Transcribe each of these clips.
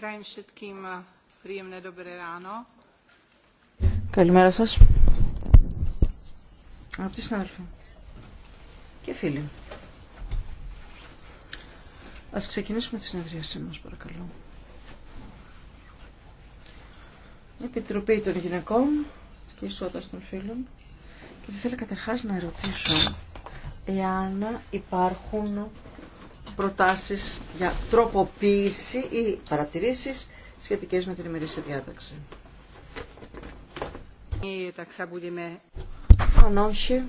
Eh, Καλημέρα σας. Από τη συνάδελφα. Και φίλοι. Ας ξεκινήσουμε τη συνεδρίασή μας, παρακαλώ. Η Επιτροπή των Γυναικών και Ισότητας των Φίλων. Και θα ήθελα καταρχάς να ερωτήσω εάν υπάρχουν προτάσεις για τροποποίηση ή παρατηρήσεις σχετικές με την ημερήσια διάταξη. Αν όχι,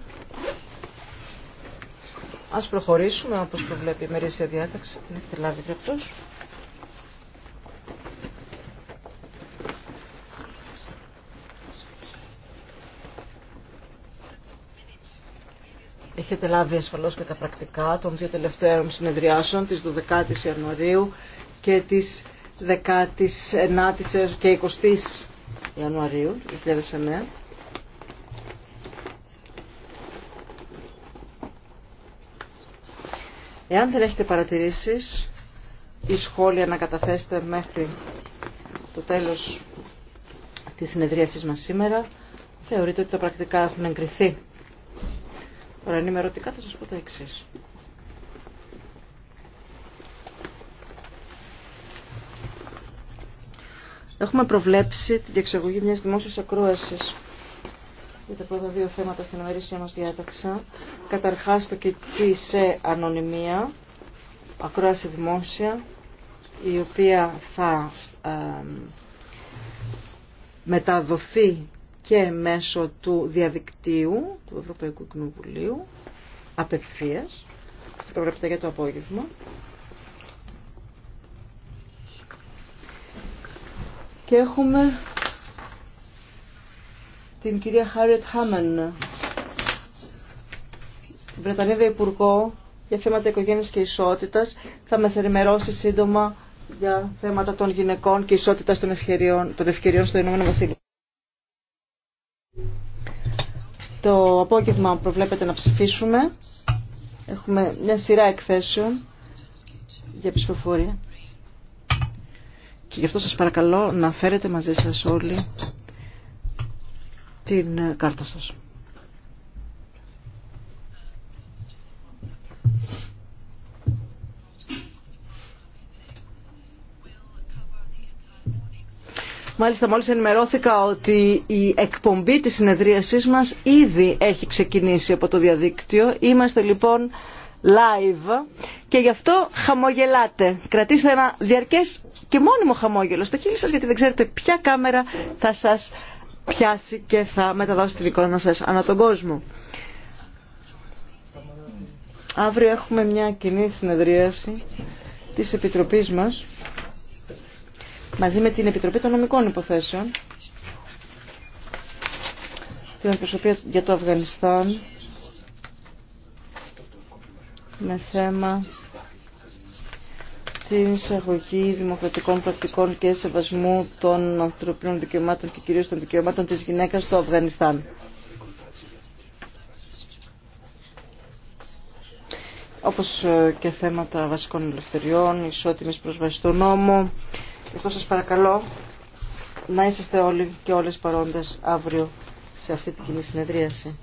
ας προχωρήσουμε όπως προβλέπει η ημερήσια διάταξη. Την έχετε λάβει γραπτός. έχετε λάβει ασφαλώς και τα πρακτικά των δύο τελευταίων συνεδριάσεων της 12 η Ιανουαρίου και της 19 9η και 20ης Ιανουαρίου 2009. Εάν δεν έχετε παρατηρήσεις ή σχόλια να καταθέσετε μέχρι το τέλος της συνεδρίασής μας σήμερα, θεωρείτε ότι τα πρακτικά έχουν εγκριθεί. Τώρα ενημερωτικά θα σας πω τα εξή. Έχουμε προβλέψει τη διεξαγωγή μιας δημόσιας ακρόασης για τα πρώτα δύο θέματα στην ημερήσια μας διάταξα. Καταρχάς το κοιτή σε ανωνυμία, ακρόαση δημόσια, η οποία θα μεταδοθεί και μέσω του διαδικτύου του Ευρωπαϊκού Κοινοβουλίου απευθείας και βλέπετε για το απόγευμα. Και έχουμε την κυρία Χάριετ την Βρετανίδα Υπουργό για θέματα οικογένειας και ισότητας. Θα μας ενημερώσει σύντομα για θέματα των γυναικών και ισότητας των ευκαιριών, των ευκαιριών στο Ηνωμένο Βασίλειο. Το απόγευμα προβλέπετε να ψηφίσουμε. Έχουμε μια σειρά εκθέσεων για ψηφοφορία. Και γι' αυτό σας παρακαλώ να φέρετε μαζί σας όλοι την κάρτα σας. Μάλιστα μόλις ενημερώθηκα ότι η εκπομπή της συνεδρίασής μας ήδη έχει ξεκινήσει από το διαδίκτυο. Είμαστε λοιπόν live και γι' αυτό χαμογελάτε. Κρατήστε ένα διαρκές και μόνιμο χαμόγελο στο χείλη γιατί δεν ξέρετε ποια κάμερα θα σας πιάσει και θα μεταδώσει την εικόνα σας ανά τον κόσμο. Αύριο έχουμε μια κοινή συνεδρίαση της Επιτροπής μας μαζί με την Επιτροπή των Νομικών Υποθέσεων, την Αντιπροσωπεία για το Αφγανιστάν, με θέμα την εισαγωγή δημοκρατικών πρακτικών και σεβασμού των ανθρωπίνων δικαιωμάτων και κυρίως των δικαιωμάτων της γυναίκας στο Αφγανιστάν. Όπως ε, και θέματα βασικών ελευθεριών, ισότιμης προσβάσης στον νόμο, Γι' αυτό σας παρακαλώ να είσαστε όλοι και όλες παρόντες αύριο σε αυτή την κοινή συνεδρίαση.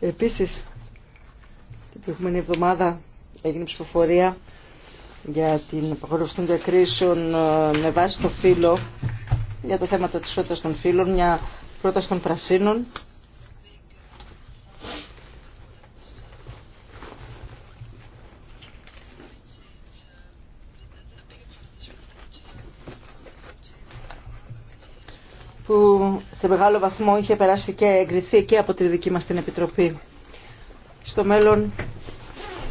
Επίσης, την προηγούμενη εβδομάδα έγινε ψηφοφορία για την απαγόρευση των διακρίσεων ε, με βάση το φύλλο για τα θέματα της ισότητας των φύλων, μια πρόταση των πρασίνων. που σε μεγάλο βαθμό είχε περάσει και εγκριθεί και από τη δική μας την Επιτροπή. Στο μέλλον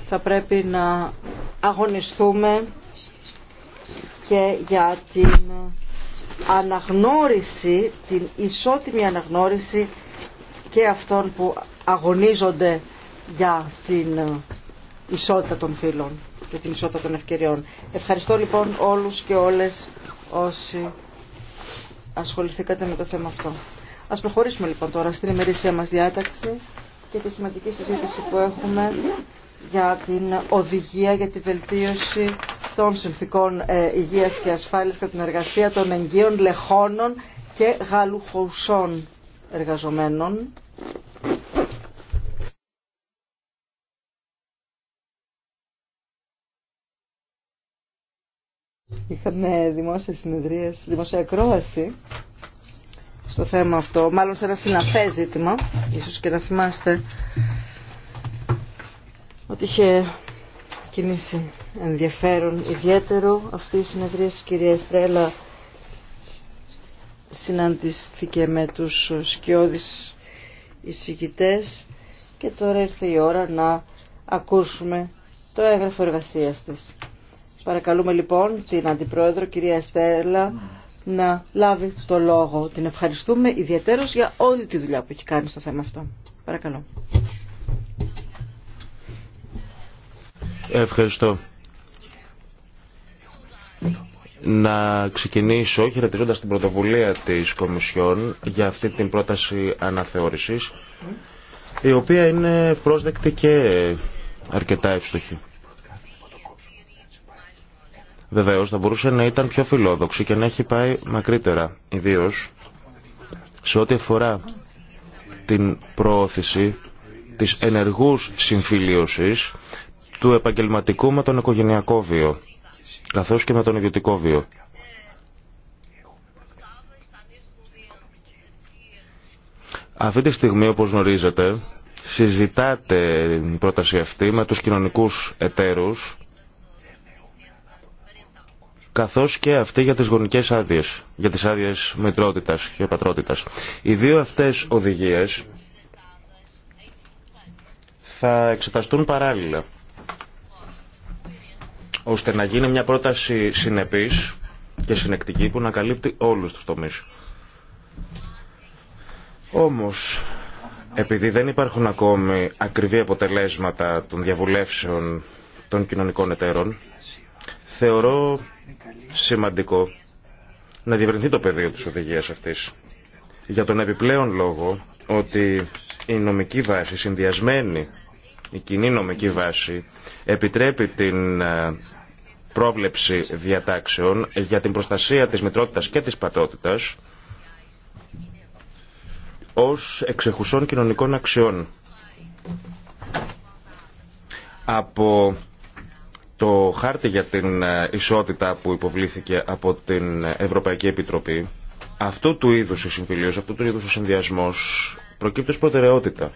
θα πρέπει να αγωνιστούμε και για την αναγνώριση, την ισότιμη αναγνώριση και αυτών που αγωνίζονται για την ισότητα των φύλων και την ισότητα των ευκαιριών. Ευχαριστώ λοιπόν όλους και όλες όσοι ασχοληθήκατε με το θέμα αυτό. Ας προχωρήσουμε λοιπόν τώρα στην ημερήσια μας διάταξη και τη σημαντική συζήτηση που έχουμε για την οδηγία για τη βελτίωση των συνθήκων ε, υγείας και ασφάλειας κατά την εργασία των εγγύων λεχόνων και γαλουχοουσών εργαζομένων. Είχαμε δημόσια συνεδρία, δημόσια ακρόαση στο θέμα αυτό, μάλλον σε ένα συναφέ ζήτημα, ίσως και να θυμάστε ότι είχε κινήσει ενδιαφέρον ιδιαίτερο αυτή η συνεδρία της κυρία Στρέλα συναντήθηκε με τους σκιώδεις εισηγητές και τώρα ήρθε η ώρα να ακούσουμε το έγγραφο εργασίας της. Παρακαλούμε λοιπόν την Αντιπρόεδρο κυρία Στέλλα να λάβει το λόγο. Την ευχαριστούμε ιδιαίτερως για όλη τη δουλειά που έχει κάνει στο θέμα αυτό. Παρακαλώ. Ευχαριστώ. Να ξεκινήσω χαιρετίζοντα την πρωτοβουλία της Κομισιόν για αυτή την πρόταση αναθεώρησης, η οποία είναι πρόσδεκτη και αρκετά εύστοχη. Βεβαίω θα μπορούσε να ήταν πιο φιλόδοξη και να έχει πάει μακρύτερα, ιδίω σε ό,τι αφορά την προώθηση της ενεργούς συμφιλίωσης του επαγγελματικού με τον οικογενειακό βίο, καθώς και με τον ιδιωτικό βίο. Αυτή τη στιγμή, όπως γνωρίζετε, συζητάτε η πρόταση αυτή με τους κοινωνικούς εταίρους, καθώς και αυτή για τις γονικές άδειες, για τις άδειες μητρότητας και πατρότητας. Οι δύο αυτές οδηγίες θα εξεταστούν παράλληλα ώστε να γίνει μια πρόταση συνεπής και συνεκτική που να καλύπτει όλους τους τομείς. Όμως, επειδή δεν υπάρχουν ακόμη ακριβή αποτελέσματα των διαβουλεύσεων των κοινωνικών εταίρων, θεωρώ σημαντικό να διευρυνθεί το πεδίο της οδηγίας αυτής. Για τον επιπλέον λόγο ότι η νομική βάση συνδυασμένη η κοινή νομική βάση επιτρέπει την ε, πρόβλεψη διατάξεων για την προστασία της μητρότητας και της πατότητας ως εξεχουσών κοινωνικών αξιών. Από το χάρτη για την ε, ισότητα που υποβλήθηκε από την Ευρωπαϊκή Επιτροπή, αυτού του είδους η συμφιλίωση, αυτού του είδους ο συνδυασμός προκύπτει ως προτεραιότητα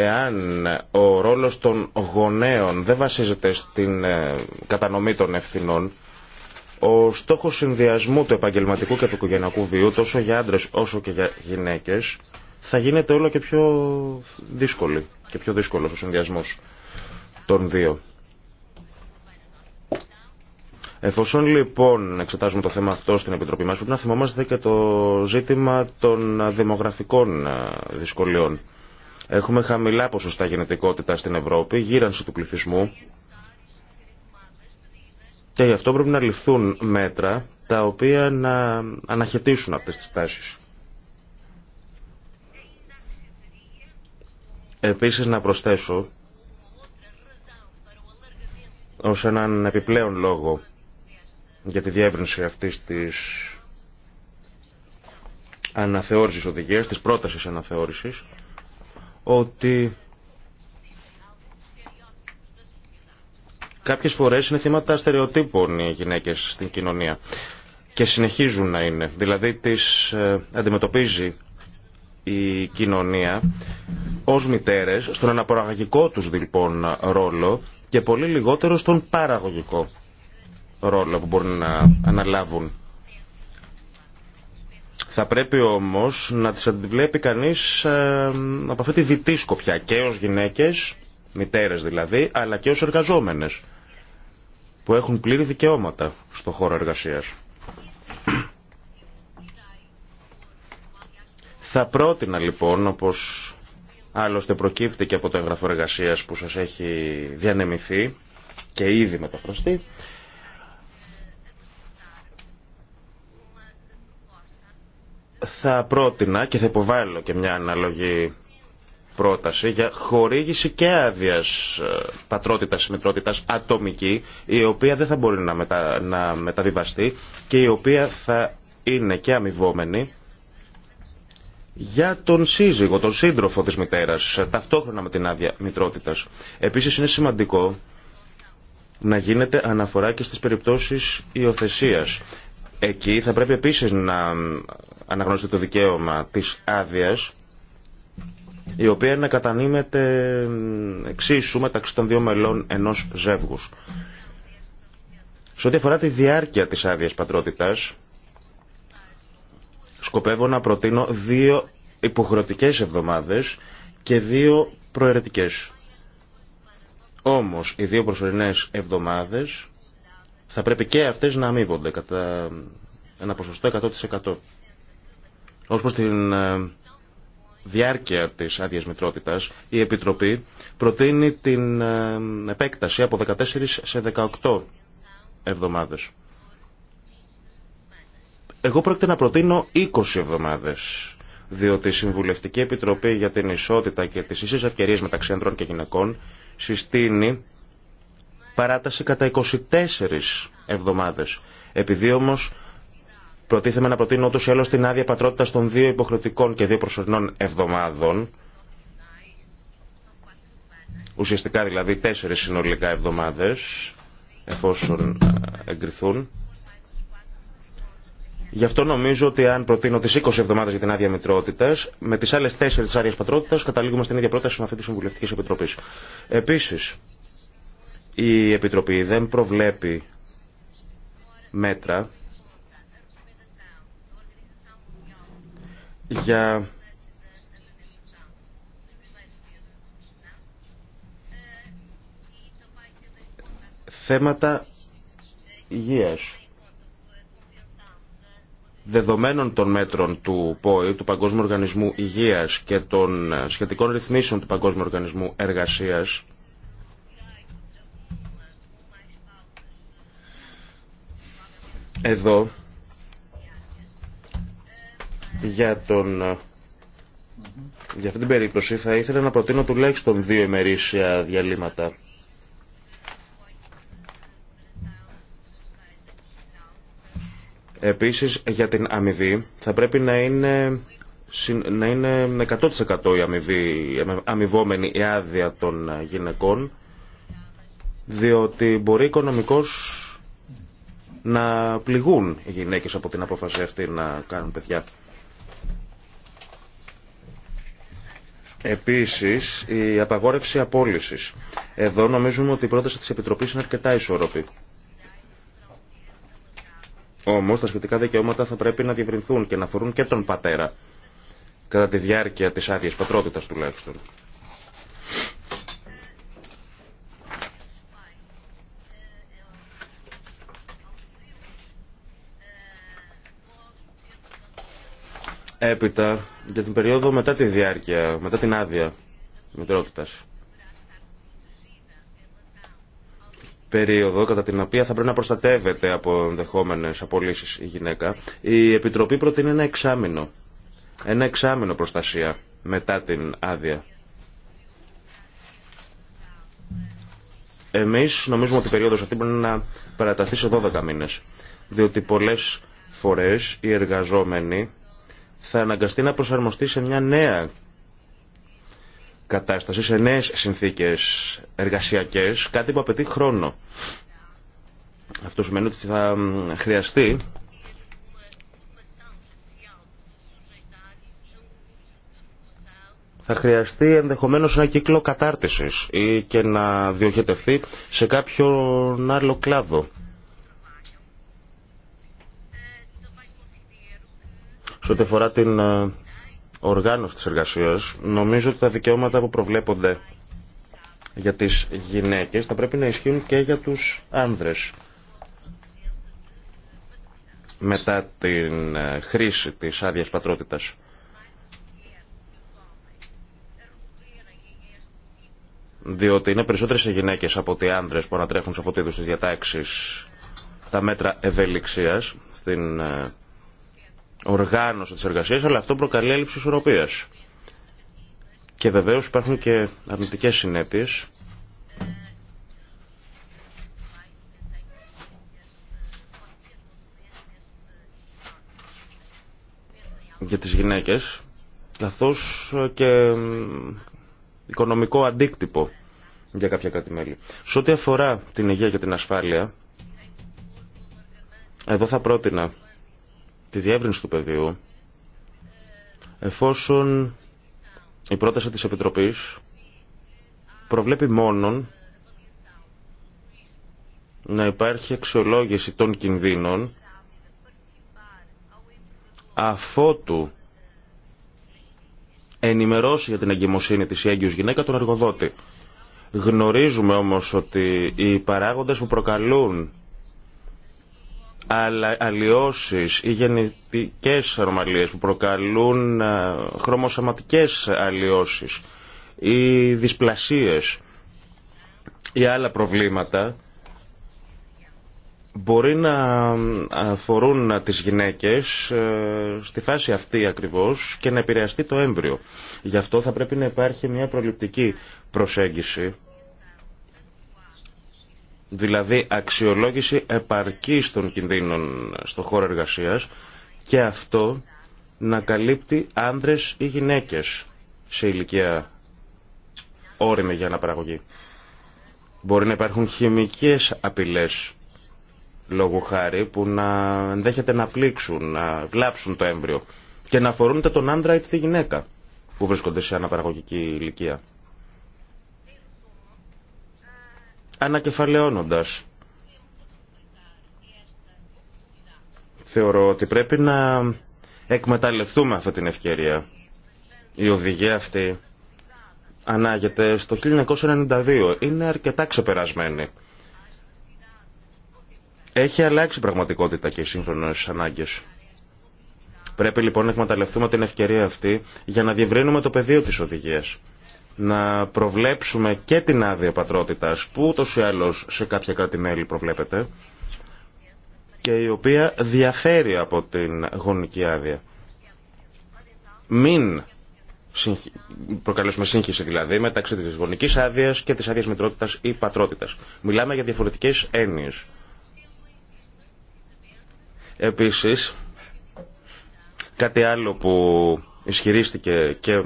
εάν ο ρόλος των γονέων δεν βασίζεται στην ε, κατανομή των ευθυνών, ο στόχος συνδυασμού του επαγγελματικού και του οικογενειακού βίου, τόσο για άντρες όσο και για γυναίκες, θα γίνεται όλο και πιο δύσκολη και πιο δύσκολος ο συνδυασμό των δύο. Εφόσον λοιπόν εξετάζουμε το θέμα αυτό στην Επιτροπή μας, πρέπει να θυμόμαστε και το ζήτημα των δημογραφικών ε, δυσκολιών. Έχουμε χαμηλά ποσοστά γενετικότητα στην Ευρώπη, γύρανση του πληθυσμού και γι' αυτό πρέπει να ληφθούν μέτρα τα οποία να αναχαιτήσουν αυτές τις τάσεις. Επίσης να προσθέσω ως έναν επιπλέον λόγο για τη διεύρυνση αυτής της αναθεώρησης οδηγίας, της πρότασης αναθεώρησης ότι κάποιες φορές είναι θύματα στερεοτύπων οι γυναίκες στην κοινωνία και συνεχίζουν να είναι. Δηλαδή τις ε, αντιμετωπίζει η κοινωνία ως μητέρες στον αναπαραγωγικό τους λοιπόν ρόλο και πολύ λιγότερο στον παραγωγικό ρόλο που μπορούν να αναλάβουν θα πρέπει όμως να τις αντιβλέπει κανείς ε, από αυτή τη διτή σκοπιά και ως γυναίκες, μητέρες δηλαδή, αλλά και ως εργαζόμενες που έχουν πλήρη δικαιώματα στο χώρο εργασίας. Θα πρότεινα λοιπόν, όπως άλλωστε προκύπτει και από το εγγραφό εργασίας που σας έχει διανεμηθεί και ήδη μεταφραστεί, θα πρότεινα και θα υποβάλω και μια αναλογή πρόταση για χορήγηση και άδεια ε, πατρότητας μητρότητας ατομική η οποία δεν θα μπορεί να, να μεταβιβαστεί και η οποία θα είναι και αμοιβόμενη για τον σύζυγο, τον σύντροφο της μητέρας, ε, ταυτόχρονα με την άδεια μητρότητας. Επίσης είναι σημαντικό να γίνεται αναφορά και στις περιπτώσεις υιοθεσία. Εκεί θα πρέπει επίσης να αναγνώρισε το δικαίωμα της άδεια, η οποία να κατανείμεται εξίσου μεταξύ των δύο μελών ενός ζεύγους. Σε ό,τι αφορά τη διάρκεια της άδεια πατρότητας, σκοπεύω να προτείνω δύο υποχρεωτικές εβδομάδες και δύο προαιρετικές. Όμως, οι δύο προσωρινές εβδομάδες θα πρέπει και αυτές να αμείβονται κατά ένα ποσοστό 100%. Ως προς την ε, διάρκεια της άδεια μητρότητα, η Επιτροπή προτείνει την ε, επέκταση από 14 σε 18 εβδομάδες. Εγώ πρόκειται να προτείνω 20 εβδομάδες, διότι η Συμβουλευτική Επιτροπή για την Ισότητα και τις Ίσες Ευκαιρίες μεταξύ άντρων και γυναικών συστήνει παράταση κατά 24 εβδομάδες. Επειδή όμως Προτίθεμαι να προτείνω ούτω ή άλλω την άδεια πατρότητα των δύο υποχρεωτικών και δύο προσωρινών εβδομάδων. Ουσιαστικά δηλαδή τέσσερι συνολικά εβδομάδε, εφόσον ε, εγκριθούν. Γι' αυτό νομίζω ότι αν προτείνω τι 20 εβδομάδε για την άδεια μητρότητα, με τι άλλε 4 της άδεια πατρότητα καταλήγουμε στην ίδια πρόταση με αυτή τη Συμβουλευτική Επιτροπή. Επίση, η Επιτροπή δεν προβλέπει μέτρα για θέματα υγείας δεδομένων των μέτρων του ΠΟΗ, του Παγκόσμιου Οργανισμού Υγείας και των σχετικών ρυθμίσεων του Παγκόσμιου Οργανισμού Εργασίας, εδώ για, τον... Ε, για αυτή την περίπτωση θα ήθελα να προτείνω τουλάχιστον δύο ημερήσια διαλύματα. Επίσης για την αμοιβή θα πρέπει να είναι, να είναι 100% η αμοιβή, αμοιβόμενη άδεια των γυναικών διότι μπορεί οικονομικώς να πληγούν οι γυναίκες από την απόφαση αυτή να κάνουν παιδιά. Επίσης, η απαγόρευση απόλυσης. Εδώ νομίζουμε ότι η πρόταση της Επιτροπής είναι αρκετά ισορροπή. Όμως τα σχετικά δικαιώματα θα πρέπει να διευρυνθούν και να αφορούν και τον πατέρα, κατά τη διάρκεια της άδειας πατρότητας τουλάχιστον. Έπειτα, για την περίοδο μετά τη διάρκεια, μετά την άδεια μητρότητας. περίοδο κατά την οποία θα πρέπει να προστατεύεται από ενδεχόμενε απολύσει η γυναίκα, η Επιτροπή προτείνει ένα εξάμεινο. Ένα εξάμεινο προστασία μετά την άδεια. Εμείς νομίζουμε ότι η περίοδος αυτή πρέπει να παραταθεί σε 12 μήνες, διότι πολλές φορές οι εργαζόμενοι θα αναγκαστεί να προσαρμοστεί σε μια νέα κατάσταση, σε νέες συνθήκες εργασιακές, κάτι που απαιτεί χρόνο. Αυτό σημαίνει ότι θα χρειαστεί θα χρειαστεί ενδεχομένως ένα κύκλο κατάρτισης ή και να διοχετευτεί σε κάποιο άλλο κλάδο. Σε ό,τι αφορά την ε, οργάνωση της εργασίας, νομίζω ότι τα δικαιώματα που προβλέπονται για τις γυναίκες θα πρέπει να ισχύουν και για τους άνδρες. Μετά την ε, χρήση της άδειας πατρότητας. διότι είναι περισσότερες οι γυναίκες από ότι οι άνδρες που ανατρέχουν σε αυτό το είδους τα μέτρα ευελιξίας στην ε, οργάνωση της εργασίας, αλλά αυτό προκαλεί έλλειψη ισορροπίας. Και βεβαίως υπάρχουν και αρνητικές συνέπειες. για τις γυναίκες, καθώς και οικονομικό αντίκτυπο για κάποια κράτη-μέλη. Σε ό,τι αφορά την υγεία και την ασφάλεια, εδώ θα πρότεινα τη διεύρυνση του πεδίου εφόσον η πρόταση της Επιτροπής προβλέπει μόνον να υπάρχει αξιολόγηση των κινδύνων αφότου ενημερώσει για την εγκυμοσύνη της η γυναίκα τον εργοδότη. Γνωρίζουμε όμως ότι οι παράγοντες που προκαλούν αλλά αλλοιώσεις ή γεννητικέ αρωμαλίες που προκαλούν ε, χρωμοσαματικές αλλοιώσεις ή δυσπλασίες ή άλλα προβλήματα μπορεί να ε, αφορούν ε, τις γυναίκες στη φάση αυτή ακριβώς και να επηρεαστεί το έμβριο. Γι' αυτό θα πρέπει να υπάρχει μια προληπτική προσέγγιση δηλαδή αξιολόγηση επαρκής των κινδύνων στο χώρο εργασίας και αυτό να καλύπτει άνδρες ή γυναίκες σε ηλικία όριμη για αναπαραγωγή. Μπορεί να υπάρχουν χημικές απειλές λόγου χάρη που να ενδέχεται να πλήξουν, να βλάψουν το έμβριο και να αφορούν τον άνδρα ή τη γυναίκα που βρίσκονται σε αναπαραγωγική ηλικία. ανακεφαλαιώνοντας. Θεωρώ ότι πρέπει να εκμεταλλευτούμε αυτή την ευκαιρία. Η οδηγία αυτή ανάγεται στο 1992. Είναι αρκετά ξεπερασμένη. Έχει αλλάξει πραγματικότητα και οι σύγχρονες ανάγκες. Πρέπει λοιπόν να εκμεταλλευτούμε την ευκαιρία αυτή για να διευρύνουμε το πεδίο της οδηγίας να προβλέψουμε και την άδεια πατρότητας που ούτως ή σε κάποια κράτη-μέλη προβλέπεται και η οποία διαφέρει από την γονική άδεια. Μην προκαλέσουμε σύγχυση δηλαδή μεταξύ της γονικής άδειας και της άδειας μητρότητας ή πατρότητας. Μιλάμε για διαφορετικές έννοιες. Επίσης, κάτι άλλο που ισχυρίστηκε και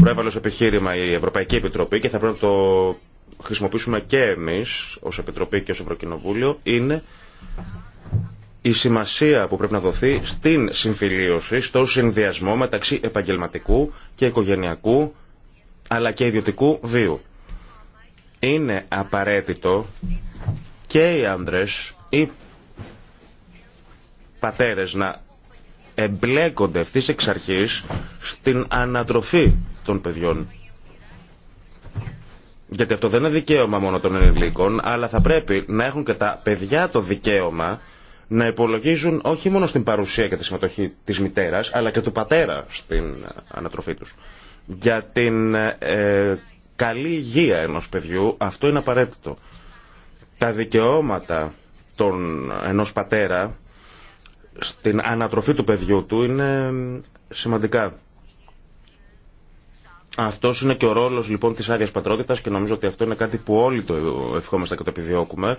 προέβαλε ως επιχείρημα η Ευρωπαϊκή Επιτροπή και θα πρέπει να το χρησιμοποιήσουμε και εμείς ως Επιτροπή και ως Ευρωκοινοβούλιο είναι η σημασία που πρέπει να δοθεί στην συμφιλίωση, στο συνδυασμό μεταξύ επαγγελματικού και οικογενειακού αλλά και ιδιωτικού βίου. Είναι απαραίτητο και οι άνδρες ή πατέρες να εμπλέκονται ευθύ εξ αρχή στην ανατροφή των παιδιών. Γιατί αυτό δεν είναι δικαίωμα μόνο των ενηλίκων, αλλά θα πρέπει να έχουν και τα παιδιά το δικαίωμα να υπολογίζουν όχι μόνο στην παρουσία και τη συμμετοχή της μητέρας, αλλά και του πατέρα στην ανατροφή τους. Για την ε, καλή υγεία ενός παιδιού αυτό είναι απαραίτητο. Τα δικαιώματα των, ενός πατέρα στην ανατροφή του παιδιού του είναι σημαντικά. Αυτό είναι και ο ρόλο λοιπόν τη άδεια πατρότητα και νομίζω ότι αυτό είναι κάτι που όλοι το ευχόμαστε και το επιδιώκουμε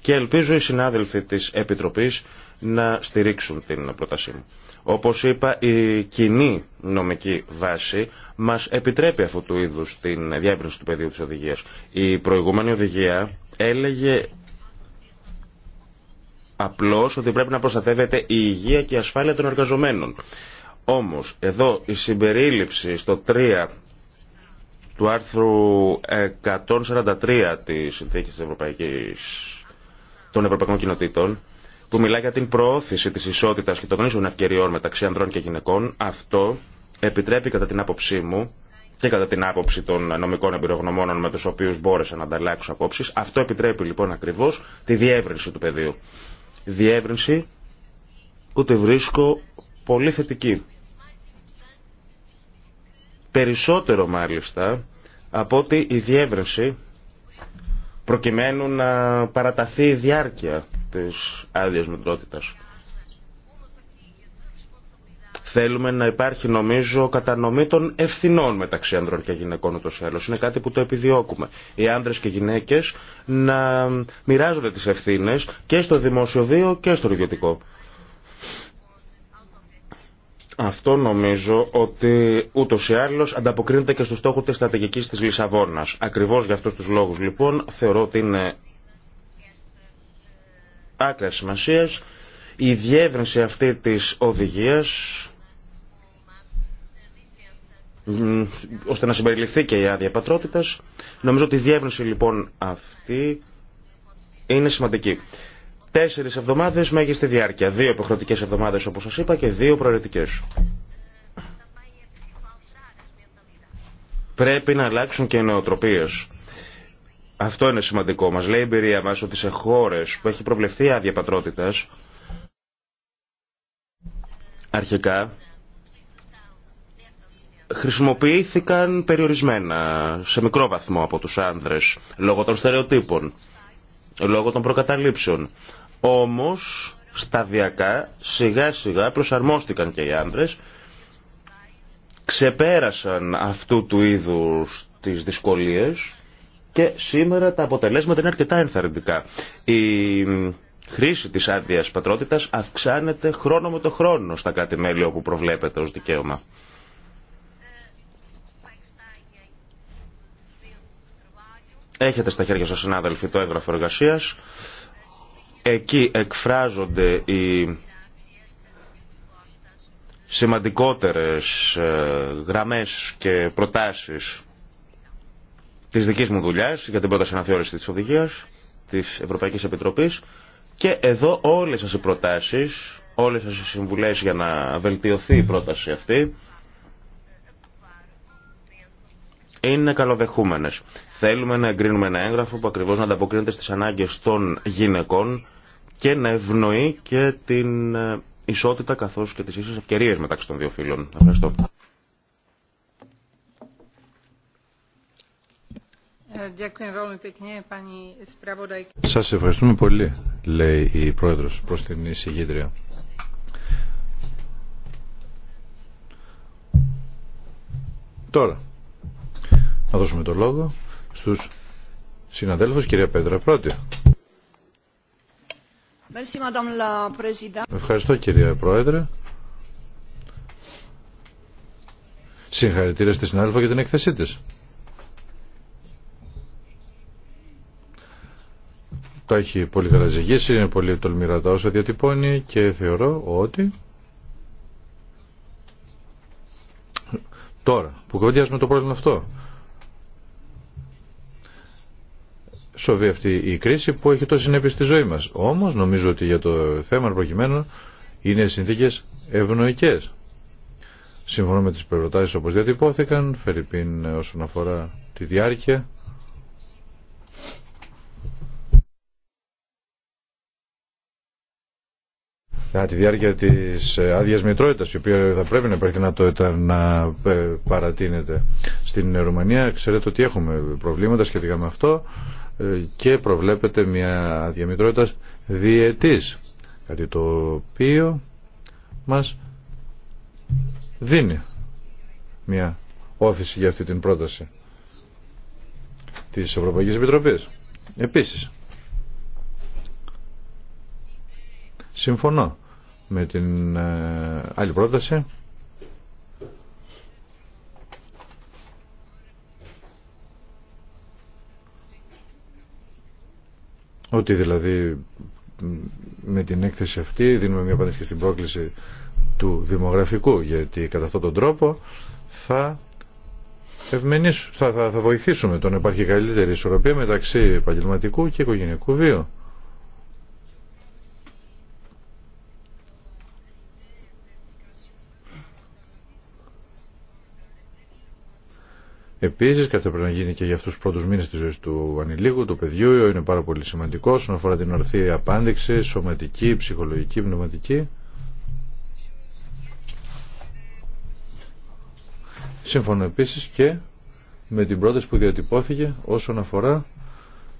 και ελπίζω οι συνάδελφοι τη Επιτροπή να στηρίξουν την πρότασή μου. Όπω είπα, η κοινή νομική βάση μα επιτρέπει αυτού του είδου την διεύρυνση του πεδίου τη οδηγία. Η προηγούμενη οδηγία έλεγε απλώς ότι πρέπει να προστατεύεται η υγεία και η ασφάλεια των εργαζομένων. Όμως, εδώ η συμπερίληψη στο 3 του άρθρου 143 της Συνθήκης Ευρωπαϊκής, των Ευρωπαϊκών Κοινοτήτων, που μιλάει για την προώθηση της ισότητας και των ίσων ευκαιριών μεταξύ ανδρών και γυναικών, αυτό επιτρέπει κατά την άποψή μου και κατά την άποψη των νομικών εμπειρογνωμόνων με τους οποίους μπόρεσα να ανταλλάξω απόψεις, αυτό επιτρέπει λοιπόν ακριβώς τη διεύρυνση του πεδίου διεύρυνση που τη βρίσκω πολύ θετική. Περισσότερο μάλιστα από ότι η διεύρυνση προκειμένου να παραταθεί η διάρκεια της άδειας μετρότητας. Θέλουμε να υπάρχει νομίζω κατανομή των ευθυνών μεταξύ άνδρων και γυναικών ούτω ή Είναι κάτι που το επιδιώκουμε. Οι άνδρες και γυναίκες να μοιράζονται τις ευθύνε και στο δημόσιο βίο και στο ιδιωτικό. Αυτό νομίζω ότι ούτω ή άλλω ανταποκρίνεται και στο στόχο τη στρατηγική τη Λισαβόνα. Ακριβώ για αυτού του λόγου λοιπόν θεωρώ ότι είναι άκρα σημασία η διεύρυνση αυτή τη οδηγία ώστε να συμπεριληφθεί και η άδεια πατρότητας. Νομίζω ότι η διεύρυνση λοιπόν αυτή είναι σημαντική. Τέσσερις εβδομάδες μέγιστη διάρκεια. Δύο υποχρεωτικές εβδομάδες όπως σας είπα και δύο προαιρετικές. Πρέπει να αλλάξουν και οι νεοτροπίες. Αυτό είναι σημαντικό. Μας λέει η εμπειρία μας ότι σε χώρε που έχει προβλεφθεί άδεια πατρότητας αρχικά χρησιμοποιήθηκαν περιορισμένα, σε μικρό βαθμό από τους άνδρες, λόγω των στερεοτύπων, λόγω των προκαταλήψεων. Όμως, σταδιακά, σιγά σιγά προσαρμόστηκαν και οι άνδρες, ξεπέρασαν αυτού του είδους τις δυσκολίες και σήμερα τα αποτελέσματα είναι αρκετά ενθαρρυντικά. Η χρήση της άδεια πατρότητας αυξάνεται χρόνο με το χρόνο στα κάτι μέλη όπου προβλέπεται ως δικαίωμα. Έχετε στα χέρια σας, συνάδελφοι, το έγγραφο εργασία. Εκεί εκφράζονται οι σημαντικότερες ε, γραμμές και προτάσεις της δικής μου δουλειάς για την πρόταση αναθεώρηση της οδηγίας της Ευρωπαϊκής Επιτροπής και εδώ όλες σας οι προτάσεις, όλες σας οι συμβουλές για να βελτιωθεί η πρόταση αυτή είναι καλοδεχούμενες. Θέλουμε να εγκρίνουμε ένα έγγραφο που ακριβώ να ανταποκρίνεται στι ανάγκε των γυναικών και να ευνοεί και την ε, ισότητα καθώ και τι ίσες ευκαιρίε μεταξύ των δύο φύλων. Ευχαριστώ. Ε, Σας ευχαριστούμε πολύ, λέει η πρόεδρο προ την εισηγήτρια. Τώρα, να δώσουμε το λόγο τους συναδέλφους. Κυρία Πέτρα, πρώτη. Ευχαριστώ κυρία Πρόεδρε. Συγχαρητήρια στη συνάδελφα για την έκθεσή της. Το έχει πολύ ζυγίσει, είναι πολύ τολμηρά τα όσα διατυπώνει και θεωρώ ότι τώρα που κοντιάζουμε το πρόβλημα αυτό σοβεί αυτή η κρίση που έχει το συνέπειε στη ζωή μας. Όμως νομίζω ότι για το θέμα προκειμένου είναι συνθήκες ευνοϊκές. σύμφωνα με τις προτάσεις όπως διατυπώθηκαν, Φερρυπίν ε, όσον αφορά τη διάρκεια. Α, τη διάρκεια της ε, άδειας μητρότητας, η οποία θα πρέπει να υπάρχει δυνατότητα να ε, παρατείνεται στην Ρουμανία. Ξέρετε ότι έχουμε προβλήματα σχετικά με αυτό. Ε, και προβλέπεται μια διαμητρότητα διετής κάτι το οποίο μας δίνει μια όθηση για αυτή την πρόταση της Ευρωπαϊκής Επιτροπής επίσης συμφωνώ με την ε, άλλη πρόταση Ότι δηλαδή με την έκθεση αυτή δίνουμε μια απάντηση και στην πρόκληση του δημογραφικού γιατί κατά αυτόν τον τρόπο θα θα, θα, θα βοηθήσουμε τον υπάρχει καλύτερη ισορροπία μεταξύ επαγγελματικού και οικογενειακού βίου. Επίση, και αυτό πρέπει να γίνει και για αυτού του πρώτου μήνε τη ζωή του ανηλίκου, του παιδιού, είναι πάρα πολύ σημαντικό όσον αφορά την ορθή απάντηση σωματική, ψυχολογική, πνευματική. Σύμφωνα επίση και με την πρόταση που διατυπώθηκε όσον αφορά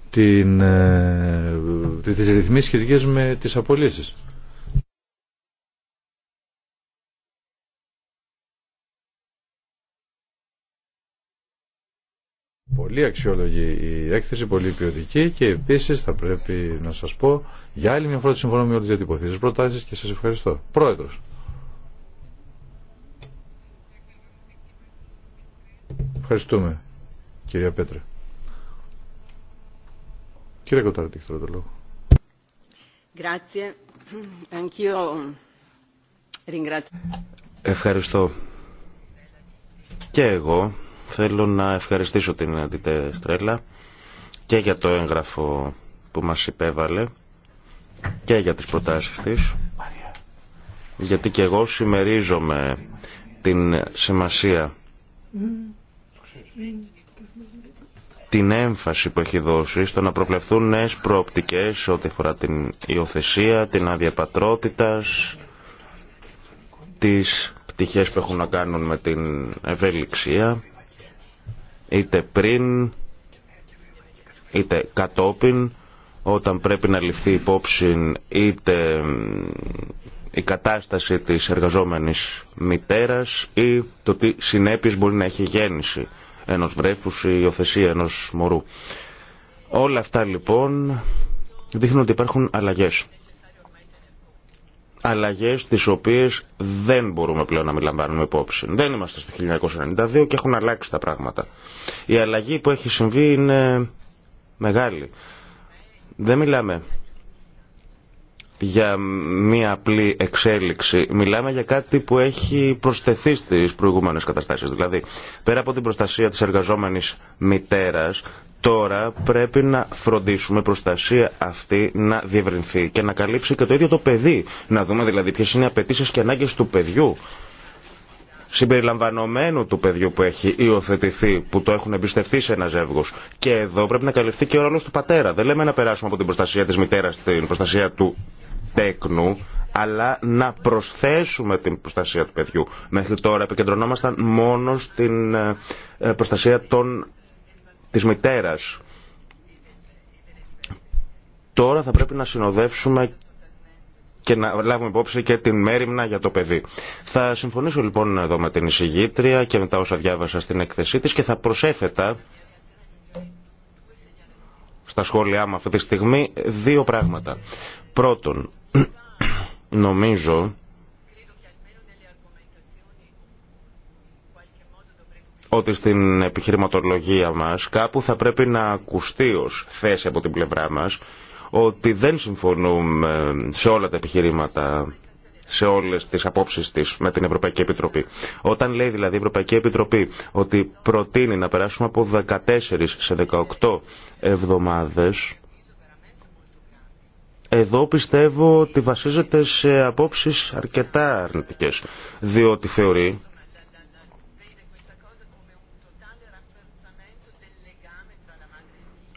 την, ε, τις ρυθμίσεις σχετικές με τις απολύσεις. πολύ αξιόλογη η έκθεση, πολύ ποιοτική και επίσης θα πρέπει να σας πω για άλλη μια φορά ότι συμφωνώ με όλες τις και σας ευχαριστώ. Πρόεδρος. Ευχαριστούμε κυρία Πέτρε. Κύριε Κοτάρτη, έχετε το λόγο. Ευχαριστώ. Και εγώ Θέλω να ευχαριστήσω την Αντιτέ Στρέλα και για το έγγραφο που μας υπέβαλε και για τις προτάσεις της γιατί και εγώ συμμερίζομαι την σημασία την έμφαση που έχει δώσει στο να προβλεφθούν νέες προοπτικές ό,τι αφορά την υιοθεσία, την αδιαπατρότητας, τις πτυχές που έχουν να κάνουν με την ευελιξία είτε πριν είτε κατόπιν όταν πρέπει να ληφθεί υπόψη είτε η κατάσταση της εργαζόμενης μητέρας ή το τι συνέπειες μπορεί να έχει γέννηση ενός βρέφους ή υιοθεσία ενός μωρού. Όλα αυτά λοιπόν δείχνουν ότι υπάρχουν αλλαγές αλλαγές τις οποίες δεν μπορούμε πλέον να μην λαμβάνουμε υπόψη. Δεν είμαστε στο 1992 και έχουν αλλάξει τα πράγματα. Η αλλαγή που έχει συμβεί είναι μεγάλη. Δεν μιλάμε για μία απλή εξέλιξη. Μιλάμε για κάτι που έχει προσθεθεί στις προηγούμενες καταστάσεις. Δηλαδή, πέρα από την προστασία της εργαζόμενης μητέρας, Τώρα πρέπει να φροντίσουμε προστασία αυτή να διευρυνθεί και να καλύψει και το ίδιο το παιδί. Να δούμε δηλαδή ποιε είναι οι απαιτήσει και ανάγκε του παιδιού συμπεριλαμβανομένου του παιδιού που έχει υιοθετηθεί, που το έχουν εμπιστευτεί σε ένα ζεύγο. Και εδώ πρέπει να καλυφθεί και ο ρόλο του πατέρα. Δεν λέμε να περάσουμε από την προστασία τη μητέρα στην προστασία του τέκνου, αλλά να προσθέσουμε την προστασία του παιδιού. Μέχρι τώρα επικεντρωνόμασταν μόνο στην ε, προστασία των της μητέρας. Τώρα θα πρέπει να συνοδεύσουμε και να λάβουμε υπόψη και την μέρημνα για το παιδί. Θα συμφωνήσω λοιπόν εδώ με την εισηγήτρια και μετά όσα διάβασα στην έκθεσή της και θα προσέθετα στα σχόλιά μου αυτή τη στιγμή δύο πράγματα. Πρώτον, νομίζω ότι στην επιχειρηματολογία μας κάπου θα πρέπει να ακουστεί ως θέση από την πλευρά μας ότι δεν συμφωνούμε σε όλα τα επιχειρήματα σε όλε τι απόψει τη με την Ευρωπαϊκή Επιτροπή. Όταν λέει δηλαδή η Ευρωπαϊκή Επιτροπή ότι προτείνει να περάσουμε από 14 σε 18 εβδομάδε, εδώ πιστεύω ότι βασίζεται σε απόψει αρκετά αρνητικέ. Διότι θεωρεί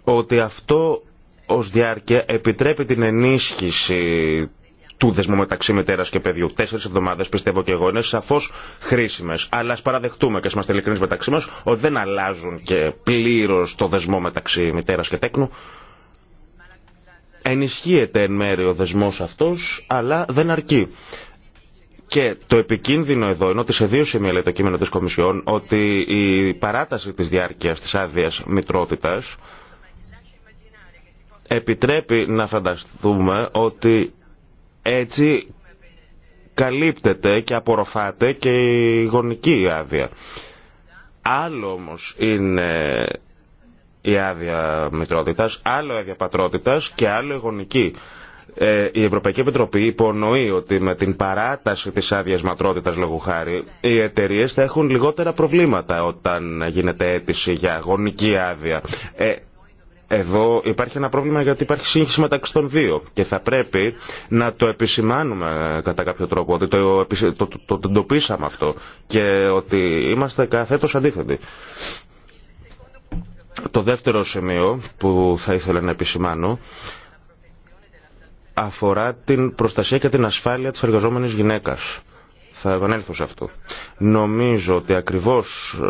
ότι αυτό ως διάρκεια επιτρέπει την ενίσχυση του δεσμού μεταξύ μητέρα και παιδιού. Τέσσερι εβδομάδε πιστεύω και εγώ είναι σαφώ χρήσιμε. Αλλά α παραδεχτούμε και α είμαστε ειλικρινεί μεταξύ μα ότι δεν αλλάζουν και πλήρω το δεσμό μεταξύ μητέρα και τέκνου. Ενισχύεται εν μέρει ο δεσμό αυτό, αλλά δεν αρκεί. Και το επικίνδυνο εδώ είναι ότι σε δύο σημεία λέει το κείμενο τη Κομισιόν ότι η παράταση τη διάρκεια τη άδεια μητρότητα επιτρέπει να φανταστούμε ότι έτσι καλύπτεται και απορροφάται και η γονική άδεια. Άλλο όμως είναι η άδεια μητρότητας, άλλο η άδεια πατρότητας και άλλο η γονική. Ε, η Ευρωπαϊκή Επιτροπή υπονοεί ότι με την παράταση της άδεια ματρότητας λόγου χάρη οι εταιρείε θα έχουν λιγότερα προβλήματα όταν γίνεται αίτηση για γονική άδεια. Ε, εδώ υπάρχει ένα πρόβλημα γιατί υπάρχει σύγχυση μεταξύ των δύο και θα πρέπει να το επισημάνουμε κατά κάποιο τρόπο, ότι το, εντοπίσαμε αυτό και ότι είμαστε καθέτως αντίθετοι. Το δεύτερο σημείο που θα ήθελα να επισημάνω αφορά την προστασία και την ασφάλεια της εργαζόμενης γυναίκας. Θα επανέλθω σε αυτό. Νομίζω ότι ακριβώς ε,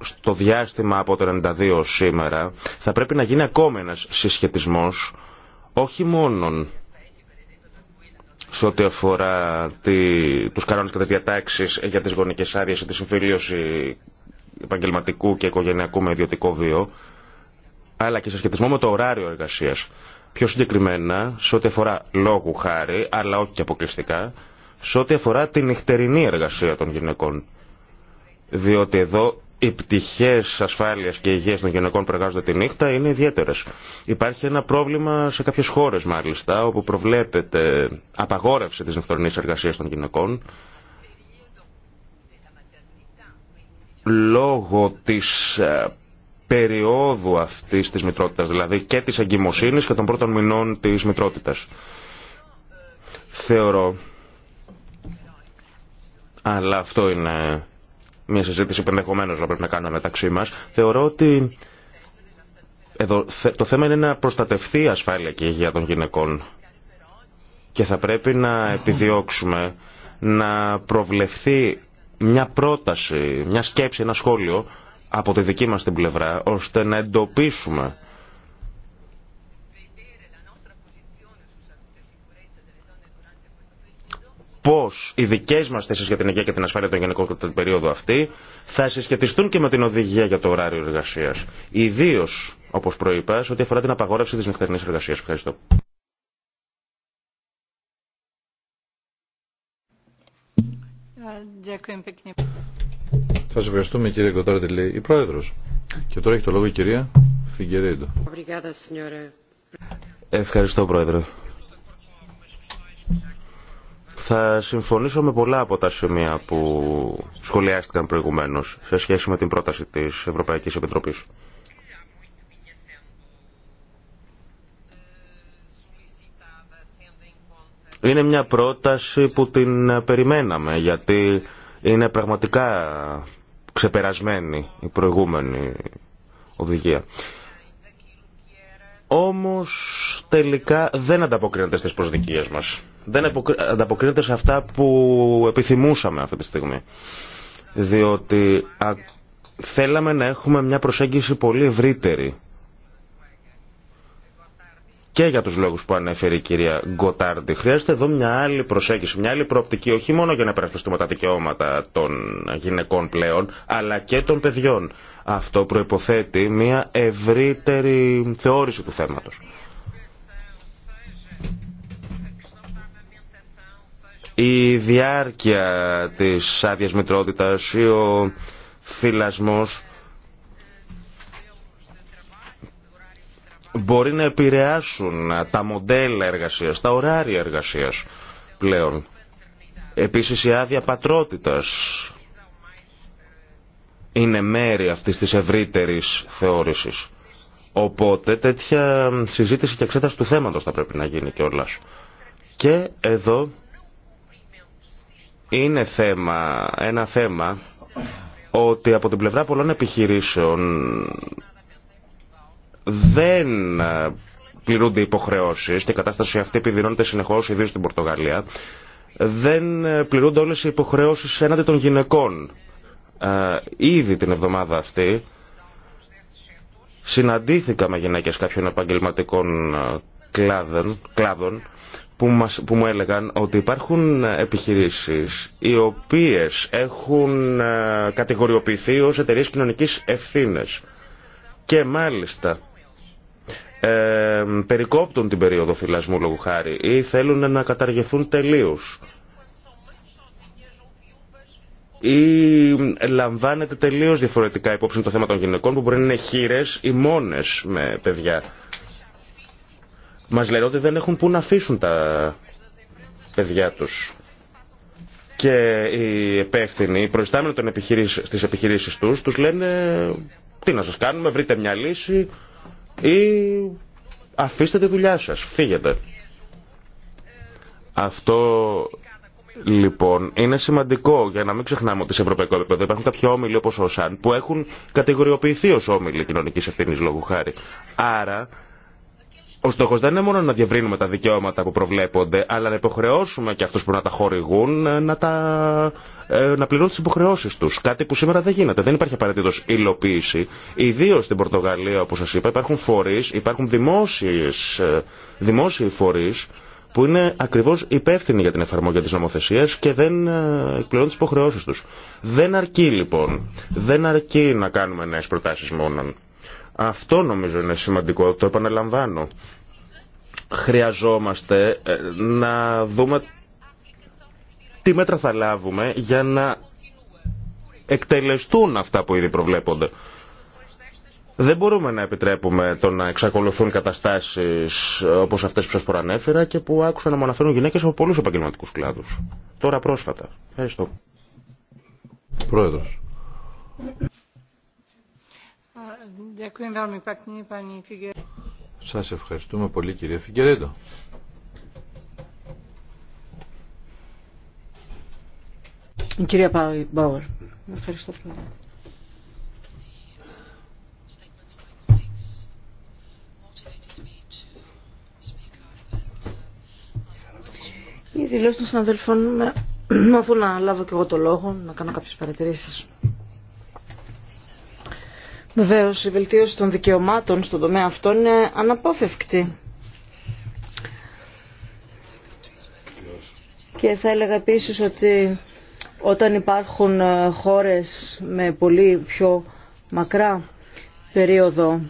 στο διάστημα από το 92 σήμερα θα πρέπει να γίνει ακόμα ένας συσχετισμός όχι μόνον σε ό,τι αφορά τη, τους κανόνες και τις διατάξεις για τις γονικές άδειες ή τη συμφιλίωση επαγγελματικού και οικογενειακού με ιδιωτικό βίο, αλλά και σε σχετισμό με το ωράριο εργασίας. Πιο συγκεκριμένα, σε ό,τι αφορά λόγου χάρη, αλλά όχι και αποκλειστικά, σε ό,τι αφορά την νυχτερινή εργασία των γυναικών. Διότι εδώ οι πτυχέ ασφάλεια και υγεία των γυναικών που εργάζονται τη νύχτα είναι ιδιαίτερε. Υπάρχει ένα πρόβλημα σε κάποιε χώρε μάλιστα, όπου προβλέπεται απαγόρευση τη νυχτερινή εργασία των γυναικών λόγω της ε, περίοδου αυτής της μητρότητα, δηλαδή και τη εγκυμοσύνη και των πρώτων μηνών τη μητρότητα. Θεωρώ αλλά αυτό είναι μια συζήτηση που ενδεχομένω να πρέπει να κάνουμε μεταξύ μα. Θεωρώ ότι εδώ, το θέμα είναι να προστατευτεί η ασφάλεια και η υγεία των γυναικών. Και θα πρέπει να επιδιώξουμε να προβλεφθεί μια πρόταση, μια σκέψη, ένα σχόλιο από τη δική μας την πλευρά, ώστε να εντοπίσουμε πώ οι δικέ μα θέσει για την υγεία και την ασφάλεια των γενικών την περίοδο αυτή θα συσχετιστούν και με την οδηγία για το ωράριο εργασία. Ιδίω, όπω προείπα, ό,τι αφορά την απαγόρευση τη νυχτερινή εργασία. Ευχαριστώ. Σα ευχαριστούμε κύριε Κοτάρτη, λέει η πρόεδρος. Και τώρα έχει το λόγο η κυρία Φιγκερέντο. Ευχαριστώ πρόεδρε. Θα συμφωνήσω με πολλά από τα σημεία που σχολιάστηκαν προηγουμένως σε σχέση με την πρόταση της Ευρωπαϊκής Επιτροπής. Είναι μια πρόταση που την περιμέναμε γιατί είναι πραγματικά ξεπερασμένη η προηγούμενη οδηγία όμως τελικά δεν ανταποκρίνεται στις προσδικίες μας. Δεν ανταποκρίνεται σε αυτά που επιθυμούσαμε αυτή τη στιγμή. Διότι θέλαμε να έχουμε μια προσέγγιση πολύ ευρύτερη και για τους λόγους που ανέφερε η κυρία Γκοτάρντι. Χρειάζεται εδώ μια άλλη προσέγγιση, μια άλλη προοπτική, όχι μόνο για να περασπιστούμε τα δικαιώματα των γυναικών πλέον, αλλά και των παιδιών. Αυτό προϋποθέτει μια ευρύτερη θεώρηση του θέματος. Η διάρκεια της άδειας μητρότητας ή ο θυλασμός μπορεί να επηρεάσουν τα μοντέλα εργασίας, τα ωράρια εργασίας πλέον. Επίσης η άδεια πατρότητας είναι μέρη αυτής της ευρύτερης θεώρησης. Οπότε τέτοια συζήτηση και εξέταση του θέματος θα πρέπει να γίνει κιόλα. Και εδώ είναι θέμα, ένα θέμα ότι από την πλευρά πολλών επιχειρήσεων δεν ε, πληρούνται υποχρεώσεις και η κατάσταση αυτή επιδεινώνεται συνεχώς, ιδίως στην Πορτογαλία, δεν ε, πληρούνται όλες οι υποχρεώσεις έναντι των γυναικών. Ε, ήδη την εβδομάδα αυτή συναντήθηκα με γυναίκες κάποιων επαγγελματικών κλάδων, κλάδων που, μου έλεγαν ότι υπάρχουν επιχειρήσεις οι οποίες έχουν κατηγοριοποιηθεί ως εταιρείε κοινωνικής ευθύνες. Και μάλιστα ε, περικόπτουν την περίοδο φυλασμού λόγου χάρη ή θέλουν να καταργηθούν τελείως ή λαμβάνεται τελείως διαφορετικά υπόψη το θέμα των γυναικών που μπορεί να είναι χείρες ή μόνες με παιδιά. Μας λένε ότι δεν έχουν που να αφήσουν τα παιδιά τους. Και οι επεύθυνοι, οι προϊστάμενοι των επιχειρήσεων, στις επιχειρήσεις τους, τους λένε τι να σας κάνουμε, βρείτε μια λύση, ή αφήστε τη δουλειά σας, φύγετε. Αυτό λοιπόν είναι σημαντικό για να μην ξεχνάμε ότι σε ευρωπαϊκό επίπεδο υπάρχουν κάποιοι όμιλοι όπως ο ΣΑΝ που έχουν κατηγοριοποιηθεί ως όμιλοι κοινωνικής ευθύνης λόγου χάρη. Άρα ο στόχο δεν είναι μόνο να διαβρύνουμε τα δικαιώματα που προβλέπονται, αλλά να υποχρεώσουμε και αυτού που να τα χορηγούν ε, να, τα, ε, να πληρώνουν τι υποχρεώσει του. Κάτι που σήμερα δεν γίνεται. Δεν υπάρχει απαραίτητο υλοποίηση. Ιδίω στην Πορτογαλία, όπω σα είπα, υπάρχουν φορεί, υπάρχουν δημόσιες, ε, δημόσιοι φορεί που είναι ακριβώ υπεύθυνοι για την εφαρμογή τη νομοθεσία και δεν πληρώνουν τι υποχρεώσει του. Δεν αρκεί λοιπόν. Δεν αρκεί να κάνουμε νέε προτάσει μόνον. Αυτό νομίζω είναι σημαντικό, το επαναλαμβάνω. Χρειαζόμαστε ε, να δούμε τι μέτρα θα λάβουμε για να εκτελεστούν αυτά που ήδη προβλέπονται. Δεν μπορούμε να επιτρέπουμε το να εξακολουθούν καταστάσεις όπως αυτές που σας προανέφερα και που άκουσα να μου αναφέρουν γυναίκε από πολλούς επαγγελματικού κλάδους. Τώρα πρόσφατα. Ευχαριστώ. Πρόεδρος. Σας ευχαριστούμε πολύ κυρία Φιγκερέντο. Κυρία Μπάουερ, ευχαριστώ πολύ. Οι δηλώσει των συναδελφών με αφού να λάβω και εγώ το λόγο, να κάνω κάποιες παρατηρήσεις. Βεβαίω, η βελτίωση των δικαιωμάτων στον τομέα αυτό είναι αναπόφευκτη. Και θα έλεγα επίση ότι όταν υπάρχουν ε, χώρες με πολύ πιο μακρά περίοδο ε,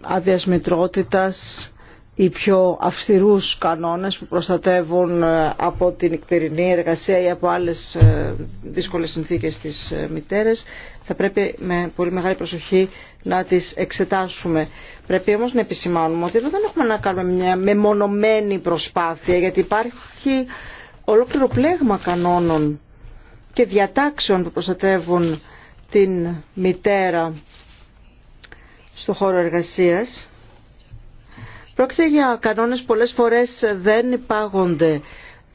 άδειας μητρότητας οι πιο αυστηρούς κανόνες που προστατεύουν ε, από την εκτερινή εργασία ή από άλλες ε, δύσκολες συνθήκες της ε, μητέρες. Θα πρέπει με πολύ μεγάλη προσοχή να τις εξετάσουμε. Πρέπει όμως να επισημάνουμε ότι εδώ δεν έχουμε να κάνουμε μια μεμονωμένη προσπάθεια γιατί υπάρχει ολόκληρο πλέγμα κανόνων και διατάξεων που προστατεύουν την μητέρα στο χώρο εργασίας Πρόκειται για κανόνες πολλέ φορέ δεν υπάγονται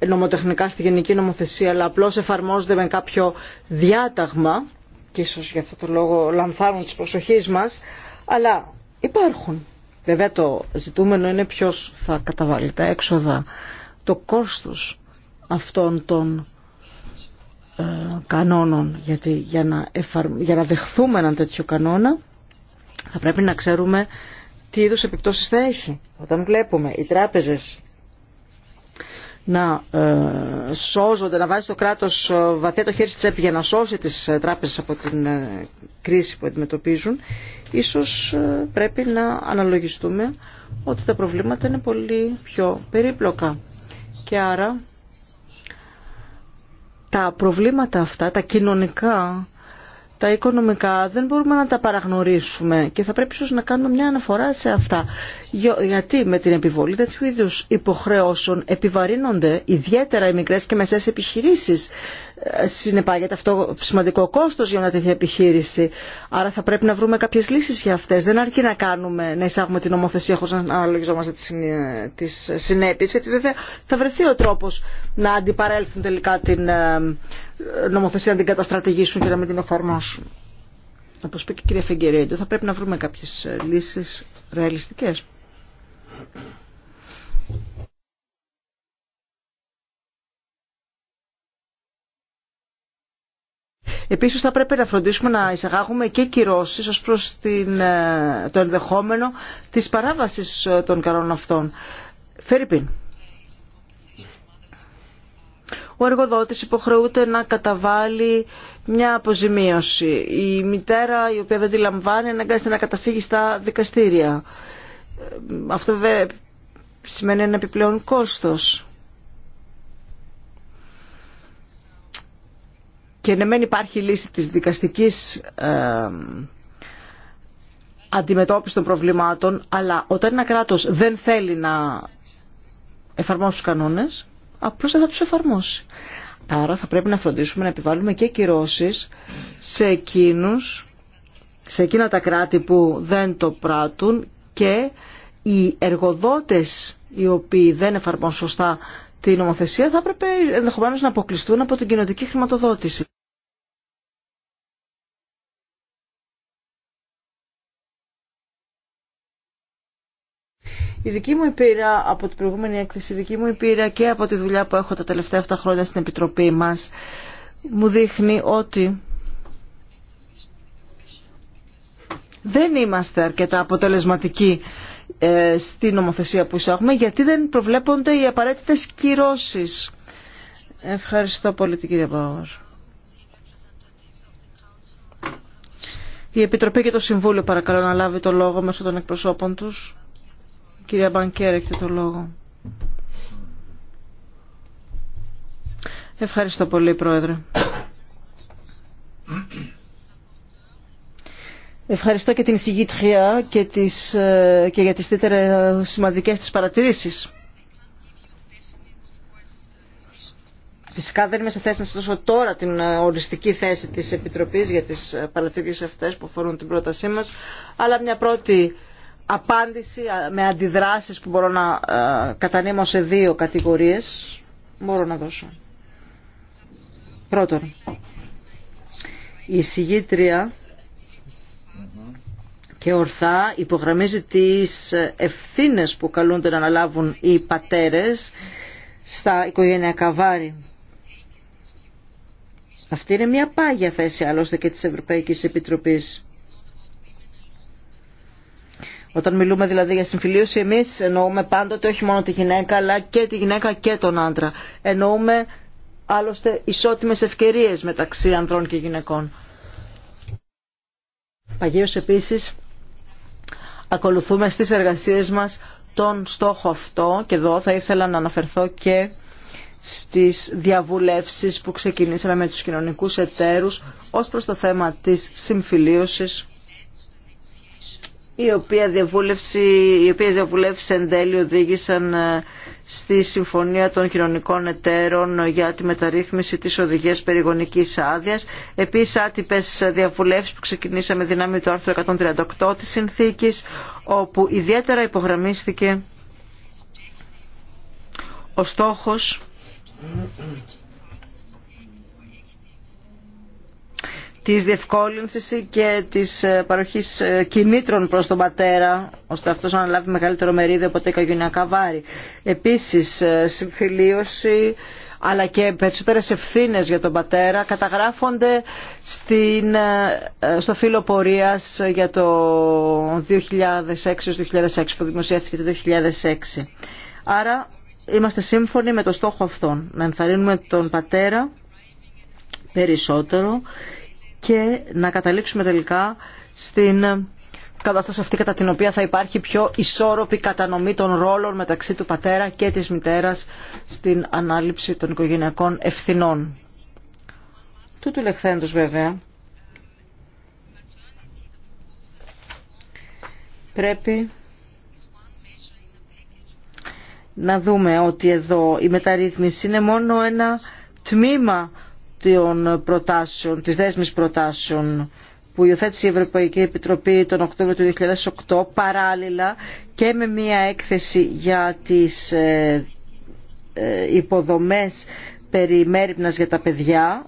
νομοτεχνικά στη γενική νομοθεσία, αλλά απλώ εφαρμόζονται με κάποιο διάταγμα και ίσω για αυτό το λόγο λανθάνουν τις προσοχή μας, αλλά υπάρχουν. Βέβαια το ζητούμενο είναι ποιο θα καταβάλει τα έξοδα, το κόστο αυτών των ε, κανόνων, γιατί για να, για να δεχθούμε έναν τέτοιο κανόνα θα πρέπει να ξέρουμε τι είδους επιπτώσεις θα έχει. Όταν βλέπουμε οι τράπεζες να ε, σώζονται, να βάζει το κράτος ε, βατέ το χέρι στη τσέπη για να σώσει τις ε, τράπεζες από την κρίση που αντιμετωπίζουν, ίσως πρέπει να αναλογιστούμε ότι τα προβλήματα είναι πολύ πιο περίπλοκα. Και άρα τα προβλήματα αυτά, τα κοινωνικά, τα οικονομικά δεν μπορούμε να τα παραγνωρίσουμε και θα πρέπει ίσως να κάνουμε μια αναφορά σε αυτά. Γιατί με την επιβολή τέτοιου είδου υποχρεώσεων επιβαρύνονται ιδιαίτερα οι μικρές και μεσαίες επιχειρήσεις συνεπάγεται αυτό σημαντικό κόστος για μια τέτοια επιχείρηση. Άρα θα πρέπει να βρούμε κάποιες λύσεις για αυτές. Δεν αρκεί να κάνουμε, να εισάγουμε την νομοθεσία χωρίς να αναλογιζόμαστε τις συνέπειες, γιατί βέβαια θα βρεθεί ο τρόπος να αντιπαρέλθουν τελικά την ε, νομοθεσία, να την καταστρατηγήσουν και να μην την εφαρμόσουν. Όπως είπε και η κυρία Φεγγερέντο, θα πρέπει να βρούμε κάποιες ε, λύσεις ρεαλιστικές. Επίσης θα πρέπει να φροντίσουμε να εισαγάγουμε και κυρώσεις ως προς την, ε, το ενδεχόμενο της παράβασης ε, των καρών αυτών. Φερρυπίν. Ο εργοδότης υποχρεούται να καταβάλει μια αποζημίωση. Η μητέρα η οποία δεν τη λαμβάνει αναγκάζεται να καταφύγει στα δικαστήρια. Ε, αυτό βέβαια σημαίνει ένα επιπλέον κόστος. και ναι μεν υπάρχει λύση της δικαστικής ε, αντιμετώπιση των προβλημάτων, αλλά όταν ένα κράτος δεν θέλει να εφαρμόσει τους κανόνες, απλώς δεν θα τους εφαρμόσει. Άρα θα πρέπει να φροντίσουμε να επιβάλλουμε και κυρώσεις σε εκείνους, σε εκείνα τα κράτη που δεν το πράττουν και οι εργοδότες οι οποίοι δεν εφαρμόσουν σωστά την νομοθεσία θα έπρεπε ενδεχομένως να αποκλειστούν από την κοινωτική χρηματοδότηση. Η δική μου εμπειρία από την προηγούμενη έκθεση, η δική μου εμπειρία και από τη δουλειά που έχω τα τελευταία 7 χρόνια στην Επιτροπή μας, μου δείχνει ότι δεν είμαστε αρκετά αποτελεσματικοί ε, στην νομοθεσία που εισάγουμε, γιατί δεν προβλέπονται οι απαραίτητες κυρώσεις. Ευχαριστώ πολύ την κυρία Μπάουερ. Η Επιτροπή και το Συμβούλιο παρακαλώ να λάβει το λόγο μέσω των εκπροσώπων τους. Κυρία Μπανκέρ, έχετε το λόγο. Ευχαριστώ πολύ, Πρόεδρε. Ευχαριστώ και την συγγήτρια και, τις, ε, και για τις τέτοιες σημαντικές της παρατηρήσεις. Φυσικά δεν είμαι σε θέση να σας δώσω τώρα την ε, οριστική θέση της Επιτροπής για τις ε, παρατηρήσεις αυτές που αφορούν την πρότασή μας, αλλά μια πρώτη απάντηση με αντιδράσεις που μπορώ να κατανείμω σε δύο κατηγορίες μπορώ να δώσω. Πρώτον, η συγγήτρια και ορθά υπογραμμίζει τις ευθύνες που καλούνται να αναλάβουν οι πατέρες στα οικογενειακά βάρη. Αυτή είναι μια πάγια θέση άλλωστε και της Ευρωπαϊκής Επιτροπής. Όταν μιλούμε δηλαδή για συμφιλίωση, εμείς εννοούμε πάντοτε όχι μόνο τη γυναίκα, αλλά και τη γυναίκα και τον άντρα. Εννοούμε άλλωστε ισότιμες ευκαιρίες μεταξύ ανδρών και γυναικών. Παγίως επίσης ακολουθούμε στις εργασίες μας τον στόχο αυτό και εδώ θα ήθελα να αναφερθώ και στις διαβουλεύσεις που ξεκινήσαμε με τους κοινωνικούς εταίρους ως προς το θέμα της συμφιλίωσης η οποία διαβούλευση, οι οποίες διαβουλεύσεις εν τέλει οδήγησαν ε, στη Συμφωνία των Κοινωνικών Εταίρων για τη μεταρρύθμιση της οδηγίας περιγονικής άδειας. Επίσης άτυπες διαβουλεύσεις που ξεκινήσαμε δυνάμει του άρθρου 138 της συνθήκης, όπου ιδιαίτερα υπογραμμίστηκε ο στόχος της διευκόλυνσης και της ε, παροχής ε, κινήτρων προς τον πατέρα, ώστε αυτός να αναλάβει μεγαλύτερο μερίδιο από τα οικογενειακά βάρη. Επίσης, ε, συμφιλίωση αλλά και περισσότερες ευθύνες για τον πατέρα καταγράφονται στην, στο φύλλο πορείας για το 2006-2006 που δημοσιεύτηκε το 2006. Άρα είμαστε σύμφωνοι με το στόχο αυτόν, να ενθαρρύνουμε τον πατέρα περισσότερο και να καταλήξουμε τελικά στην κατάσταση αυτή κατά την οποία θα υπάρχει πιο ισόρροπη κατανομή των ρόλων μεταξύ του πατέρα και της μητέρας στην ανάληψη των οικογενειακών ευθυνών. Τούτου λεχθέντος βέβαια πρέπει να δούμε ότι εδώ η μεταρρύθμιση είναι μόνο ένα τμήμα των προτάσεων, της δέσμης προτάσεων που υιοθέτησε η Ευρωπαϊκή Επιτροπή τον Οκτώβριο του 2008 παράλληλα και με μια έκθεση για τις ε, ε, υποδομές περί για τα παιδιά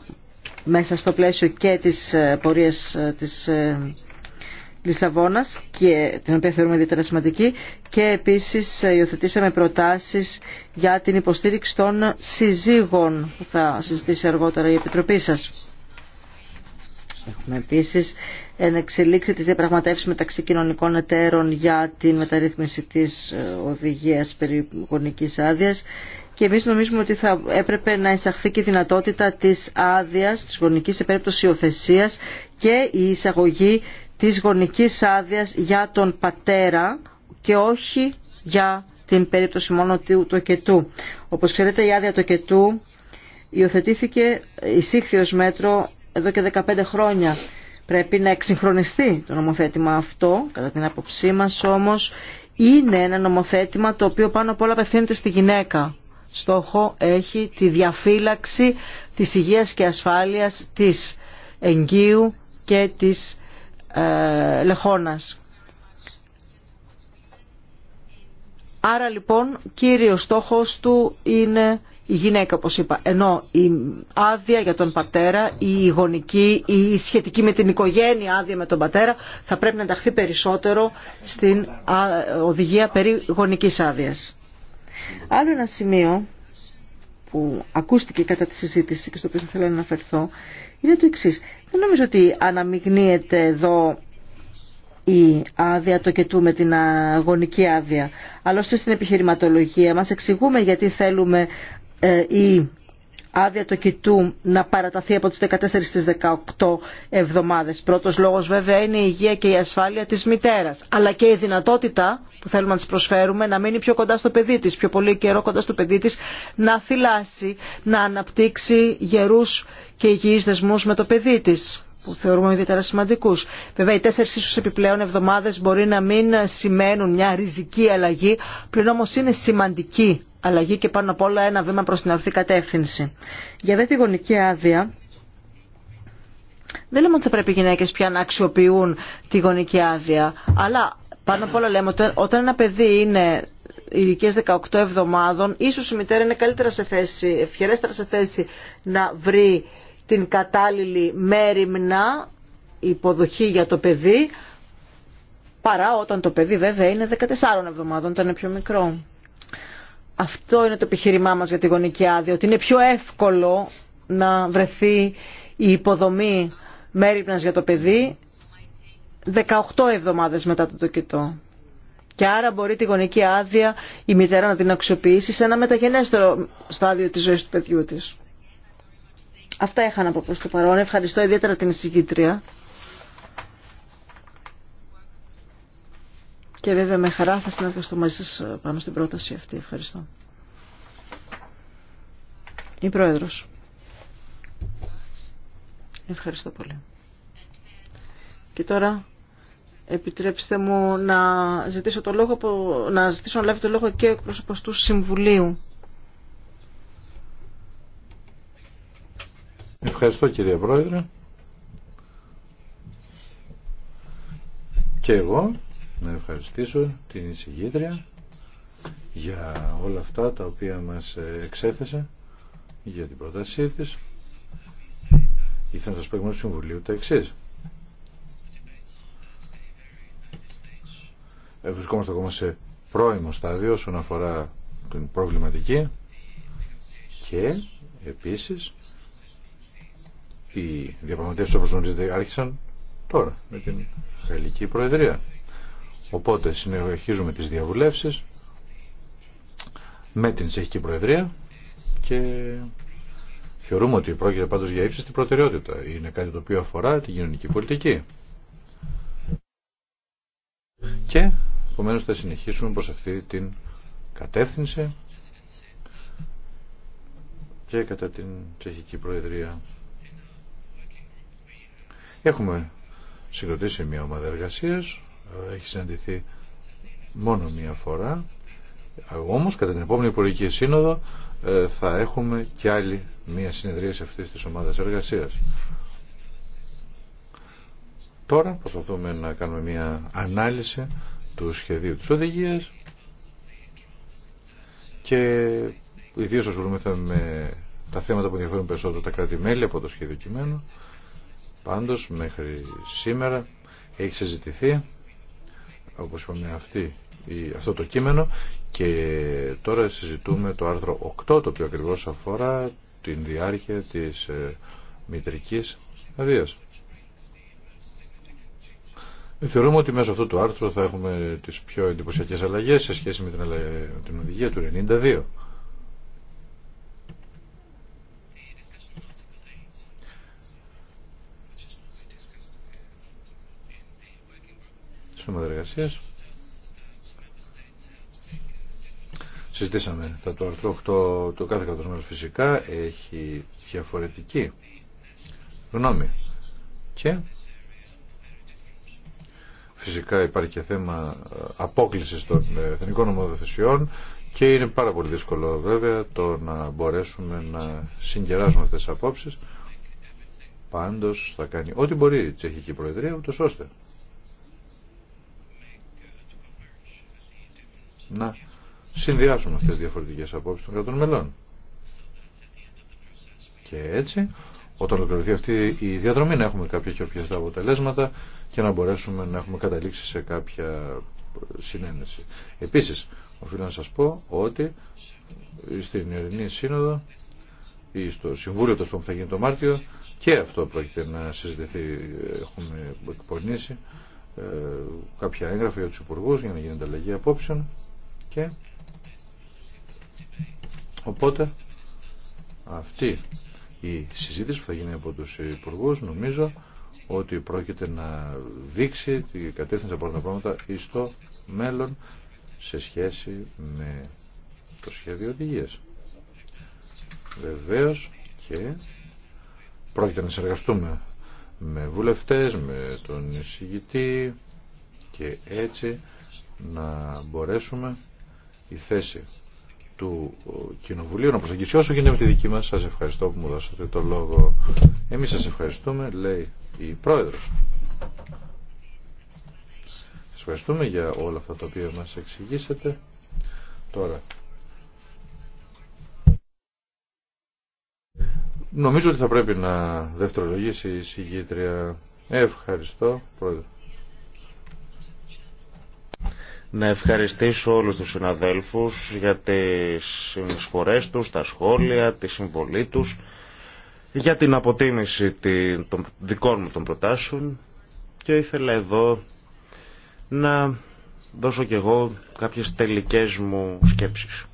μέσα στο πλαίσιο και της ε, πορείας της την οποία θεωρούμε ιδιαίτερα σημαντική και επίση υιοθετήσαμε προτάσει για την υποστήριξη των συζύγων που θα συζητήσει αργότερα η Επιτροπή σα. Έχουμε επίση ενεξελίξει τις διαπραγματεύσεις μεταξύ κοινωνικών εταίρων για την μεταρρύθμιση τη ε, οδηγία περί γονική άδειας και εμεί νομίζουμε ότι θα έπρεπε να εισαχθεί και η δυνατότητα τη άδεια, τη γονική σε περίπτωση υιοθεσία και η εισαγωγή της γονικής άδειας για τον πατέρα και όχι για την περίπτωση μόνο του τοκετού. Όπως ξέρετε η άδεια τοκετού υιοθετήθηκε εισήχθη ως μέτρο εδώ και 15 χρόνια. Πρέπει να εξυγχρονιστεί το νομοθέτημα αυτό, κατά την άποψή μας όμως, είναι ένα νομοθέτημα το οποίο πάνω απ' όλα απευθύνεται στη γυναίκα. Στόχο έχει τη διαφύλαξη της υγείας και ασφάλειας της εγγύου και της ε, Λεχώνας. Άρα λοιπόν κύριος στόχος του είναι η γυναίκα όπως είπα, ενώ η άδεια για τον πατέρα, η γονική, η σχετική με την οικογένεια άδεια με τον πατέρα θα πρέπει να ενταχθεί περισσότερο στην οδηγία περί γονικής άδειας. Άλλο ένα σημείο που ακούστηκε κατά τη συζήτηση και στο οποίο θα θέλω να αναφερθώ είναι το εξή. Δεν νομίζω ότι αναμειγνύεται εδώ η άδεια το κετούμε με την αγωνική άδεια. Άλλωστε στην επιχειρηματολογία μας εξηγούμε γιατί θέλουμε ε, η άδεια το κοιτού να παραταθεί από τις 14 στις 18 εβδομάδες. Πρώτος λόγος βέβαια είναι η υγεία και η ασφάλεια της μητέρας, αλλά και η δυνατότητα που θέλουμε να της προσφέρουμε να μείνει πιο κοντά στο παιδί της, πιο πολύ καιρό κοντά στο παιδί της, να θυλάσει, να αναπτύξει γερούς και υγιείς δεσμούς με το παιδί της που θεωρούμε ιδιαίτερα σημαντικού. Βέβαια, οι τέσσερι ίσω επιπλέον εβδομάδε μπορεί να μην σημαίνουν μια ριζική αλλαγή, πλην όμω είναι σημαντική αλλαγή και πάνω απ' όλα ένα βήμα προς την ορθή κατεύθυνση. Για δε τη γονική άδεια, δεν λέμε ότι θα πρέπει οι γυναίκες πια να αξιοποιούν τη γονική άδεια, αλλά πάνω απ' όλα λέμε ότι όταν ένα παιδί είναι ηλικίε 18 εβδομάδων, ίσως η μητέρα είναι καλύτερα σε θέση, ευχερέστερα σε θέση να βρει την κατάλληλη μέρημνα υποδοχή για το παιδί, παρά όταν το παιδί βέβαια είναι 14 εβδομάδων, όταν είναι πιο μικρό. Αυτό είναι το επιχείρημά μας για τη γονική άδεια, ότι είναι πιο εύκολο να βρεθεί η υποδομή μέρημνας για το παιδί 18 εβδομάδες μετά το τοκετό. Και άρα μπορεί τη γονική άδεια η μητέρα να την αξιοποιήσει σε ένα μεταγενέστερο στάδιο της ζωής του παιδιού της. Αυτά είχα να πω προς το παρόν. Ευχαριστώ ιδιαίτερα την εισηγήτρια Και βέβαια με χαρά θα συνεργαστώ μαζί σας πάνω στην πρόταση αυτή. Ευχαριστώ. Η Πρόεδρος. Ευχαριστώ πολύ. Και τώρα επιτρέψτε μου να ζητήσω, το λόγο, να, ζητήσω να λάβει το λόγο και ο εκπρόσωπος του Συμβουλίου. Ευχαριστώ κύριε Πρόεδρε. Και εγώ να ευχαριστήσω την εισηγήτρια για όλα αυτά τα οποία μας εξέθεσε για την πρότασή της. Ήθελα να σας πω εγώ Συμβουλίου τα εξής. Ε, βρισκόμαστε ακόμα σε πρώιμο στάδιο όσον αφορά την προβληματική και επίσης οι διαπραγματεύσεις όπως γνωρίζετε άρχισαν τώρα με την Γαλλική Προεδρία. Οπότε συνεχίζουμε τις διαβουλεύσεις με την Τσεχική Προεδρία και θεωρούμε ότι πρόκειται πάντως για ύψιστη προτεραιότητα. Είναι κάτι το οποίο αφορά την κοινωνική πολιτική. Και επομένως θα συνεχίσουμε προς αυτή την κατεύθυνση και κατά την Τσεχική Προεδρία. Έχουμε συγκροτήσει μια ομάδα εργασίας έχει συναντηθεί μόνο μία φορά. Όμως κατά την επόμενη πολιτική Σύνοδο ε, θα έχουμε και άλλη μία συνεδρίαση αυτής της ομάδας εργασίας. Τώρα προσπαθούμε να κάνουμε μία ανάλυση του σχεδίου της οδηγίας και ιδίως ασχολούμεθα με τα θέματα που ενδιαφέρουν περισσότερο τα κράτη-μέλη από το σχέδιο κειμένου. Πάντως μέχρι σήμερα έχει συζητηθεί όπως είπαμε αυτή, αυτό το κείμενο και τώρα συζητούμε το άρθρο 8 το οποίο ακριβώς αφορά την διάρκεια της ε, μητρικής αδείας. Θεωρούμε ότι μέσω αυτού του άρθρου θα έχουμε τις πιο εντυπωσιακές αλλαγές σε σχέση με την οδηγία του 92. σώματα εργασίας. Συζητήσαμε θα το άρθρο 8, το κάθε κατασμένο φυσικά έχει διαφορετική γνώμη. Και φυσικά υπάρχει και θέμα ε, απόκλησης των εθνικών νομοθεσιών και είναι πάρα πολύ δύσκολο βέβαια το να μπορέσουμε να συγκεράσουμε αυτές τις απόψεις. Πάντως θα κάνει ό,τι μπορεί η Τσεχική Προεδρία ούτως ώστε να συνδυάσουμε αυτές τις διαφορετικές απόψεις των κρατών μελών. Και έτσι, όταν ολοκληρωθεί αυτή η διαδρομή, να έχουμε κάποια και οποιαστά αποτελέσματα και να μπορέσουμε να έχουμε καταλήξει σε κάποια συνένεση. Επίσης, οφείλω να σας πω ότι στην Ιερνή Σύνοδο ή στο Συμβούλιο που θα γίνει το Μάρτιο και αυτό πρόκειται να συζητηθεί, έχουμε εκπονήσει ε, κάποια έγγραφα για τους υπουργούς για να γίνει ανταλλαγή απόψεων οπότε αυτή η συζήτηση που θα γίνει από τους υπουργού νομίζω ότι πρόκειται να δείξει την κατεύθυνση από τα πράγματα στο μέλλον σε σχέση με το σχέδιο οδηγίας. Βεβαίως και πρόκειται να συνεργαστούμε με βουλευτές, με τον εισηγητή και έτσι να μπορέσουμε η θέση του ε, Κοινοβουλίου να προσεγγίσει όσο γίνεται τη δική μας. Σας ευχαριστώ που μου δώσατε το λόγο. Εμείς σας ευχαριστούμε, λέει η Πρόεδρος. Σας ευχαριστούμε για όλα αυτά τα οποία μας εξηγήσατε. Τώρα, νομίζω ότι θα πρέπει να δευτερολογήσει η συγγήτρια. Ευχαριστώ, Πρόεδρο. Να ευχαριστήσω όλους τους συναδέλφους για τις συνεισφορές τους, τα σχόλια, τη συμβολή τους, για την αποτίμηση των δικών μου των προτάσεων και ήθελα εδώ να δώσω κι εγώ κάποιες τελικές μου σκέψεις.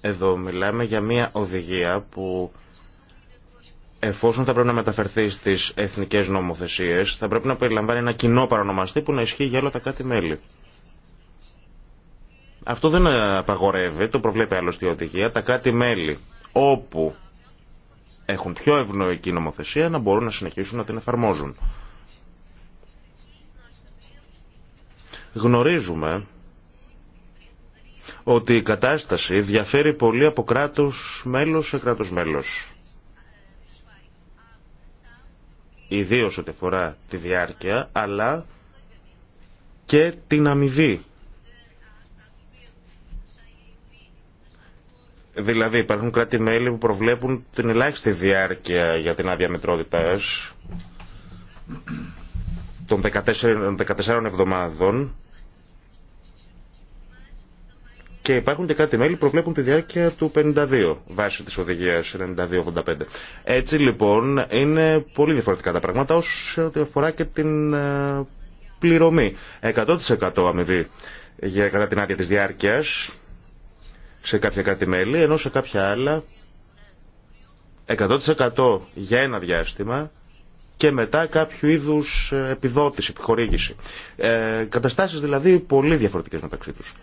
Εδώ μιλάμε για μια οδηγία που εφόσον θα πρέπει να μεταφερθεί στι εθνικέ νομοθεσίε, θα πρέπει να περιλαμβάνει ένα κοινό παρονομαστή που να ισχύει για όλα τα κράτη-μέλη. Αυτό δεν απαγορεύει, το προβλέπει άλλωστε η οδηγία. Τα κράτη-μέλη όπου έχουν πιο ευνοϊκή νομοθεσία να μπορούν να συνεχίσουν να την εφαρμόζουν. Γνωρίζουμε ότι η κατάσταση διαφέρει πολύ από κράτος μέλος σε κράτος μέλος. ιδίω ό,τι αφορά τη διάρκεια, αλλά και την αμοιβή. Δηλαδή υπάρχουν κράτη-μέλη που προβλέπουν την ελάχιστη διάρκεια για την άδεια μετρότητας των 14, 14 εβδομάδων και υπάρχουν και κάτι μέλη που προβλέπουν τη διάρκεια του 52 βάσει τη οδηγία 92-85. Έτσι λοιπόν είναι πολύ διαφορετικά τα πράγματα όσο ότι αφορά και την ε, πληρωμή. 100% αμοιβή για κατά την άδεια τη διάρκεια σε κάποια κάτι μέλη, ενώ σε κάποια άλλα 100% για ένα διάστημα και μετά κάποιο είδου ε, επιδότηση, επιχορήγηση. Ε, καταστάσεις δηλαδή πολύ διαφορετικές μεταξύ τους.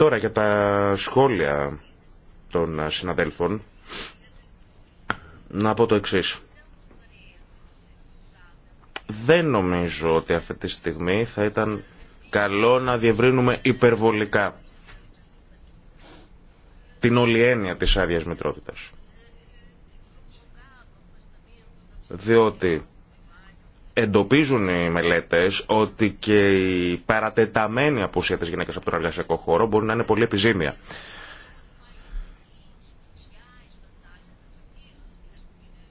Τώρα για τα σχόλια των συναδέλφων να πω το εξής. Δεν νομίζω ότι αυτή τη στιγμή θα ήταν καλό να διευρύνουμε υπερβολικά την όλη έννοια της άδειας μητρότητας. Διότι εντοπίζουν οι μελέτες ότι και η παρατεταμένη απουσία της γυναίκας από τον εργασιακό χώρο μπορεί να είναι πολύ επιζήμια.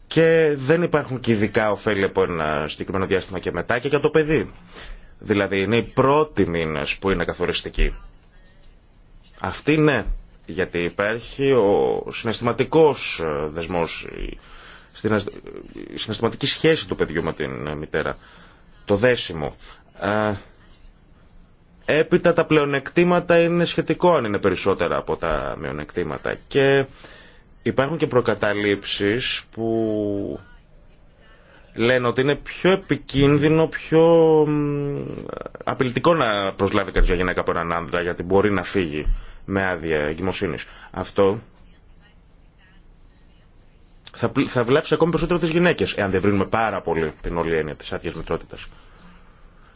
Και δεν υπάρχουν και ειδικά ωφέλη από ένα συγκεκριμένο διάστημα και μετά και για το παιδί. Δηλαδή είναι οι πρώτοι μήνες που είναι καθοριστικοί. Αυτή ναι, γιατί υπάρχει ο συναισθηματικός δεσμός, στην συναισθηματική σχέση του παιδιού με την ε, μητέρα. Το δέσιμο. Ε, έπειτα τα πλεονεκτήματα είναι σχετικό αν είναι περισσότερα από τα μειονεκτήματα. Και υπάρχουν και προκαταλήψεις που λένε ότι είναι πιο επικίνδυνο, πιο απειλητικό να προσλάβει κάποια γυναίκα από έναν άντρα, γιατί μπορεί να φύγει με άδεια εγκυμοσύνης. Αυτό θα, θα βλάψει ακόμη περισσότερο τις γυναίκες, εάν δεν βρίνουμε πάρα πολύ την όλη έννοια της άδειας μητρότητας.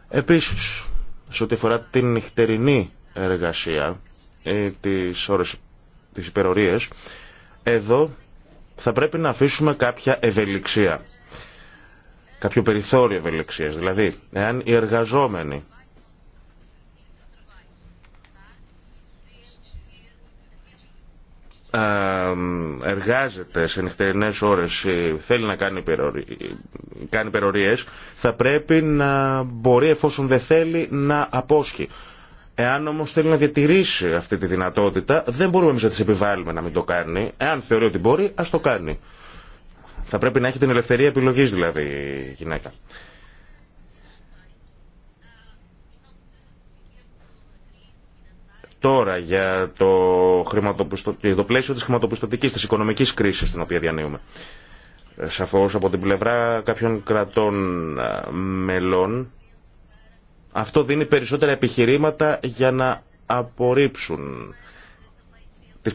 Επίσης, σε ό,τι αφορά την νυχτερινή εργασία ή ε, τις ώρες τις υπερορίες, εδώ θα πρέπει να αφήσουμε κάποια ευελιξία. Κάποιο περιθώριο ευελιξίας. Δηλαδή, εάν οι εργαζόμενοι Ε, εργάζεται σε νυχτερινές ώρες ή ε, θέλει να κάνει, υπερορι... κάνει υπερορίες θα πρέπει να μπορεί εφόσον δεν θέλει να απόσχει. Εάν όμως θέλει να διατηρήσει αυτή τη δυνατότητα δεν μπορούμε εμείς να τις επιβάλλουμε να μην το κάνει. Εάν θεωρεί ότι μπορεί ας το κάνει. Θα πρέπει να έχει την ελευθερία επιλογής δηλαδή η γυναίκα. Τώρα για το, χρηματοπιστω... το πλαίσιο της χρηματοπιστωτικής, της οικονομικής κρίσης την οποία διανύουμε. Ε, σαφώς από την πλευρά κάποιων κρατών ε, μελών αυτό δίνει περισσότερα επιχειρήματα για να απορρίψουν τις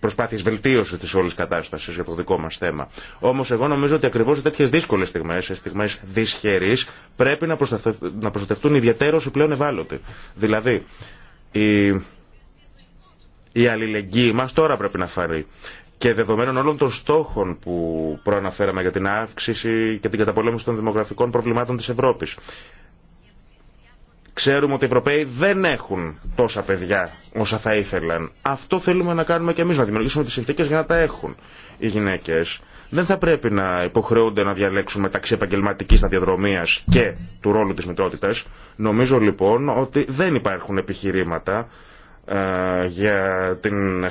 προσπάθειες βελτίωσης της όλης κατάστασης για το δικό μας θέμα. Όμως εγώ νομίζω ότι ακριβώς σε τέτοιες δύσκολες στιγμές, σε στιγμές δυσχερείς, πρέπει να προστατευτούν ιδιαίτερως οι πλέον ευάλωτοι. Δηλαδή, οι η αλληλεγγύη μας τώρα πρέπει να φαρεί. Και δεδομένων όλων των στόχων που προαναφέραμε για την αύξηση και την καταπολέμηση των δημογραφικών προβλημάτων της Ευρώπης. Ξέρουμε ότι οι Ευρωπαίοι δεν έχουν τόσα παιδιά όσα θα ήθελαν. Αυτό θέλουμε να κάνουμε και εμείς, να δημιουργήσουμε τις συνθήκες για να τα έχουν οι γυναίκες. Δεν θα πρέπει να υποχρεούνται να διαλέξουν μεταξύ επαγγελματική σταδιοδρομία και του ρόλου τη μητρότητα. Νομίζω λοιπόν ότι δεν υπάρχουν επιχειρήματα ε, για την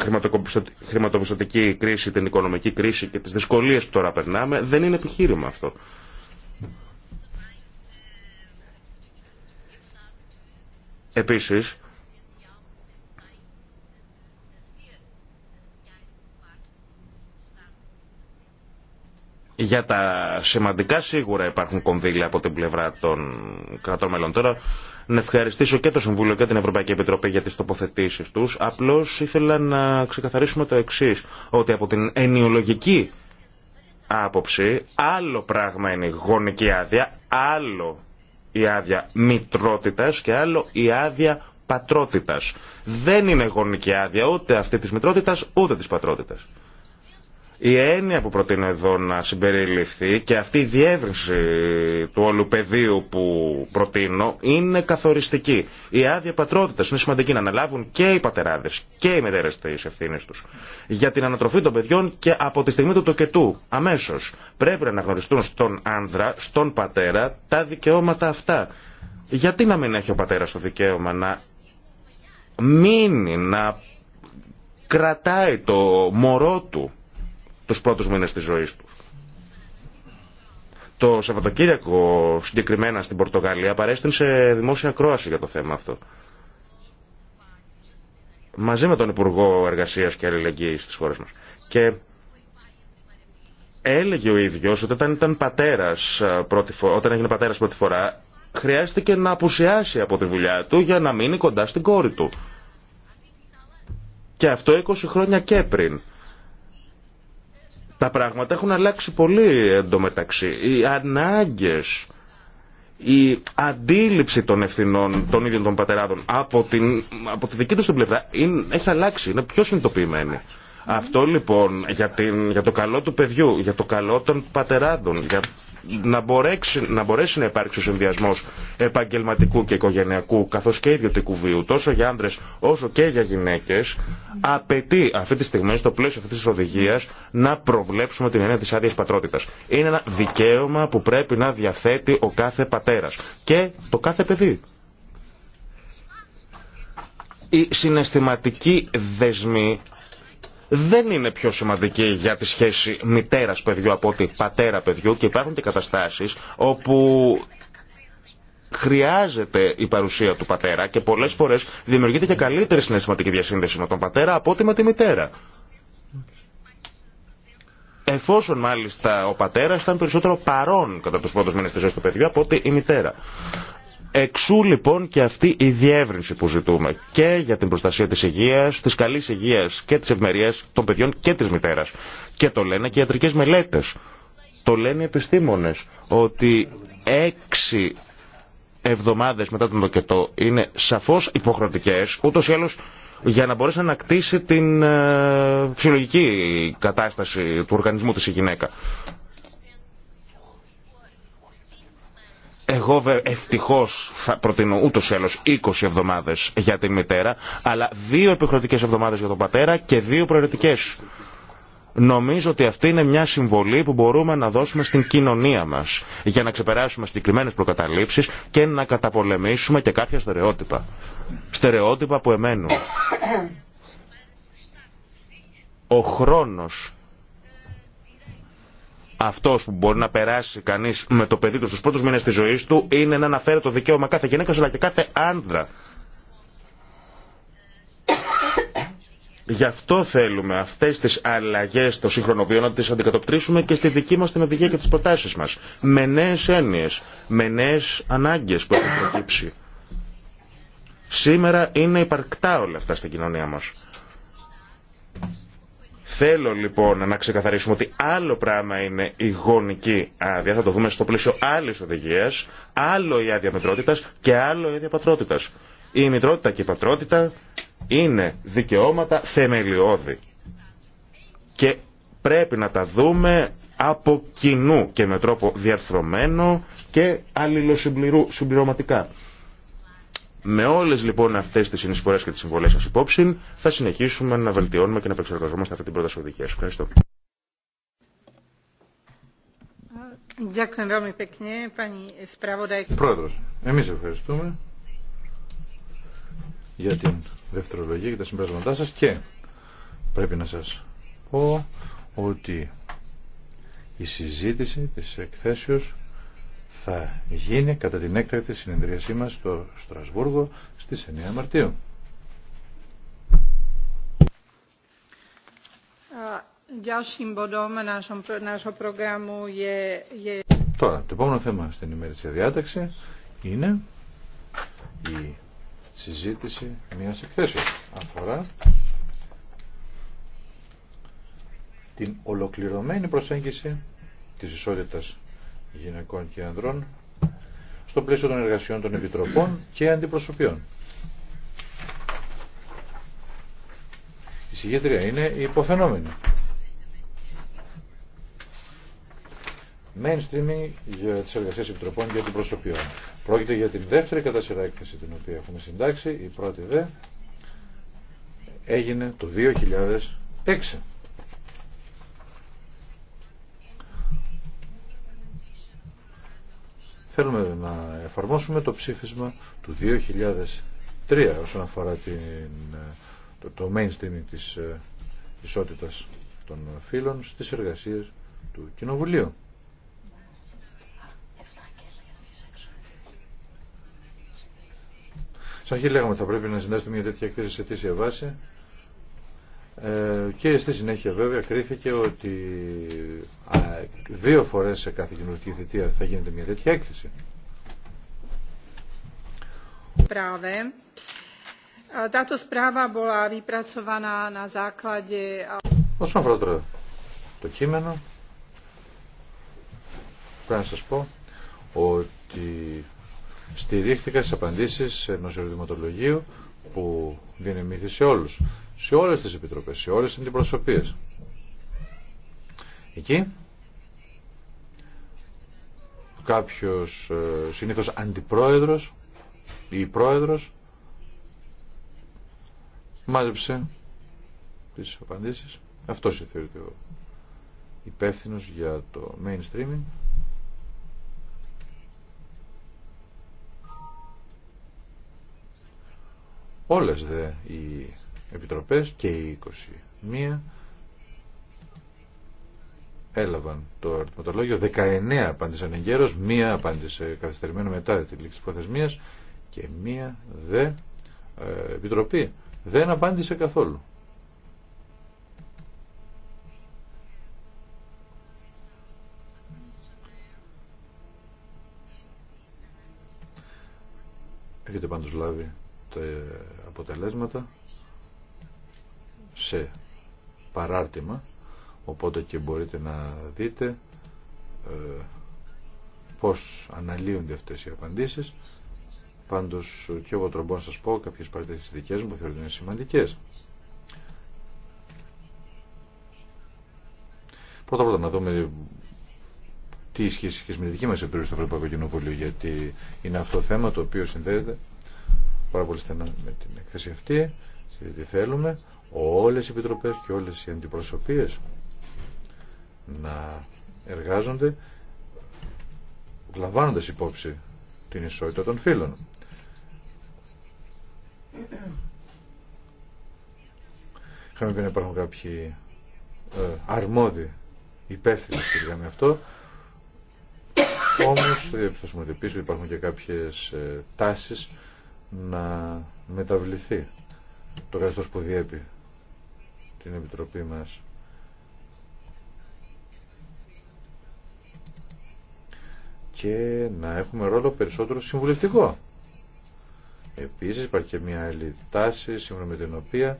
χρηματοπιστωτική κρίση, την οικονομική κρίση και τις δυσκολίες που τώρα περνάμε, δεν είναι επιχείρημα αυτό. Επίσης, για τα σημαντικά σίγουρα υπάρχουν κονδύλια από την πλευρά των κρατών μελών. Τώρα, να ευχαριστήσω και το Συμβούλιο και την Ευρωπαϊκή Επιτροπή για τις τοποθετήσεις τους. Απλώς ήθελα να ξεκαθαρίσουμε το εξής, ότι από την ενιολογική άποψη άλλο πράγμα είναι η γονική άδεια, άλλο η άδεια μητρότητας και άλλο η άδεια πατρότητας. Δεν είναι γονική άδεια ούτε αυτή της μητρότητας ούτε της πατρότητας. Η έννοια που προτείνω εδώ να συμπεριληφθεί και αυτή η διεύρυνση του όλου πεδίου που προτείνω είναι καθοριστική. Η άδεια πατρότητας είναι σημαντική να αναλάβουν και οι πατεράδες και οι μητέρες τη ευθύνη τους. Για την ανατροφή των παιδιών και από τη στιγμή του τοκετού αμέσως πρέπει να αναγνωριστούν στον άνδρα, στον πατέρα τα δικαιώματα αυτά. Γιατί να μην έχει ο πατέρα το δικαίωμα να μείνει, να κρατάει το μωρό του τους πρώτους μήνες της ζωής τους. Το Σαββατοκύριακο συγκεκριμένα στην Πορτογαλία παρέστην σε δημόσια κρόαση για το θέμα αυτό. Μαζί με τον Υπουργό Εργασίας και Αλληλεγγύης της χώρας μας. Και έλεγε ο ίδιος ότι όταν, ήταν πατέρας πρώτη φορά, όταν έγινε πατέρας πρώτη φορά χρειάστηκε να απουσιάσει από τη δουλειά του για να μείνει κοντά στην κόρη του. Και αυτό 20 χρόνια και πριν. Τα πράγματα έχουν αλλάξει πολύ εντωμεταξύ. Οι ανάγκες, η αντίληψη των ευθυνών των ίδιων των πατεράδων από, την, από τη δική τους την πλευρά είναι, έχει αλλάξει, είναι πιο συνειδητοποιημένη. Αυτό λοιπόν για, την, για το καλό του παιδιού, για το καλό των πατεράδων, για να μπορέσει, να μπορέσει να υπάρξει ο συνδυασμό επαγγελματικού και οικογενειακού καθώ και ιδιωτικού βίου τόσο για άντρε όσο και για γυναίκε, απαιτεί αυτή τη στιγμή στο πλαίσιο αυτή τη οδηγία να προβλέψουμε την έννοια τη άδεια πατρότητα. Είναι ένα δικαίωμα που πρέπει να διαθέτει ο κάθε πατέρα και το κάθε παιδί. Η συναισθηματική δεσμή δεν είναι πιο σημαντική για τη σχέση μητέρας-παιδιού από ότι πατέρα-παιδιού και υπάρχουν και καταστάσεις όπου χρειάζεται η παρουσία του πατέρα και πολλές φορές δημιουργείται και καλύτερη συναισθηματική διασύνδεση με τον πατέρα από ότι με τη μητέρα. Εφόσον μάλιστα ο πατέρα ήταν περισσότερο παρόν κατά του πρώτου μήνε τη ζωή του παιδιού από ότι η μητέρα. Εξού λοιπόν και αυτή η διεύρυνση που ζητούμε και για την προστασία της υγείας, της καλής υγείας και της ευμερίας των παιδιών και της μητέρας. Και το λένε και οι ιατρικές μελέτες. Το λένε οι επιστήμονες ότι έξι εβδομάδες μετά τον τοκετό είναι σαφώς υποχρεωτικές, ούτως ή άλλως για να μπορέσει να ανακτήσει την ε, κατάσταση του οργανισμού της η γυναίκα. Εγώ ευτυχώ θα προτείνω ούτω ή άλλω 20 εβδομάδε για την μητέρα, αλλά δύο επιχρεωτικέ εβδομάδε για τον πατέρα και δύο προαιρετικέ. Νομίζω ότι αυτή είναι μια συμβολή που μπορούμε να δώσουμε στην κοινωνία μα για να ξεπεράσουμε συγκεκριμένε προκαταλήψει και να καταπολεμήσουμε και κάποια στερεότυπα. Στερεότυπα που εμένουν. Ο χρόνος αυτό που μπορεί να περάσει κανεί με το παιδί του στου πρώτου μήνε τη ζωή του είναι να αναφέρει το δικαίωμα κάθε γυναίκα αλλά και κάθε άνδρα. Γι' αυτό θέλουμε αυτέ τι αλλαγέ στο σύγχρονο βίο να τι αντικατοπτρίσουμε και στη δική μα την οδηγία και τι προτάσει μα. Με νέε έννοιε, με νέε ανάγκε που έχουν προκύψει. Σήμερα είναι υπαρκτά όλα αυτά στην κοινωνία μα. Θέλω λοιπόν να ξεκαθαρίσουμε ότι άλλο πράγμα είναι η γονική άδεια, θα το δούμε στο πλαίσιο άλλη οδηγία, άλλο η άδεια μητρότητα και άλλο η άδεια πατρότητα. Η μητρότητα και η πατρότητα είναι δικαιώματα θεμελιώδη και πρέπει να τα δούμε από κοινού και με τρόπο διαρθρωμένο και αλληλοσυμπληρωματικά. Με όλε λοιπόν αυτέ τι συνεισφορέ και τι συμβολέ σα υπόψη, θα συνεχίσουμε να βελτιώνουμε και να επεξεργαζόμαστε αυτή την πρόταση οδηγία. Ευχαριστώ. Πρόεδρος, εμείς ευχαριστούμε για την δευτερολογία και τα συμπράσματά σα. και πρέπει να σας πω ότι η συζήτηση της εκθέσεως θα γίνει κατά την έκτακτη συνεδρίασή μας στο Στρασβούργο στις 9 Μαρτίου. Τώρα, το επόμενο θέμα στην ημερήσια διάταξη είναι η συζήτηση μιας εκθέσεως. Αφορά την ολοκληρωμένη προσέγγιση της ισότητας γυναικών και ανδρών στο πλαίσιο των εργασιών των επιτροπών και αντιπροσωπιών. Η συγγέντρια είναι η υποφαινόμενη. mainstreaming για τις εργασίες επιτροπών και αντιπροσωπιών. Πρόκειται για την δεύτερη κατά σειρά έκθεση την οποία έχουμε συντάξει, η πρώτη δε, έγινε το 2006. Θέλουμε να εφαρμόσουμε το ψήφισμα του 2003 όσον αφορά την, ε, το, το mainstream της ε, ισότητας των φίλων στις εργασίες του Κοινοβουλίου. Σαν αρχή λέγαμε θα πρέπει να συνδέσουμε μια τέτοια κρίση σε τέτοια βάση ε, και στη συνέχεια βέβαια κρίθηκε ότι δύο φορές σε κάθε κοινωνική θητεία θα γίνεται μια τέτοια έκθεση. Τάτο σπράβα μπορεί Όσον αφορά τώρα το κείμενο, πρέπει να σας πω ότι στηρίχθηκα στις απαντήσεις ενός ερωτηματολογίου που διανεμήθη σε όλους σε όλες τις επιτροπές, σε όλες τις αντιπροσωπείες. Εκεί κάποιος ε, συνήθως αντιπρόεδρος ή πρόεδρος μάζεψε τις απαντήσεις. Αυτός θεωρείται ο υπεύθυνος για το mainstreaming. Όλες δε οι επιτροπές και οι 21 έλαβαν το αριθμοτολόγιο, 19 απάντησαν εγκαίρως μία απάντησε καθυστερημένο μετά τη λήξη της προθεσμίας και μία δε ε, επιτροπή δεν απάντησε καθόλου Έχετε πάντως λάβει τα αποτελέσματα σε παράρτημα οπότε και μπορείτε να δείτε ε, πώς αναλύονται αυτές οι απαντήσεις πάντως και εγώ τρομπώ να σας πω κάποιες παρατηρήσει δικές μου θεωρούν είναι σημαντικές πρώτα πρώτα να δούμε τι ισχύει και με τη δική μας επιρροή στο Ευρωπαϊκό Κοινοβούλιο γιατί είναι αυτό το θέμα το οποίο συνδέεται πάρα πολύ στενά με την εκθέση αυτή γιατί θέλουμε όλες οι επιτροπές και όλες οι αντιπροσωπείες να εργάζονται λαμβάνοντας υπόψη την ισότητα των φίλων. Είχαμε πει να υπάρχουν κάποιοι ε, αρμόδιοι υπεύθυνοι σχετικά με αυτό. Όμως το ότι πίσω υπάρχουν και κάποιες ε, τάσεις να μεταβληθεί το καθεστώς που διέπει την Επιτροπή μας. και να έχουμε ρόλο περισσότερο συμβουλευτικό. Επίσης υπάρχει και μια άλλη τάση σύμφωνα με την οποία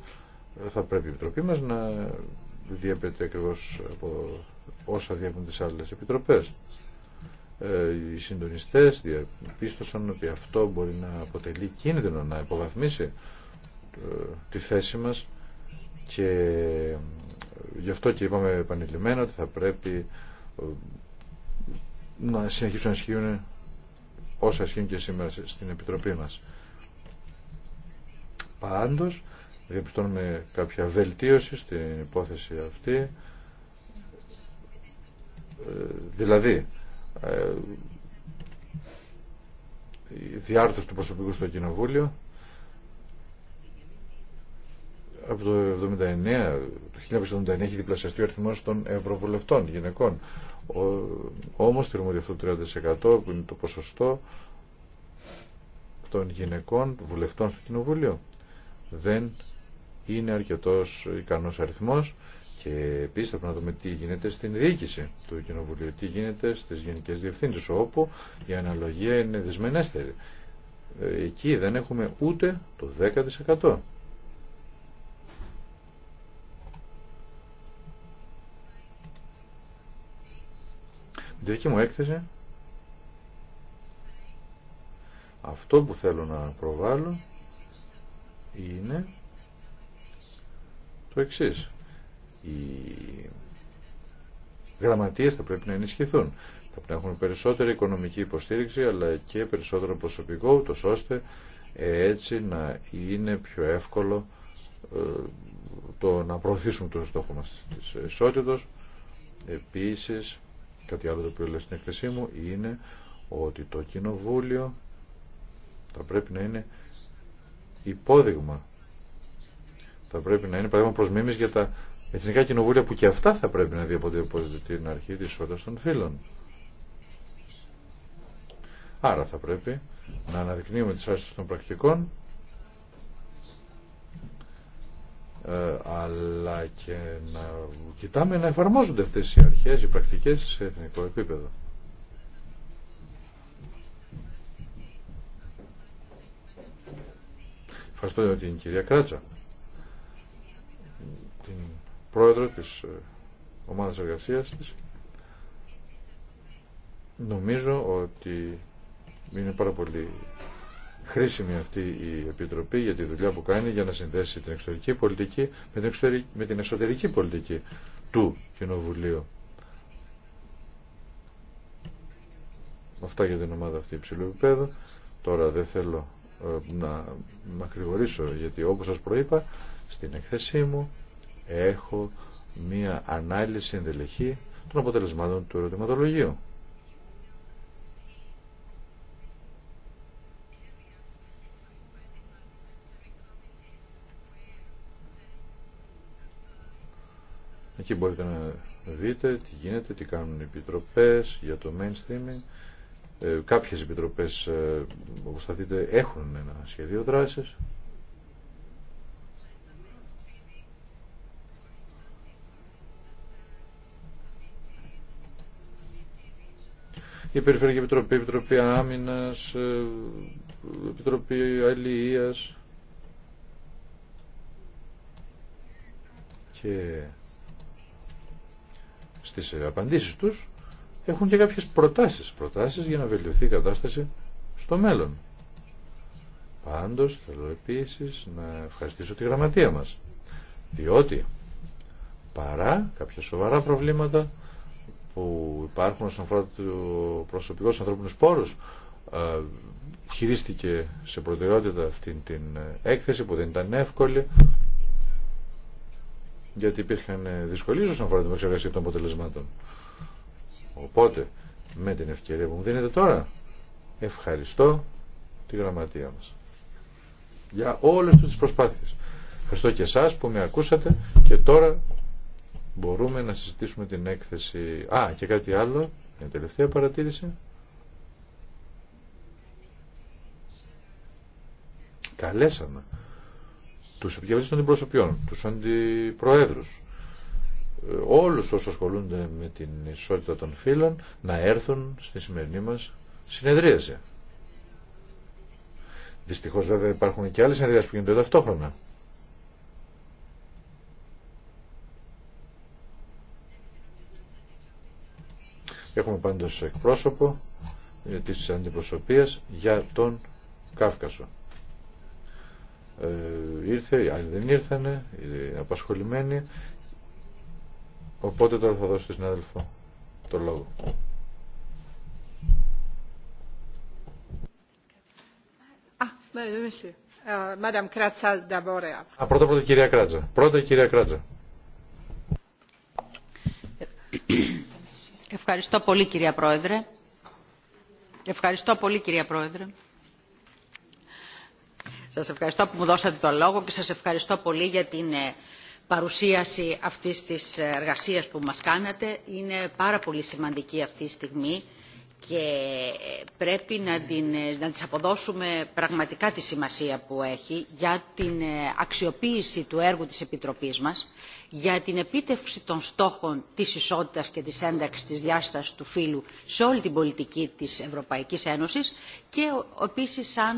θα πρέπει η Επιτροπή μας να διέπεται ακριβώ από όσα διέπουν τις άλλες επιτροπές. Ε, οι συντονιστές διαπίστωσαν ότι αυτό μπορεί να αποτελεί κίνδυνο να υποβαθμίσει ε, τη θέση μας και ε, γι' αυτό και είπαμε επανειλημμένα ότι θα πρέπει ε, να συνεχίσουν να ισχύουν όσα ισχύουν και σήμερα στην Επιτροπή μας. Πάντως, διαπιστώνουμε κάποια βελτίωση στην υπόθεση αυτή. Ε, δηλαδή, η διάρθρωση του προσωπικού στο Κοινοβούλιο από το 1979, το 1979 έχει διπλασιαστεί ο αριθμός των ευρωβουλευτών γυναικών. Ο, όμως θεωρούμε ότι αυτό το 30% που είναι το ποσοστό των γυναικών βουλευτών στο Κοινοβούλιο δεν είναι αρκετός ικανός αριθμός και επίσης θα πρέπει να δούμε τι γίνεται στην διοίκηση του Κοινοβουλίου, τι γίνεται στις γενικές διευθύνσεις όπου η αναλογία είναι δυσμενέστερη. Ε, εκεί δεν έχουμε ούτε το 10%. Η δική μου έκθεση αυτό που θέλω να προβάλλω είναι το εξής. Οι γραμματείες θα πρέπει να ενισχυθούν. Θα πρέπει να έχουν περισσότερη οικονομική υποστήριξη αλλά και περισσότερο προσωπικό ούτως ώστε έτσι να είναι πιο εύκολο ε, το να προωθήσουμε το στόχο μας της ισότητος. Επίσης Κάτι άλλο το οποίο λέω στην εκθεσή μου είναι ότι το κοινοβούλιο θα πρέπει να είναι υπόδειγμα. Θα πρέπει να είναι παράδειγμα προς για τα εθνικά κοινοβούλια που και αυτά θα πρέπει να διαποτεπώζονται την αρχή της ισότητας των φύλων. Άρα θα πρέπει να αναδεικνύουμε τις άρσεις των πρακτικών Ε, αλλά και να κοιτάμε να εφαρμόζονται αυτές οι αρχές, οι πρακτικές σε εθνικό επίπεδο. Ευχαριστώ την κυρία Κράτσα, την πρόεδρο της ε, ομάδας εργασίας της. Νομίζω ότι είναι πάρα πολύ χρήσιμη αυτή η Επιτροπή για τη δουλειά που κάνει για να συνδέσει την εξωτερική πολιτική με την, εξωτερική, εσωτερική πολιτική του Κοινοβουλίου. Αυτά για την ομάδα αυτή υψηλού επίπεδου. Τώρα δεν θέλω ε, να μακρηγορήσω γιατί όπως σας προείπα στην εκθέσή μου έχω μία ανάλυση ενδελεχή των αποτελεσμάτων του ερωτηματολογίου. Εκεί μπορείτε να δείτε τι γίνεται, τι κάνουν οι επιτροπές για το mainstreaming. Ε, κάποιες επιτροπές, ε, όπως θα δείτε, έχουν ένα σχεδίο δράσης. Η Περιφερειακή Επιτροπή, η Επιτροπή Άμυνας, η ε, Επιτροπή Αλληλείας και στις απαντήσεις τους έχουν και κάποιες προτάσεις, προτάσεις για να βελτιωθεί η κατάσταση στο μέλλον. Πάντως θέλω επίσης να ευχαριστήσω τη γραμματεία μας, διότι παρά κάποια σοβαρά προβλήματα που υπάρχουν όσον αφορά του προσωπικού ανθρώπινου πόρους, ε, χειρίστηκε σε προτεραιότητα αυτή την ε, έκθεση που δεν ήταν εύκολη γιατί υπήρχαν ε, δυσκολίες όσον αφορά την εξεργασία των αποτελεσμάτων. Οπότε, με την ευκαιρία που μου δίνετε τώρα, ευχαριστώ τη γραμματεία μας για όλες τις προσπάθειες. Ευχαριστώ και εσάς που με ακούσατε και τώρα μπορούμε να συζητήσουμε την έκθεση. Α, και κάτι άλλο, μια τελευταία παρατήρηση. Καλέσαμε τους επικεφαλής των αντιπροσωπιών, τους αντιπροέδρους, ε, όλους όσους ασχολούνται με την ισότητα των φύλων να έρθουν στη σημερινή μας συνεδρίαση. Δυστυχώς βέβαια υπάρχουν και άλλες συνεδρίες που γίνονται ταυτόχρονα. Έχουμε πάντως εκπρόσωπο ε, της αντιπροσωπείας για τον Κάφκασο ε, ήρθε, αν δεν ήρθανε, απασχολημένοι. Οπότε τώρα θα δώσω στον συνάδελφο το λόγο. Ah, euh, Α, πρώτα πρώτα κυρία Κράτζα. Πρώτα κυρία Κράτζα. Ευχαριστώ πολύ κυρία Πρόεδρε. Ευχαριστώ πολύ κυρία Πρόεδρε. Σας ευχαριστώ που μου δώσατε το λόγο και σας ευχαριστώ πολύ για την ε, παρουσίαση αυτής της εργασίας που μας κάνατε. Είναι πάρα πολύ σημαντική αυτή τη στιγμή και ε, πρέπει να, την, ε, της αποδώσουμε πραγματικά τη σημασία που έχει για την αξιοποίηση του έργου της Επιτροπής μας, για την επίτευξη των στόχων της ισότητας και της ένταξης της διάστασης του φύλου σε όλη την πολιτική της Ευρωπαϊκής Ένωσης και επίσης σαν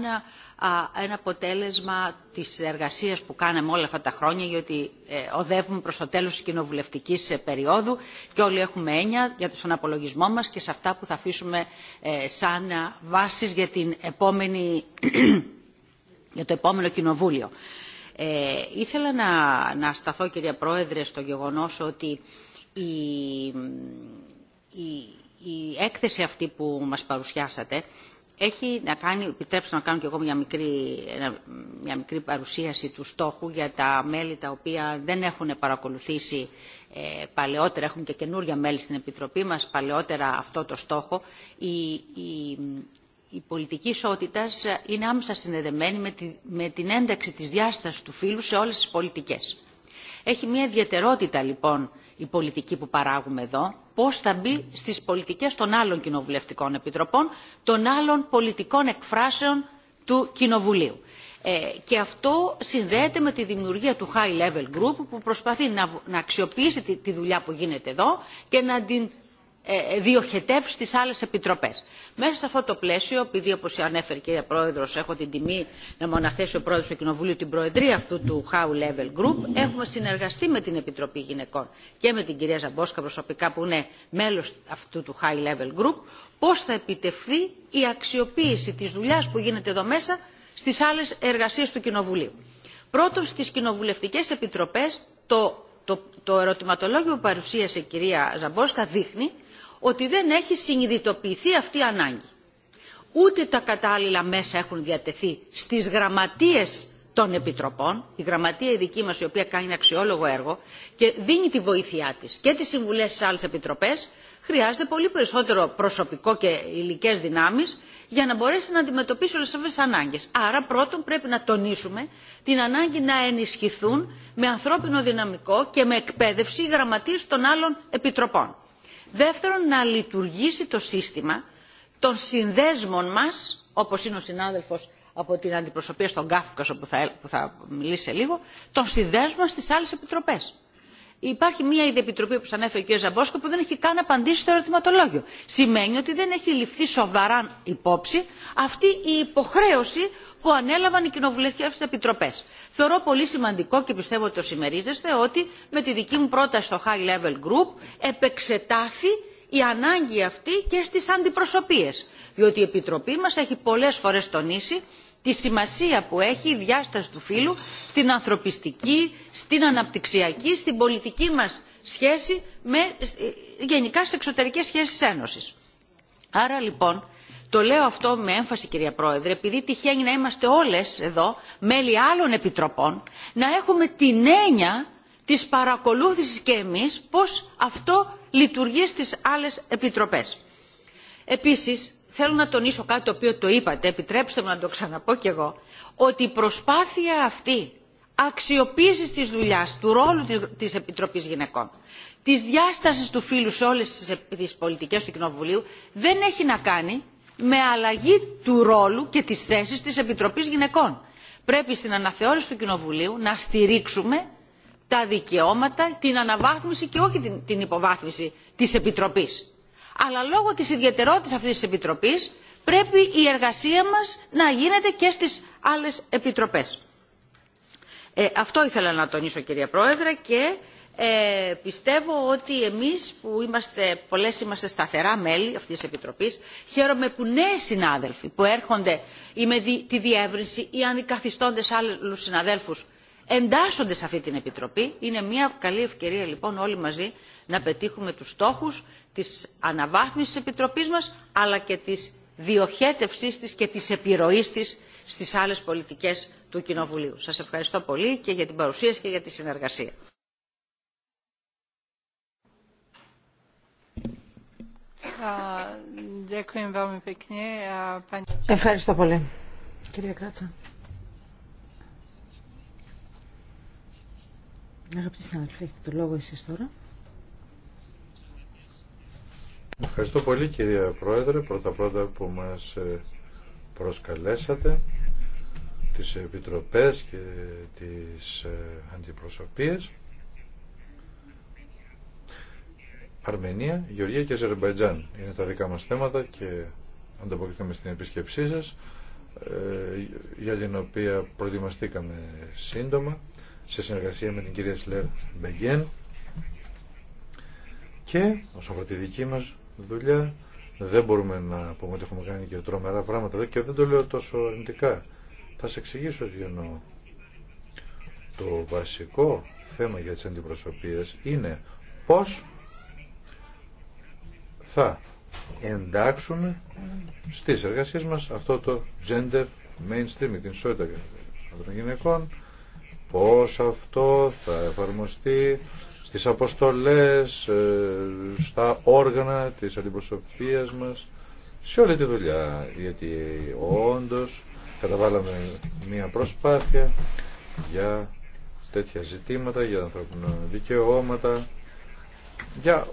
ένα αποτέλεσμα της εργασίας που κάναμε όλα αυτά τα χρόνια γιατί ε, οδεύουμε προς το τέλος της κοινοβουλευτικής ε, περίοδου και όλοι έχουμε έννοια για τον απολογισμό μας και σε αυτά που θα αφήσουμε ε, σαν βάσεις για, την επόμενη, για το επόμενο κοινοβούλιο. ήθελα να, να σταθώ κυρία Πρόεδρε στο γεγονός ότι η, η, η έκθεση αυτή που μας παρουσιάσατε έχει να κάνει, επιτρέψτε να κάνω και εγώ μια μικρή, μια παρουσίαση του στόχου για τα μέλη τα οποία δεν έχουν παρακολουθήσει ε, παλαιότερα, έχουν και καινούργια μέλη στην Επιτροπή μας παλαιότερα αυτό το στόχο. Η, η, πολιτική ισότητα είναι άμεσα συνδεδεμένη με, με την ένταξη της διάστασης του φύλου σε όλες τις πολιτικές. Έχει μια ιδιαιτερότητα λοιπόν η πολιτική που παράγουμε εδώ, Πώ θα μπει στις πολιτικές των άλλων κοινοβουλευτικών επιτροπών, των άλλων πολιτικών εκφράσεων του Κοινοβουλίου. Ε, και αυτό συνδέεται με τη δημιουργία του High Level Group που προσπαθεί να αξιοποιήσει τη δουλειά που γίνεται εδώ και να την ε, ε, διοχετεύσει στις άλλες επιτροπές. Μέσα σε αυτό το πλαίσιο, επειδή όπως ανέφερε και κυρία Πρόεδρος, έχω την τιμή να μοναθέσει ο Πρόεδρος του Κοινοβουλίου την Προεδρία αυτού του high Level Group, έχουμε συνεργαστεί με την Επιτροπή Γυναικών και με την κυρία Ζαμπόσκα προσωπικά που είναι μέλος αυτού του High Level Group, πώς θα επιτευχθεί η αξιοποίηση της δουλειάς που γίνεται εδώ μέσα στις άλλες εργασίες του Κοινοβουλίου. Πρώτον, στις κοινοβουλευτικές επιτροπές το, το, το ερωτηματολόγιο που παρουσίασε η κυρία Ζαμπόσκα δείχνει ότι δεν έχει συνειδητοποιηθεί αυτή η ανάγκη. Ούτε τα κατάλληλα μέσα έχουν διατεθεί στις γραμματείες των επιτροπών, η γραμματεία η δική μας η οποία κάνει ένα αξιόλογο έργο και δίνει τη βοήθειά της και τις συμβουλές στις άλλες επιτροπές, χρειάζεται πολύ περισσότερο προσωπικό και υλικέ δυνάμει για να μπορέσει να αντιμετωπίσει όλε αυτές τις ανάγκες. Άρα πρώτον πρέπει να τονίσουμε την ανάγκη να ενισχυθούν με ανθρώπινο δυναμικό και με εκπαίδευση οι γραμματείε των άλλων επιτροπών. Δεύτερον, να λειτουργήσει το σύστημα των συνδέσμων μας, όπως είναι ο συνάδελφος από την αντιπροσωπεία στον Κάφκασο που θα, που θα μιλήσει σε λίγο, των συνδέσμων στις άλλες επιτροπές. Υπάρχει μια ήδη επιτροπή που ανέφερε ο κ. Ζαμπόσκο που δεν έχει καν απαντήσει στο ερωτηματολόγιο. Σημαίνει ότι δεν έχει ληφθεί σοβαρά υπόψη αυτή η υποχρέωση που ανέλαβαν οι κοινοβουλευτικέ επιτροπέ. Θεωρώ πολύ σημαντικό και πιστεύω ότι το συμμερίζεστε ότι με τη δική μου πρόταση στο High Level Group επεξετάθη η ανάγκη αυτή και στις αντιπροσωπείες. Διότι η Επιτροπή μας έχει πολλές φορές τονίσει τη σημασία που έχει η διάσταση του φύλου στην ανθρωπιστική στην αναπτυξιακή στην πολιτική μας σχέση με, ε, γενικά στις εξωτερικές σχέσεις ένωσης. άρα λοιπόν το λέω αυτό με έμφαση κυρία πρόεδρε επειδή τυχαίνει να είμαστε όλες εδώ μέλη άλλων επιτροπών να έχουμε την έννοια της παρακολούθησης και εμείς πως αυτό λειτουργεί στις άλλες επιτροπές. επίσης θέλω να τονίσω κάτι το οποίο το είπατε, επιτρέψτε μου να το ξαναπώ κι εγώ, ότι η προσπάθεια αυτή αξιοποίησης της δουλειάς, του ρόλου της Επιτροπής Γυναικών, της διάστασης του φύλου σε όλες τις πολιτικές του Κοινοβουλίου, δεν έχει να κάνει με αλλαγή του ρόλου και της θέσης της Επιτροπής Γυναικών. Πρέπει στην αναθεώρηση του Κοινοβουλίου να στηρίξουμε τα δικαιώματα, την αναβάθμιση και όχι την υποβάθμιση της Επιτροπής αλλά λόγω της ιδιαιτερότητας αυτής της επιτροπής πρέπει η εργασία μας να γίνεται και στις άλλες επιτροπές. Ε, αυτό ήθελα να τονίσω κυρία Πρόεδρε και ε, πιστεύω ότι εμείς που είμαστε, πολλές είμαστε σταθερά μέλη αυτής της Επιτροπής χαίρομαι που νέοι συνάδελφοι που έρχονται ή με τη διεύρυνση ή αν καθιστώντες άλλους συναδέλφους εντάσσονται σε αυτή την Επιτροπή. Είναι μια καλή ευκαιρία λοιπόν όλοι μαζί να πετύχουμε τους στόχους της αναβάθμισης της Επιτροπής μας αλλά και της διοχέτευσής της και της επιρροής της στις άλλες πολιτικές του Κοινοβουλίου. Σας ευχαριστώ πολύ και για την παρουσία και για τη συνεργασία. Ευχαριστώ πολύ. Κύριε Κράτσα. Αγαπητοί συνάδελφοι, έχετε το λόγο εσείς τώρα. Ευχαριστώ πολύ κυρία Πρόεδρε, πρώτα-πρώτα που μας ε, προσκαλέσατε τις επιτροπές και τις ε, αντιπροσωπείες. Αρμενία, Γεωργία και Αζερμπαϊτζάν είναι τα δικά μας θέματα και ανταποκριθούμε στην επίσκεψή σας ε, για την οποία προετοιμαστήκαμε σύντομα σε συνεργασία με την κυρία Σλερ Μπεγγέν και όσον αφορά τη δική μας δουλειά. Δεν μπορούμε να πούμε ότι έχουμε κάνει και τρομερά πράγματα και δεν το λέω τόσο αρνητικά. Θα σε εξηγήσω τι εννοώ. Το βασικό θέμα για τις αντιπροσωπείες είναι πώς θα εντάξουμε στις εργασίες μας αυτό το gender mainstream, την ισότητα των γυναικών, πώς αυτό θα εφαρμοστεί στις αποστολές, ε, στα όργανα της αντιπροσωπείας μας, σε όλη τη δουλειά. Γιατί όντως καταβάλαμε μια προσπάθεια για τέτοια ζητήματα, για ανθρώπινα δικαιώματα, για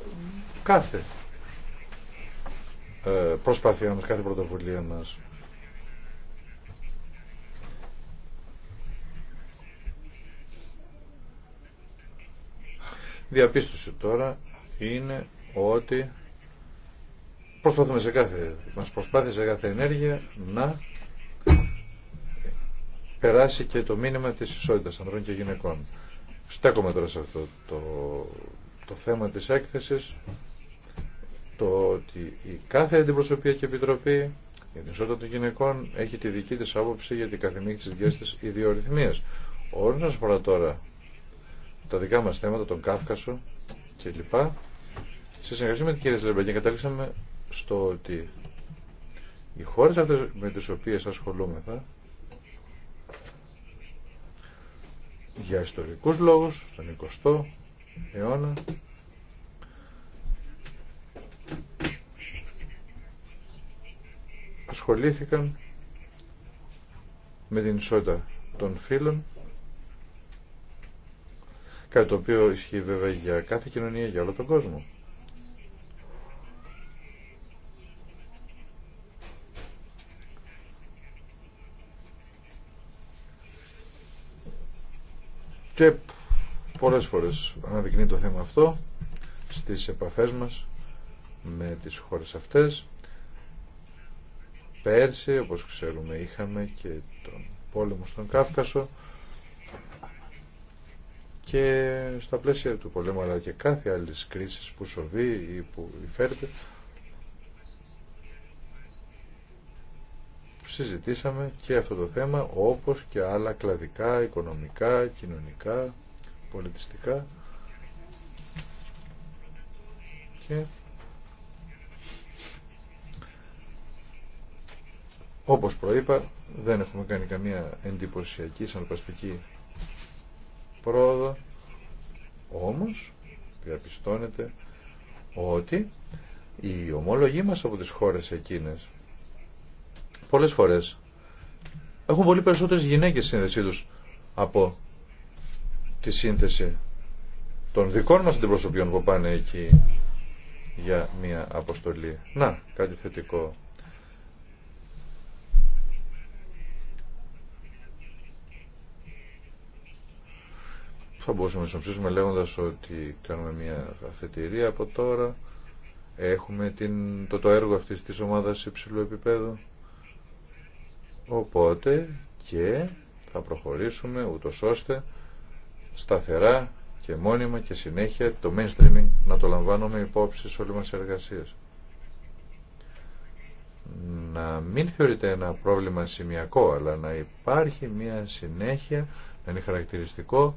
κάθε ε, προσπάθειά μας, κάθε πρωτοβουλία μας. διαπίστωση τώρα είναι ότι προσπαθούμε σε κάθε, μας προσπάθησε σε κάθε ενέργεια να περάσει και το μήνυμα της ισότητας ανδρών και γυναικών. Στέκομαι τώρα σε αυτό το, το θέμα της έκθεσης, το ότι η κάθε αντιπροσωπεία και επιτροπή για την ισότητα των γυναικών έχει τη δική της άποψη για την καθημερινή της δικές της ιδιορυθμίας. Όσον τώρα τα δικά μας θέματα, τον Κάφκασο κλπ. Σε συνεργασία με την κυρία Ζελεμπανιά καταλήξαμε στο ότι οι χώρες αυτές με τις οποίες ασχολούμεθα για ιστορικούς λόγους, τον 20ο αιώνα ασχολήθηκαν με την ισότητα των φίλων κάτι το οποίο ισχύει βέβαια για κάθε κοινωνία, για όλο τον κόσμο. Και πολλές φορές αναδεικνύει το θέμα αυτό στις επαφές μας με τις χώρες αυτές. Πέρσι, όπως ξέρουμε, είχαμε και τον πόλεμο στον Κάφκασο, και στα πλαίσια του πολέμου αλλά και κάθε άλλη κρίση που σοβεί ή που υφέρεται συζητήσαμε και αυτό το θέμα όπως και άλλα κλαδικά, οικονομικά, κοινωνικά, πολιτιστικά και όπως προείπα δεν έχουμε κάνει καμία εντυπωσιακή σαν πρόοδο, όμως διαπιστώνεται ότι οι ομόλογοι μας από τις χώρες εκείνες πολλές φορές έχουν πολύ περισσότερες γυναίκες σύνδεσή τους από τη σύνθεση των δικών μας αντιπροσωπιών που πάνε εκεί για μια αποστολή. Να, κάτι θετικό. θα μπορούσαμε να συνοψίσουμε λέγοντας ότι κάνουμε μια αφετηρία από τώρα, έχουμε την, το, το έργο αυτής της ομάδας υψηλού επίπεδου, οπότε και θα προχωρήσουμε ούτως ώστε σταθερά και μόνιμα και συνέχεια το mainstreaming να το λαμβάνουμε υπόψη σε όλη μας εργασίες. Να μην θεωρείται ένα πρόβλημα σημειακό, αλλά να υπάρχει μια συνέχεια, να είναι χαρακτηριστικό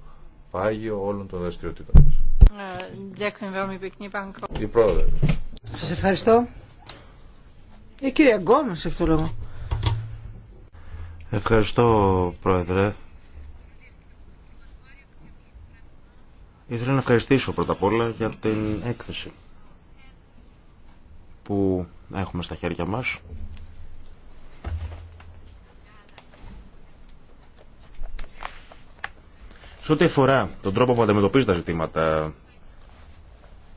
πάγιο όλων των δραστηριοτήτων μας. Ε, Η πρόεδρε. Σας ευχαριστώ. Ε, κύριε Γκόμες έχει το λόγο. Ευχαριστώ πρόεδρε. Ήθελα να ευχαριστήσω πρώτα απ' όλα για την έκθεση που έχουμε στα χέρια μας Σε ό,τι αφορά τον τρόπο που αντιμετωπίζει τα ζητήματα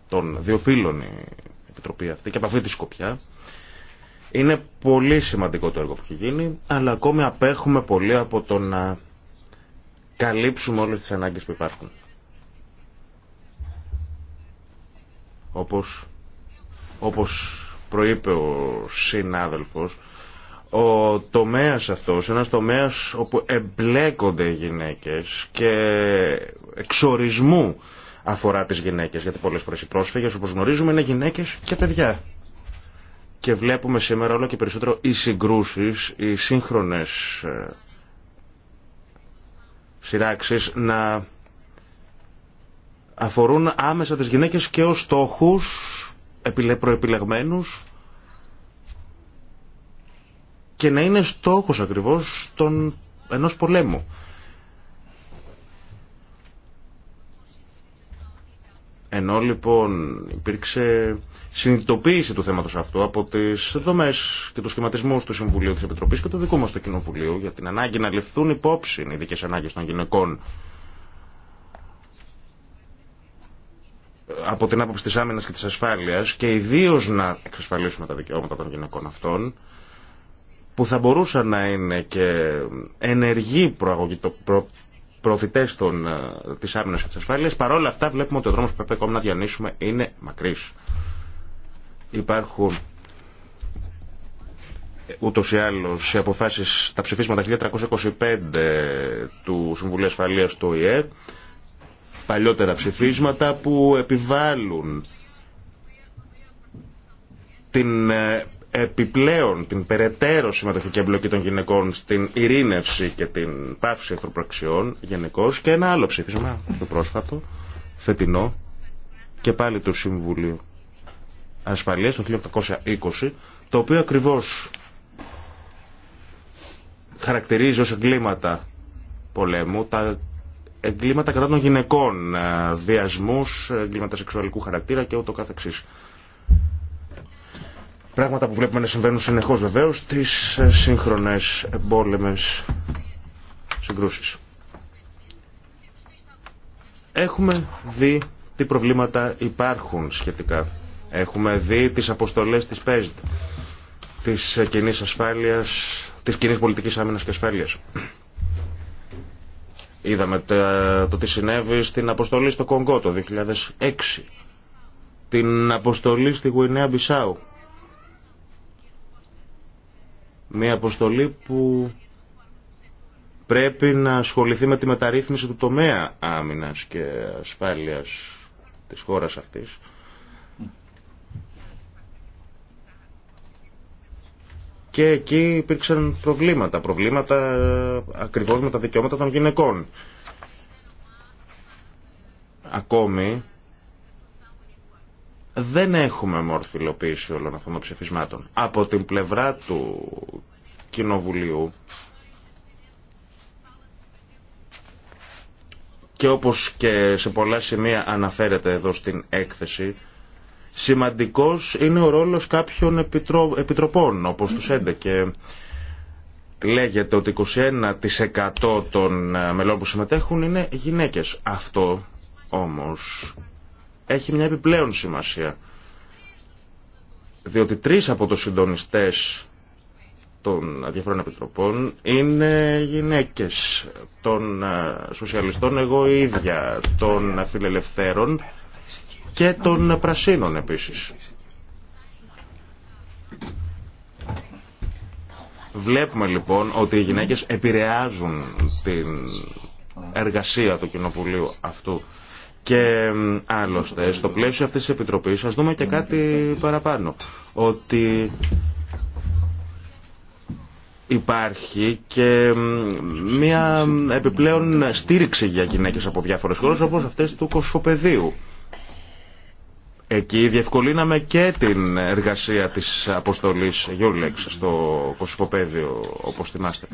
των δύο φίλων η Επιτροπή αυτή και από αυτή τη σκοπιά, είναι πολύ σημαντικό το έργο που έχει γίνει, αλλά ακόμη απέχουμε πολύ από το να καλύψουμε όλες τις ανάγκες που υπάρχουν. Όπως, όπως προείπε ο συνάδελφος, ο τομέας αυτός, ένας τομέας όπου εμπλέκονται οι γυναίκες και εξορισμού αφορά τις γυναίκες, γιατί πολλές φορές οι πρόσφυγες, όπως γνωρίζουμε, είναι γυναίκες και παιδιά. Και βλέπουμε σήμερα όλο και περισσότερο οι συγκρούσεις, οι σύγχρονες ε, σειράξεις να αφορούν άμεσα τις γυναίκες και ως στόχους προεπιλεγμένους και να είναι στόχος ακριβώς των, ενός πολέμου. Ενώ λοιπόν υπήρξε συνειδητοποίηση του θέματος αυτού από τις δομές και τους σχηματισμούς του Συμβουλίου της Επιτροπής και του δικού μας του Κοινοβουλίου για την ανάγκη να ληφθούν υπόψη οι δικές ανάγκες των γυναικών από την άποψη της άμυνας και της ασφάλειας και ιδίως να εξασφαλίσουμε τα δικαιώματα των γυναικών αυτών που θα μπορούσαν να είναι και ενεργοί προαγωγή, προ, προωθητές των, ε, της άμυνας και της ασφάλειας, παρόλα αυτά βλέπουμε ότι ο δρόμος που πρέπει ακόμα να διανύσουμε είναι μακρύς. Υπάρχουν ε, ούτω ή άλλω σε αποφάσει τα ψηφίσματα 1325 του Συμβουλίου Ασφαλείας του ΟΗΕ, παλιότερα ψηφίσματα που επιβάλλουν την ε, επιπλέον την περαιτέρω συμμετοχή και εμπλοκή των γυναικών στην ειρήνευση και την πάυση ανθρωπραξιών γενικώ και ένα άλλο ψήφισμα το πρόσφατο, φετινό και πάλι του Συμβουλίου Ασφαλείας το 1820 το οποίο ακριβώς χαρακτηρίζει ως εγκλήματα πολέμου τα εγκλήματα κατά των γυναικών, ε, βιασμούς, εγκλήματα σεξουαλικού χαρακτήρα και ούτω Πράγματα που βλέπουμε να συμβαίνουν συνεχώς βεβαίως στις σύγχρονες εμπόλεμες συγκρούσεις. Έχουμε δει τι προβλήματα υπάρχουν σχετικά. Έχουμε δει τις αποστολές της ΠΕΖΔ, της κοινή ασφάλειας, της κοινή πολιτικής άμυνας και ασφάλειας. Είδαμε το τι συνέβη στην αποστολή στο Κονγκό το 2006, την αποστολή στη Γουινέα Μπισάου Μια αποστολή που πρέπει να ασχοληθεί με τη μεταρρύθμιση του τομέα άμυνας και ασφάλειας της χώρας αυτής. Και εκεί υπήρξαν προβλήματα, προβλήματα ακριβώς με τα δικαιώματα των γυναικών. Ακόμη δεν έχουμε μορφυλοποίηση όλων αυτών των ψηφισμάτων. Από την πλευρά του Κοινοβουλίου και όπως και σε πολλά σημεία αναφέρεται εδώ στην έκθεση σημαντικός είναι ο ρόλος κάποιων επιτροπών όπως τους 11 και λέγεται ότι 21% των ε, μελών που συμμετέχουν είναι γυναίκες. Αυτό όμως έχει μια επιπλέον σημασία. Διότι τρεις από τους συντονιστές των διαφορών επιτροπών είναι γυναίκες των ε, σοσιαλιστών εγώ ίδια, των φιλελευθέρων και των πρασίνων επίσης. Βλέπουμε λοιπόν ότι οι γυναίκες επηρεάζουν την εργασία του κοινοβουλίου αυτού. Και άλλωστε, στο πλαίσιο αυτής της Επιτροπής, ας δούμε και κάτι παραπάνω. Ότι υπάρχει και μια επιπλέον στήριξη για γυναίκες από διάφορες χώρες, όπως αυτές του κοσφοπεδίου. Εκεί διευκολύναμε και την εργασία της αποστολής Γιούλεξ στο Κωσυφοπέδιο, όπως θυμάστε.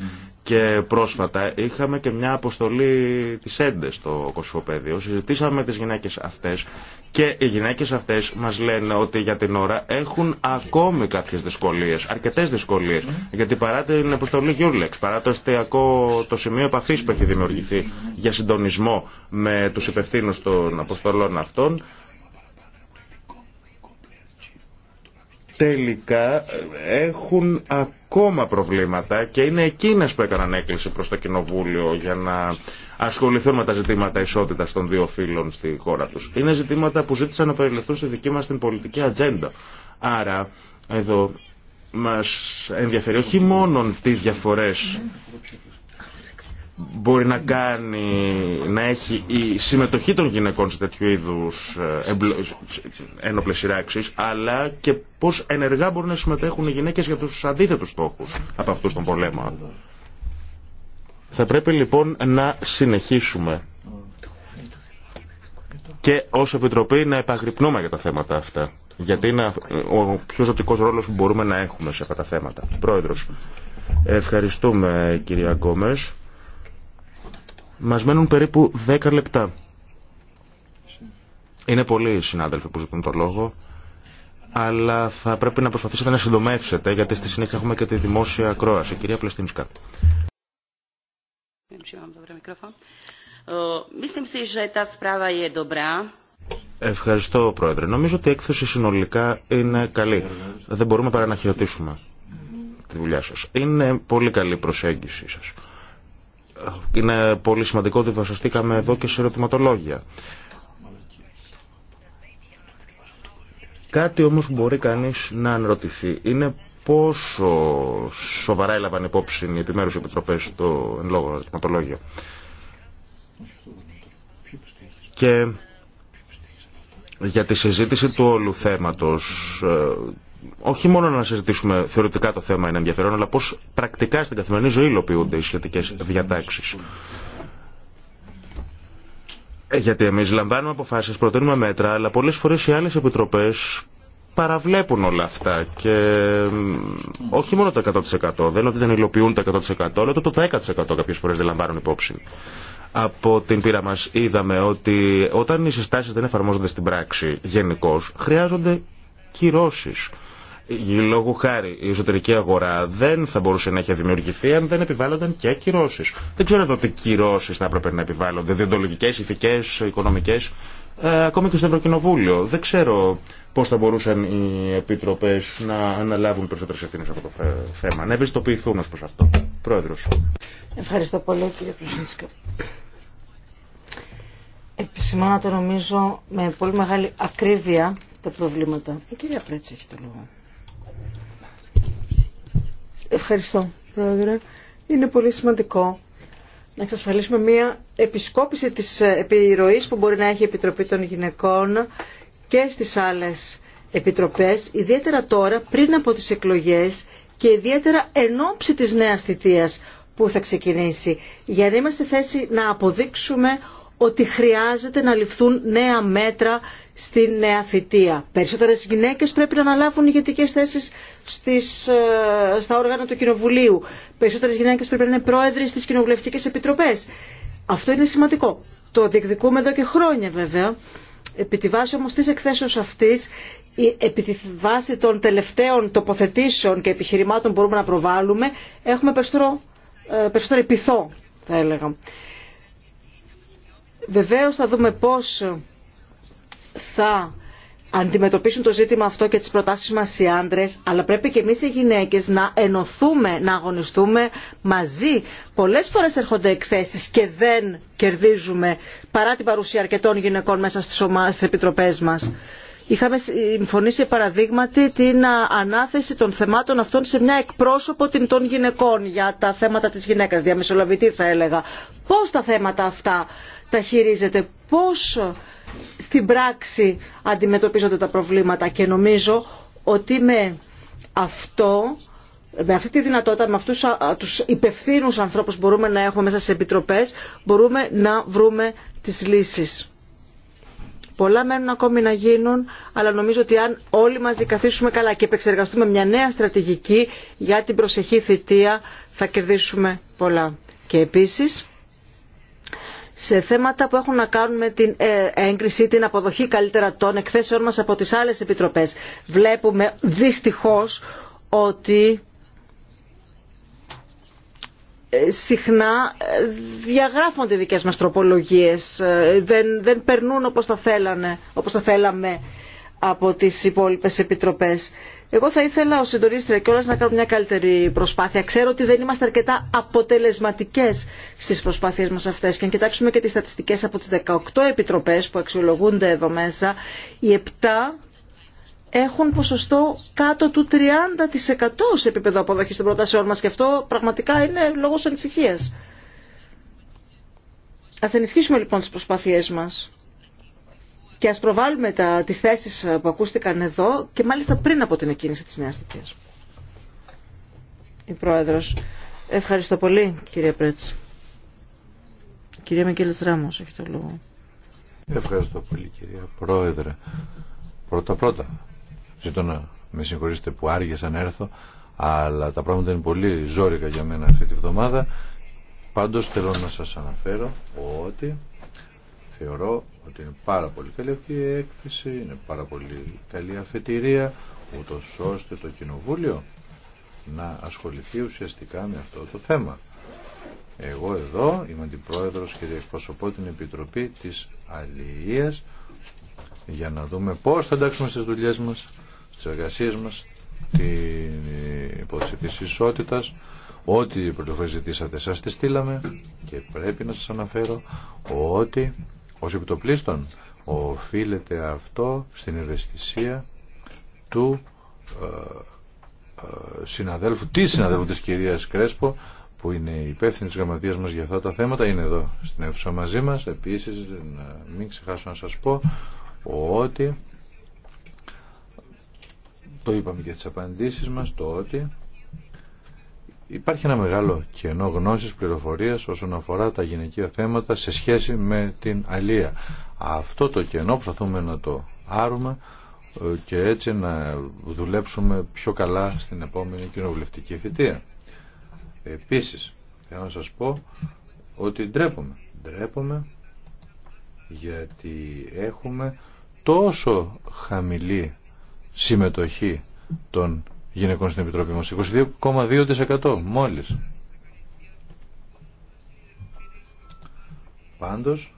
Και πρόσφατα είχαμε και μια αποστολή της ΕΝΤΕ στο Κωσυφοπέδιο. Συζητήσαμε με τις γυναίκες αυτές και οι γυναίκες αυτές μας λένε ότι για την ώρα έχουν ακόμη κάποιες δυσκολίες, αρκετές δυσκολίες. Γιατί παρά την αποστολή Γιούλεξ, παρά το εστιακό το σημείο επαφής που έχει δημιουργηθεί για συντονισμό με τους υπευθύνους των αποστολών αυτών, τελικά ε, έχουν ακόμα προβλήματα και είναι εκείνες που έκαναν έκκληση προς το Κοινοβούλιο για να ασχοληθούν με τα ζητήματα ισότητας των δύο φίλων στη χώρα τους. Είναι ζητήματα που ζήτησαν να περιληφθούν στη δική μας την πολιτική ατζέντα. Άρα εδώ μας ενδιαφέρει όχι μόνο τις διαφορές μπορεί να κάνει, να έχει η συμμετοχή των γυναικών σε τέτοιου είδους ε, ένοπλες σειράξεις, αλλά και πώς ενεργά μπορούν να συμμετέχουν οι γυναίκες για τους αντίθετους στόχους από αυτούς των πολέμων. Θα πρέπει λοιπόν να συνεχίσουμε και ως Επιτροπή να επαγρυπνούμε για τα θέματα αυτά. Γιατί είναι ο πιο ζωτικός ρόλος που μπορούμε να έχουμε σε αυτά τα θέματα. Πρόεδρος, ευχαριστούμε κυρία Γκόμες. Μας μένουν περίπου 10 λεπτά. Είναι πολλοί οι συνάδελφοι που ζητούν το λόγο, αλλά θα πρέπει να προσπαθήσετε να συντομεύσετε, γιατί στη συνέχεια έχουμε και τη δημόσια ακρόαση. Κυρία Πλεστίνσκα. Ευχαριστώ, Πρόεδρε. Νομίζω ότι η έκθεση συνολικά είναι καλή. Δεν μπορούμε παρά να χειροτήσουμε τη δουλειά σας. Είναι πολύ καλή προσέγγιση σας. Είναι πολύ σημαντικό ότι βασιστήκαμε εδώ και σε ερωτηματολόγια. Κάτι όμως που μπορεί κανείς να αναρωτηθεί είναι πόσο σοβαρά έλαβαν υπόψη οι επιμέρους επιτροπές στο εν λόγω ερωτηματολόγιο. Και για τη συζήτηση του όλου θέματος ε, όχι μόνο να συζητήσουμε θεωρητικά το θέμα είναι ενδιαφέρον, αλλά πώς πρακτικά στην καθημερινή ζωή υλοποιούνται οι σχετικές διατάξεις. Ε, γιατί εμείς λαμβάνουμε αποφάσεις, προτείνουμε μέτρα, αλλά πολλές φορές οι άλλες επιτροπές παραβλέπουν όλα αυτά και όχι μόνο το 100%, δεν ότι δεν υλοποιούν το 100%, αλλά το 10% κάποιες φορές δεν λαμβάνουν υπόψη. Από την πείρα μας είδαμε ότι όταν οι συστάσεις δεν εφαρμόζονται στην πράξη γενικώ, χρειάζονται κυρώσει. Ε, λόγου χάρη η εσωτερική αγορά δεν θα μπορούσε να έχει δημιουργηθεί αν δεν επιβάλλονταν και κυρώσει. Δεν ξέρω εδώ τι κυρώσει θα έπρεπε να επιβάλλονται, διοντολογικέ, ηθικέ, οικονομικέ, ε, ακόμη και στο Ευρωκοινοβούλιο. Δεν ξέρω πώ θα μπορούσαν οι επιτροπέ να αναλάβουν περισσότερε ευθύνε από το θέμα, να ευαισθητοποιηθούν ω προ αυτό. Πρόεδρο. Ευχαριστώ πολύ κύριε Πλουσίνσκα. Επισημάνατε νομίζω με πολύ μεγάλη ακρίβεια τα προβλήματα. Η κυρία Πρέτση έχει το λόγο. Ευχαριστώ, Πρόεδρε. Είναι πολύ σημαντικό να εξασφαλίσουμε μία επισκόπηση της ε, επιρροής που μπορεί να έχει η Επιτροπή των Γυναικών και στις άλλες επιτροπές, ιδιαίτερα τώρα πριν από τις εκλογές και ιδιαίτερα εν ώψη της νέας θητείας που θα ξεκινήσει, για να είμαστε θέση να αποδείξουμε ότι χρειάζεται να ληφθούν νέα μέτρα στην νέα θητεία. Περισσότερες γυναίκες πρέπει να αναλάβουν ηγετικές θέσεις στις, ε, στα όργανα του Κοινοβουλίου. Περισσότερες γυναίκες πρέπει να είναι πρόεδροι στις κοινοβουλευτικές επιτροπές. Αυτό είναι σημαντικό. Το διεκδικούμε εδώ και χρόνια βέβαια. Επί τη βάση όμως της εκθέσεως αυτής, επί τη βάση των τελευταίων τοποθετήσεων και επιχειρημάτων που μπορούμε να προβάλλουμε, έχουμε περισσότερο, ε, περισσότερο επιθό, θα έλεγα. Βεβαίως θα δούμε πώς θα αντιμετωπίσουν το ζήτημα αυτό και τις προτάσεις μας οι άντρες, αλλά πρέπει και εμείς οι γυναίκες να ενωθούμε, να αγωνιστούμε μαζί. Πολλές φορές έρχονται εκθέσεις και δεν κερδίζουμε παρά την παρουσία αρκετών γυναικών μέσα στις, ομάδες, στις επιτροπές μας. Είχαμε συμφωνήσει παραδείγματι την ανάθεση των θεμάτων αυτών σε μια εκπρόσωπο των γυναικών για τα θέματα της γυναίκας, διαμεσολαβητή θα έλεγα. Πώς τα θέματα αυτά τα χειρίζεται, πώς στην πράξη αντιμετωπίζονται τα προβλήματα και νομίζω ότι με αυτό με αυτή τη δυνατότητα, με αυτούς τους υπευθύνους ανθρώπους μπορούμε να έχουμε μέσα σε επιτροπές, μπορούμε να βρούμε τις λύσεις. Πολλά μένουν ακόμη να γίνουν, αλλά νομίζω ότι αν όλοι μαζί καθίσουμε καλά και επεξεργαστούμε μια νέα στρατηγική για την προσεχή θητεία, θα κερδίσουμε πολλά. Και επίσης, σε θέματα που έχουν να κάνουν με την ε, έγκριση την αποδοχή καλύτερα των εκθέσεων μας από τις άλλες επιτροπές. Βλέπουμε δυστυχώς ότι ε, συχνά ε, διαγράφονται οι δικές μας τροπολογίες, δεν, δεν περνούν όπως θα, θέλανε, όπως θα θέλαμε από τις υπόλοιπες επιτροπές. Εγώ θα ήθελα ο συντονίστρια κιόλα να κάνω μια καλύτερη προσπάθεια. Ξέρω ότι δεν είμαστε αρκετά αποτελεσματικέ στι προσπάθειέ μα αυτέ. Και αν κοιτάξουμε και τι στατιστικέ από τι 18 επιτροπέ που αξιολογούνται εδώ μέσα, οι 7 έχουν ποσοστό κάτω του 30% σε επίπεδο αποδοχής των προτάσεών μας και αυτό πραγματικά είναι λόγος ανησυχίας. Ας ενισχύσουμε λοιπόν τις προσπάθειές μας και ας προβάλλουμε τα, τις θέσεις ε, που ακούστηκαν εδώ και μάλιστα πριν από την εκκίνηση της νέας θητείας. Η Πρόεδρος. Ευχαριστώ πολύ κυρία Πρέτση. Κυρία Μικέλης Ράμος έχει το λόγο. Ευχαριστώ πολύ κυρία Πρόεδρε. Πρώτα πρώτα ζητώ να με συγχωρήσετε που άργησα να έρθω αλλά τα πράγματα είναι πολύ ζόρικα για μένα αυτή τη βδομάδα. Πάντως θέλω να σας αναφέρω ότι θεωρώ ότι είναι πάρα πολύ καλή αυτή η έκθεση, είναι πάρα πολύ καλή αφετηρία, ούτω ώστε το Κοινοβούλιο να ασχοληθεί ουσιαστικά με αυτό το θέμα. Εγώ εδώ είμαι την πρόεδρος και διεκπροσωπώ την Επιτροπή της Αλληλείας για να δούμε πώς θα εντάξουμε στις δουλειές μας, στις εργασίες μας, την υπόθεση της ισότητας, ό,τι πρωτοφορές ζητήσατε σας τη στείλαμε και πρέπει να σας αναφέρω ότι ως επιτοπλίστων οφείλεται αυτό στην ευαισθησία του ε, ε, συναδέλφου, τη συναδέλφου της κυρίας Κρέσπο που είναι υπεύθυνη της γραμματείας μας για αυτά τα θέματα είναι εδώ στην αίθουσα μαζί μας επίσης μην ξεχάσω να σας πω ότι το είπαμε και στις απαντήσεις μας το ότι Υπάρχει ένα μεγάλο κενό γνώσης πληροφορίας όσον αφορά τα γυναικεία θέματα σε σχέση με την αλία. Αυτό το κενό προσπαθούμε να το άρουμε ε, και έτσι να δουλέψουμε πιο καλά στην επόμενη κοινοβουλευτική θητεία. Επίσης, θέλω να σας πω ότι ντρέπομαι. Ντρέπομαι γιατί έχουμε τόσο χαμηλή συμμετοχή των γυναικών στην Επιτροπή μας. 22,2% μόλις. Πάντως,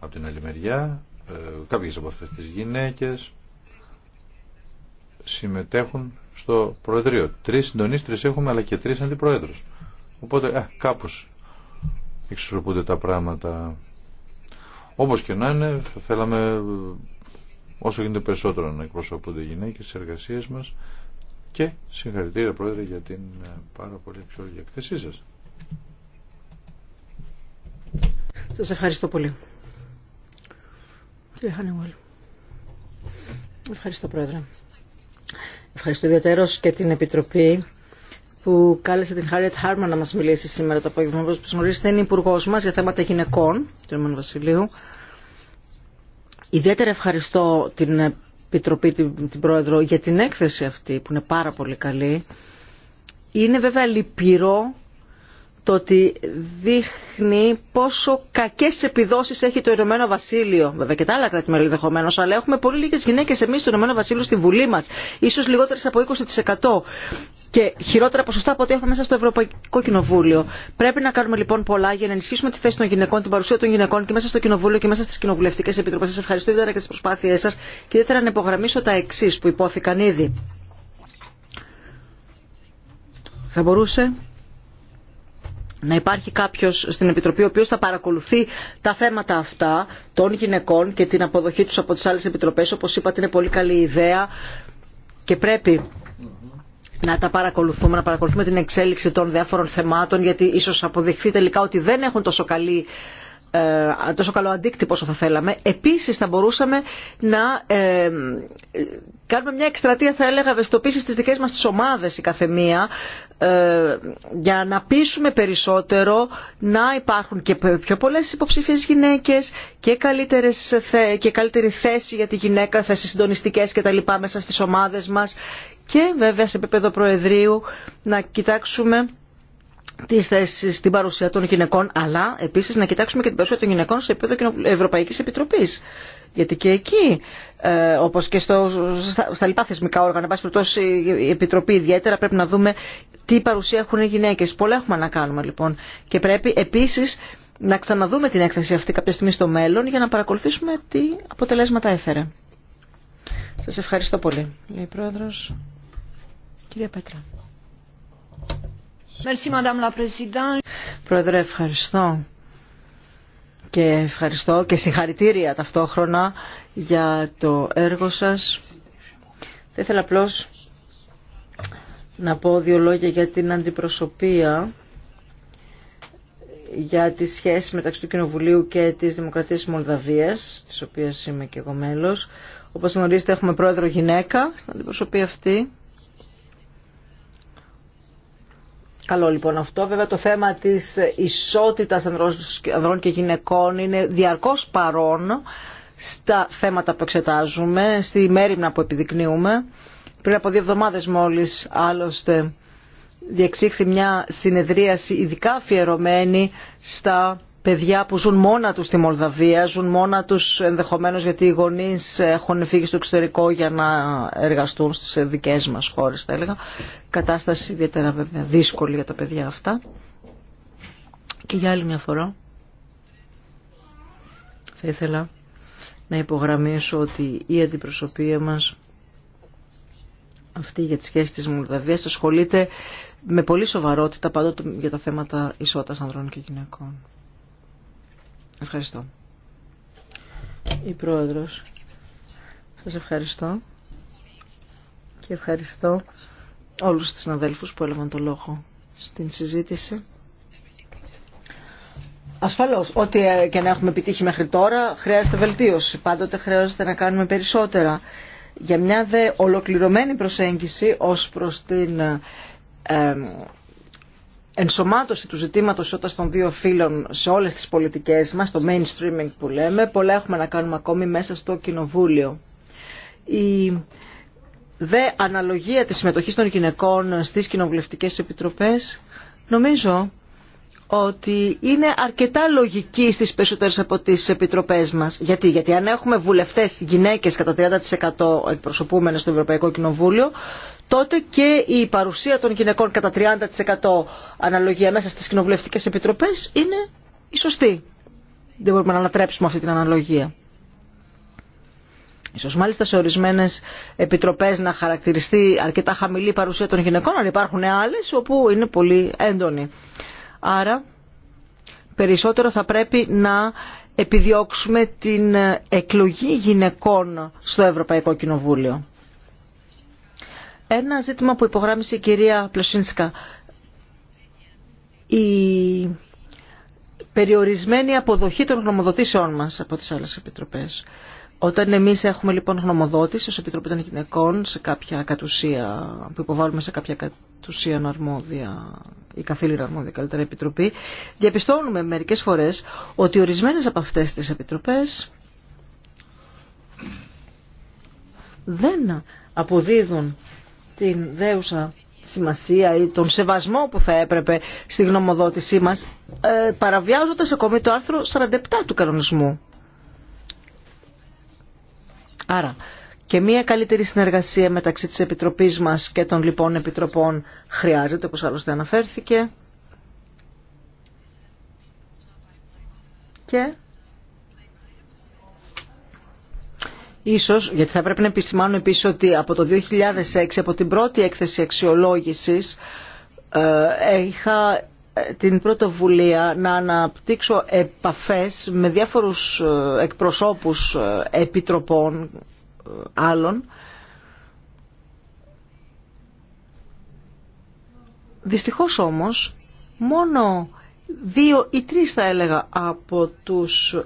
από την άλλη μεριά, ε, κάποιες από αυτές τις γυναίκες συμμετέχουν στο Προεδρείο. Τρεις συντονίστρες έχουμε, αλλά και τρεις αντιπροέδρους. Οπότε, ε; κάπως εξισορροπούνται τα πράγματα. Όπως και να είναι, θέλαμε ε, όσο γίνεται περισσότερο να εκπροσωπούνται οι γυναίκες στις εργασίες μας και συγχαρητήρια Πρόεδρε για την ε, πάρα πολύ αξιόλογη εκθεσή σας. Σας ευχαριστώ πολύ. Κύριε Ευχαριστώ Πρόεδρε. Ευχαριστώ ιδιαίτερως και την Επιτροπή που κάλεσε την Χάριετ Χάρμαν να μας μιλήσει σήμερα το απόγευμα. Όπως γνωρίζετε είναι υπουργό μας για θέματα γυναικών του Ιωμένου Ιδιαίτερα ευχαριστώ την Επιτροπή, την, Πρόεδρο, για την έκθεση αυτή που είναι πάρα πολύ καλή. Είναι βέβαια λυπηρό το ότι δείχνει πόσο κακέ επιδόσει έχει το Ηνωμένο Βασίλειο. Βέβαια και τα άλλα κράτη-μέλη ενδεχομένω, αλλά έχουμε πολύ λίγε γυναίκε εμεί στο Ηνωμένο Βασίλειο στη Βουλή μα. σω λιγότερε από 20% και χειρότερα ποσοστά από ό,τι έχουμε μέσα στο Ευρωπαϊκό Κοινοβούλιο. Πρέπει να κάνουμε λοιπόν πολλά για να ενισχύσουμε τη θέση των γυναικών, την παρουσία των γυναικών και μέσα στο Κοινοβούλιο και μέσα στι κοινοβουλευτικέ επιτροπέ. Σα ευχαριστώ ιδιαίτερα για τι προσπάθειέ σα και ιδιαίτερα να υπογραμμίσω τα εξή που υπόθηκαν ήδη. Θα μπορούσε να υπάρχει κάποιος στην Επιτροπή ο οποίος θα παρακολουθεί τα θέματα αυτά των γυναικών και την αποδοχή τους από τις άλλες επιτροπές. Όπως είπατε είναι πολύ καλή ιδέα και πρέπει να τα παρακολουθούμε, να παρακολουθούμε την εξέλιξη των διάφορων θεμάτων γιατί ίσως αποδειχθεί τελικά ότι δεν έχουν τόσο καλή ε, τόσο καλό αντίκτυπο όσο θα θέλαμε. Επίσης θα μπορούσαμε να ε, κάνουμε μια εκστρατεία θα έλεγα ευαισθητοποίηση στις δικές μας τις ομάδες η καθεμία ε, για να πείσουμε περισσότερο να υπάρχουν και πιο πολλές υποψήφιες γυναίκες και, καλύτερες, και καλύτερη θέση για τη γυναίκα, θέσεις συντονιστικές και τα λοιπά μέσα στις ομάδες μας και βέβαια σε επίπεδο Προεδρείου να κοιτάξουμε τι θέσει στην παρουσία των γυναικών, αλλά επίση να κοιτάξουμε και την παρουσία των γυναικών σε επίπεδο Ευρωπαϊκή Επιτροπή. Γιατί και εκεί, ε, όπω και στο, στα, στα λοιπά θεσμικά όργανα, πάση περιπτώσει η Επιτροπή ιδιαίτερα, πρέπει να δούμε τι παρουσία έχουν οι γυναίκε. Πολλά έχουμε να κάνουμε λοιπόν. Και πρέπει επίση να ξαναδούμε την έκθεση αυτή κάποια στιγμή στο μέλλον για να παρακολουθήσουμε τι αποτελέσματα έφερε. Σα ευχαριστώ πολύ. Λέει Πρόεδρος, κυρία Πέτρα. Πρόεδρε, ευχαριστώ. Και ευχαριστώ και συγχαρητήρια ταυτόχρονα για το έργο σας. Θα ήθελα απλώ να πω δύο λόγια για την αντιπροσωπεία για τη σχέση μεταξύ του Κοινοβουλίου και της Δημοκρατίας της Μολδαβίας, της οποίας είμαι και εγώ μέλος. Όπως γνωρίζετε έχουμε πρόεδρο γυναίκα στην αντιπροσωπεία αυτή. Καλό λοιπόν αυτό. Βέβαια το θέμα της ισότητας ανδρών και γυναικών είναι διαρκώς παρόν στα θέματα που εξετάζουμε, στη μέρημνα που επιδεικνύουμε. Πριν από δύο εβδομάδες μόλις άλλωστε διεξήχθη μια συνεδρίαση ειδικά αφιερωμένη στα παιδιά που ζουν μόνα τους στη Μολδαβία, ζουν μόνα τους ενδεχομένως γιατί οι γονείς έχουν φύγει στο εξωτερικό για να εργαστούν στις δικές μας χώρες, θα έλεγα. Κατάσταση ιδιαίτερα βέβαια δύσκολη για τα παιδιά αυτά. Και για άλλη μια φορά θα ήθελα να υπογραμμίσω ότι η αντιπροσωπεία μας αυτή για τη σχέσεις της Μολδαβίας ασχολείται με πολύ σοβαρότητα πάντοτε για τα θέματα ισότητας ανδρών και γυναικών. Ευχαριστώ. Η Πρόεδρος, σας ευχαριστώ και ευχαριστώ όλους τους συναδέλφους που έλαβαν το λόγο στην συζήτηση. Ασφαλώς, ό,τι ε, και να έχουμε επιτύχει μέχρι τώρα χρειάζεται βελτίωση. Πάντοτε χρειάζεται να κάνουμε περισσότερα. Για μια δε ολοκληρωμένη προσέγγιση ως προς την ε, ενσωμάτωση του ζητήματος όταν των δύο φύλων σε όλες τις πολιτικές μας, το mainstreaming που λέμε, πολλά έχουμε να κάνουμε ακόμη μέσα στο κοινοβούλιο. Η δε αναλογία της συμμετοχή των γυναικών στις κοινοβουλευτικέ επιτροπές, νομίζω ότι είναι αρκετά λογική στις περισσότερες από τις επιτροπές μας. Γιατί, Γιατί αν έχουμε βουλευτές γυναίκες κατά 30% εκπροσωπούμενες στο Ευρωπαϊκό Κοινοβούλιο, τότε και η παρουσία των γυναικών κατά 30% αναλογία μέσα στις κοινοβουλευτικές επιτροπές είναι η σωστή. Δεν μπορούμε να ανατρέψουμε αυτή την αναλογία. Ίσως μάλιστα σε ορισμένες επιτροπές να χαρακτηριστεί αρκετά χαμηλή παρουσία των γυναικών, αλλά υπάρχουν άλλες όπου είναι πολύ έντονη. Άρα περισσότερο θα πρέπει να επιδιώξουμε την εκλογή γυναικών στο Ευρωπαϊκό Κοινοβούλιο. Ένα ζήτημα που υπογράμμισε η κυρία Πλωσίνσκα. Η περιορισμένη αποδοχή των γνωμοδοτήσεών μας από τις άλλες επιτροπές. Όταν εμείς έχουμε λοιπόν γνωμοδότηση ως Επιτροπή των Γυναικών σε κάποια κατουσία, που υποβάλλουμε σε κάποια κατουσία αρμόδια ή καθήλυνα αρμόδια καλύτερα επιτροπή, διαπιστώνουμε μερικές φορές ότι ορισμένες από αυτές τις επιτροπές δεν αποδίδουν την δέουσα σημασία ή τον σεβασμό που θα έπρεπε στη γνωμοδότησή μας ε, παραβιάζοντας ακόμη το άρθρο 47 του κανονισμού. Άρα και μια καλύτερη συνεργασία μεταξύ της Επιτροπής μας και των λοιπόν Επιτροπών χρειάζεται όπως άλλωστε αναφέρθηκε και Ίσως, γιατί θα πρέπει να επισημάνω επίσης ότι από το 2006, από την πρώτη έκθεση αξιολόγησης, ε, είχα ε, την πρωτοβουλία να αναπτύξω επαφές με διάφορους ε, εκπροσώπους επιτροπών άλλων. Δυστυχώς όμως, μόνο δύο ή τρεις θα έλεγα από τους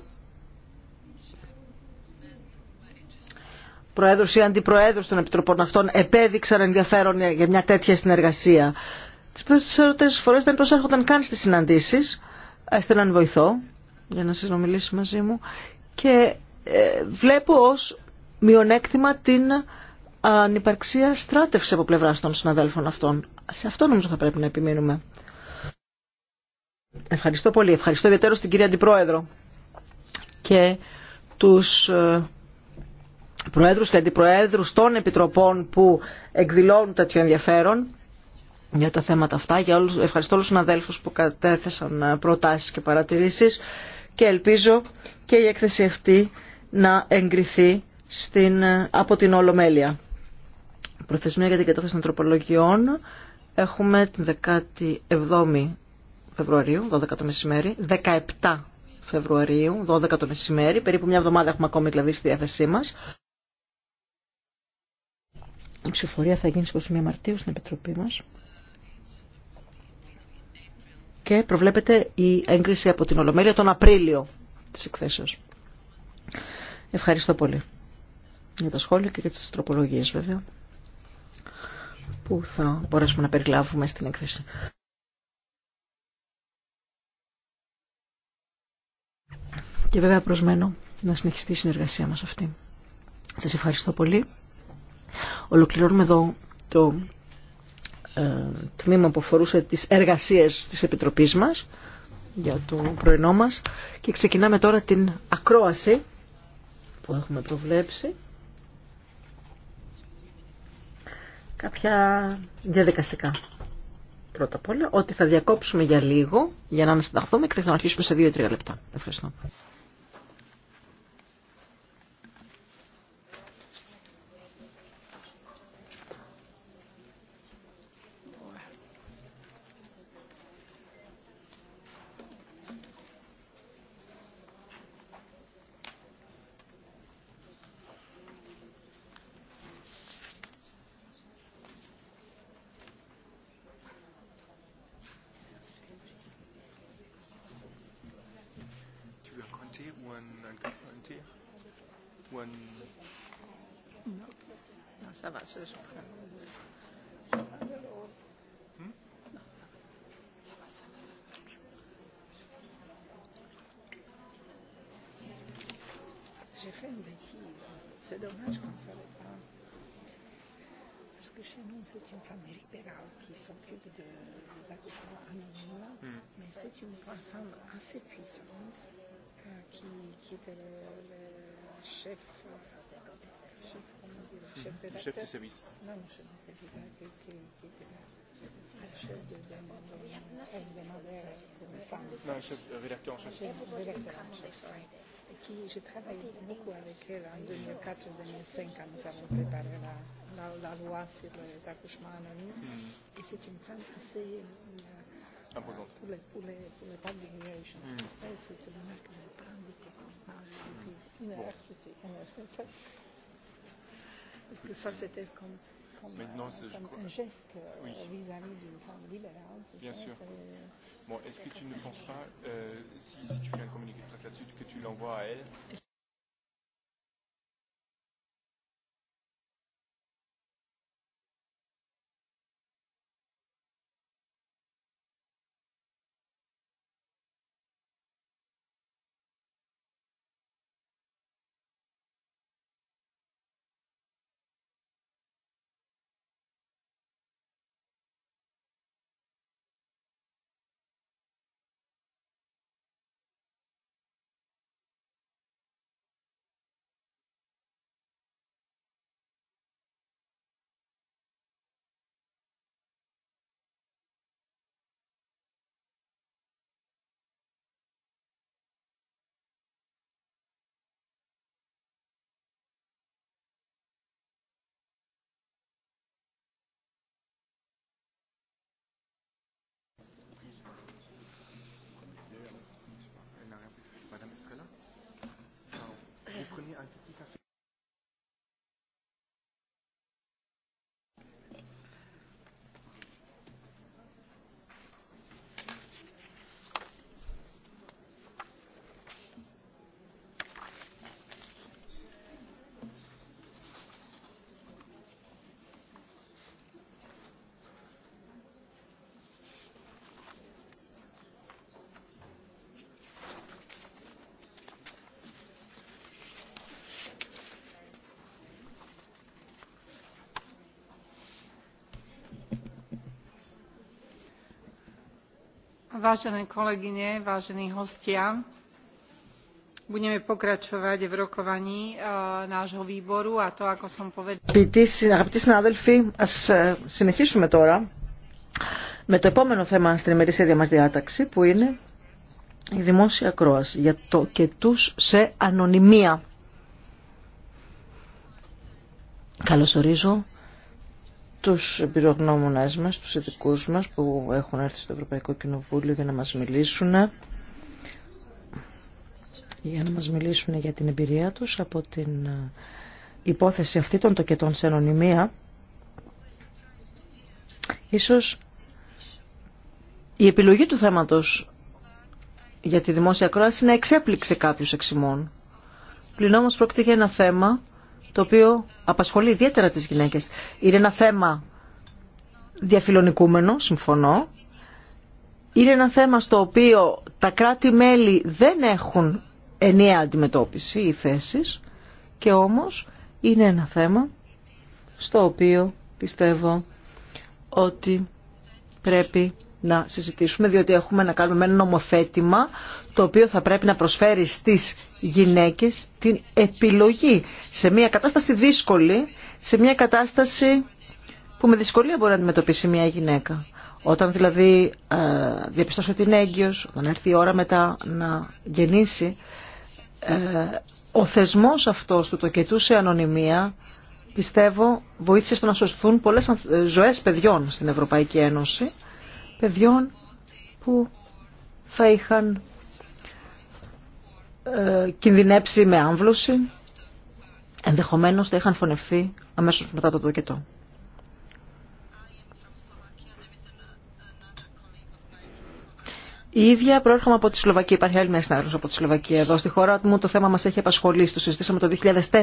Οι ή αντιπροέδρους των επιτροπών αυτών επέδειξαν ενδιαφέρον για μια τέτοια συνεργασία. Τις περισσότερες φορές δεν προσέρχονταν καν στις συναντήσεις, Έστειλαν βοηθό για να συνομιλήσει μαζί μου και ε, βλέπω ως μειονέκτημα την ανυπαρξία στράτευση από πλευρά των συναδέλφων αυτών. Σε αυτό νομίζω θα πρέπει να επιμείνουμε. Ευχαριστώ πολύ. Ευχαριστώ ιδιαίτερα στην κυρία Αντιπρόεδρο και τους ε, προέδρους και αντιπροέδρους των επιτροπών που εκδηλώνουν τέτοιο ενδιαφέρον για τα θέματα αυτά. Για όλους, ευχαριστώ όλους τους αδέλφους που κατέθεσαν ε, προτάσεις και παρατηρήσεις και ελπίζω και η έκθεση αυτή να εγκριθεί στην, ε, από την Ολομέλεια. Προθεσμία για την κατάθεση των τροπολογιών έχουμε την 17η Φεβρουαρίου, 12 το μεσημέρι, 17 Φεβρουαρίου, 12 το μεσημέρι, περίπου μια εβδομάδα έχουμε ακόμη δηλαδή στη διάθεσή μας. Η ψηφορία θα γίνει στις 21 Μαρτίου στην Επιτροπή μας. Και προβλέπεται η έγκριση από την Ολομέλεια τον Απρίλιο της εκθέσεως. Ευχαριστώ πολύ για τα σχόλια και για τις τροπολογίες βέβαια που θα μπορέσουμε να περιλάβουμε στην έκθεση. Και βέβαια προσμένω να συνεχιστεί η συνεργασία μας αυτή. Σας ευχαριστώ πολύ. Ολοκληρώνουμε εδώ το ε, τμήμα που αφορούσε τις εργασίες της Επιτροπής μας για το πρωινό μας και ξεκινάμε τώρα την ακρόαση που έχουμε προβλέψει. Κάποια διαδικαστικά. Πρώτα απ' όλα ότι θα διακόψουμε για λίγο για να ανασταθούμε και θα αρχίσουμε σε 2-3 λεπτά. Ευχαριστώ. c'est une femme qui s'occupe de, des accouchements mais c'est une femme assez puissante qui, qui était le, chef, chef, chef de chef de service. Non, le chef de service, qui, était chef de, de, de, de, de, de, de, de, de, qui j'ai travaillé beaucoup avec elle en 2004-2005 quand nous avons préparé la, la, la loi sur les accouchements anonymes. Et c'est une femme assez imposante pour les, pour les, pour les public relations. Mm. les c'est une pour que pour pas invitée une heure. Je sais, Parce que ça, c'était comme comme, un geste vis-à-vis d'une femme libérale. Bien sûr. Bon, est-ce que tu ne penses pas, si, si tu fais un communiqué de presse là-dessus, que tu l'envoies à elle vážené kolegyne συνάδελφοι, ας ε, συνεχίσουμε τώρα με το επόμενο θέμα στην ημερήσια μας διάταξη που είναι η δημόσια κρόαση για το και σε ανωνυμία. ορίζω τους εμπειρογνώμονές μας, τους ειδικούς μας που έχουν έρθει στο Ευρωπαϊκό Κοινοβούλιο για να μας μιλήσουν για να μας μιλήσουν για την εμπειρία τους από την ε, υπόθεση αυτή των τοκετών σε ανωνυμία. Ίσως η επιλογή του θέματος για τη δημόσια κρόαση να εξέπληξε κάποιους εξημών. Πλην όμως πρόκειται για ένα θέμα το οποίο απασχολεί ιδιαίτερα τις γυναίκες. Είναι ένα θέμα διαφιλονικούμενο, συμφωνώ. Είναι ένα θέμα στο οποίο τα κράτη-μέλη δεν έχουν ενιαία αντιμετώπιση ή θέσεις και όμως είναι ένα θέμα στο οποίο πιστεύω ότι πρέπει να συζητήσουμε, διότι έχουμε να κάνουμε ένα νομοθέτημα το οποίο θα πρέπει να προσφέρει στις γυναίκες την επιλογή σε μια κατάσταση δύσκολη, σε μια κατάσταση που με δυσκολία μπορεί να αντιμετωπίσει μια γυναίκα. Όταν δηλαδή ε, διαπιστώσω ότι είναι έγκυος, όταν έρθει η ώρα μετά να γεννήσει, ε, ο θεσμός αυτός του το σε ανωνυμία πιστεύω βοήθησε στο να σωστούν πολλές ε, ζωές παιδιών στην Ευρωπαϊκή Ένωση παιδιών που θα είχαν ε, κινδυνέψει με άμβλωση, ενδεχομένως θα είχαν φωνευθεί αμέσως μετά το τοκετό. Η ίδια προέρχομαι από τη Σλοβακία. Υπάρχει άλλη μια συνάδελφος από τη Σλοβακία εδώ. Στη χώρα μου το θέμα μας έχει απασχολήσει. Το συζητήσαμε το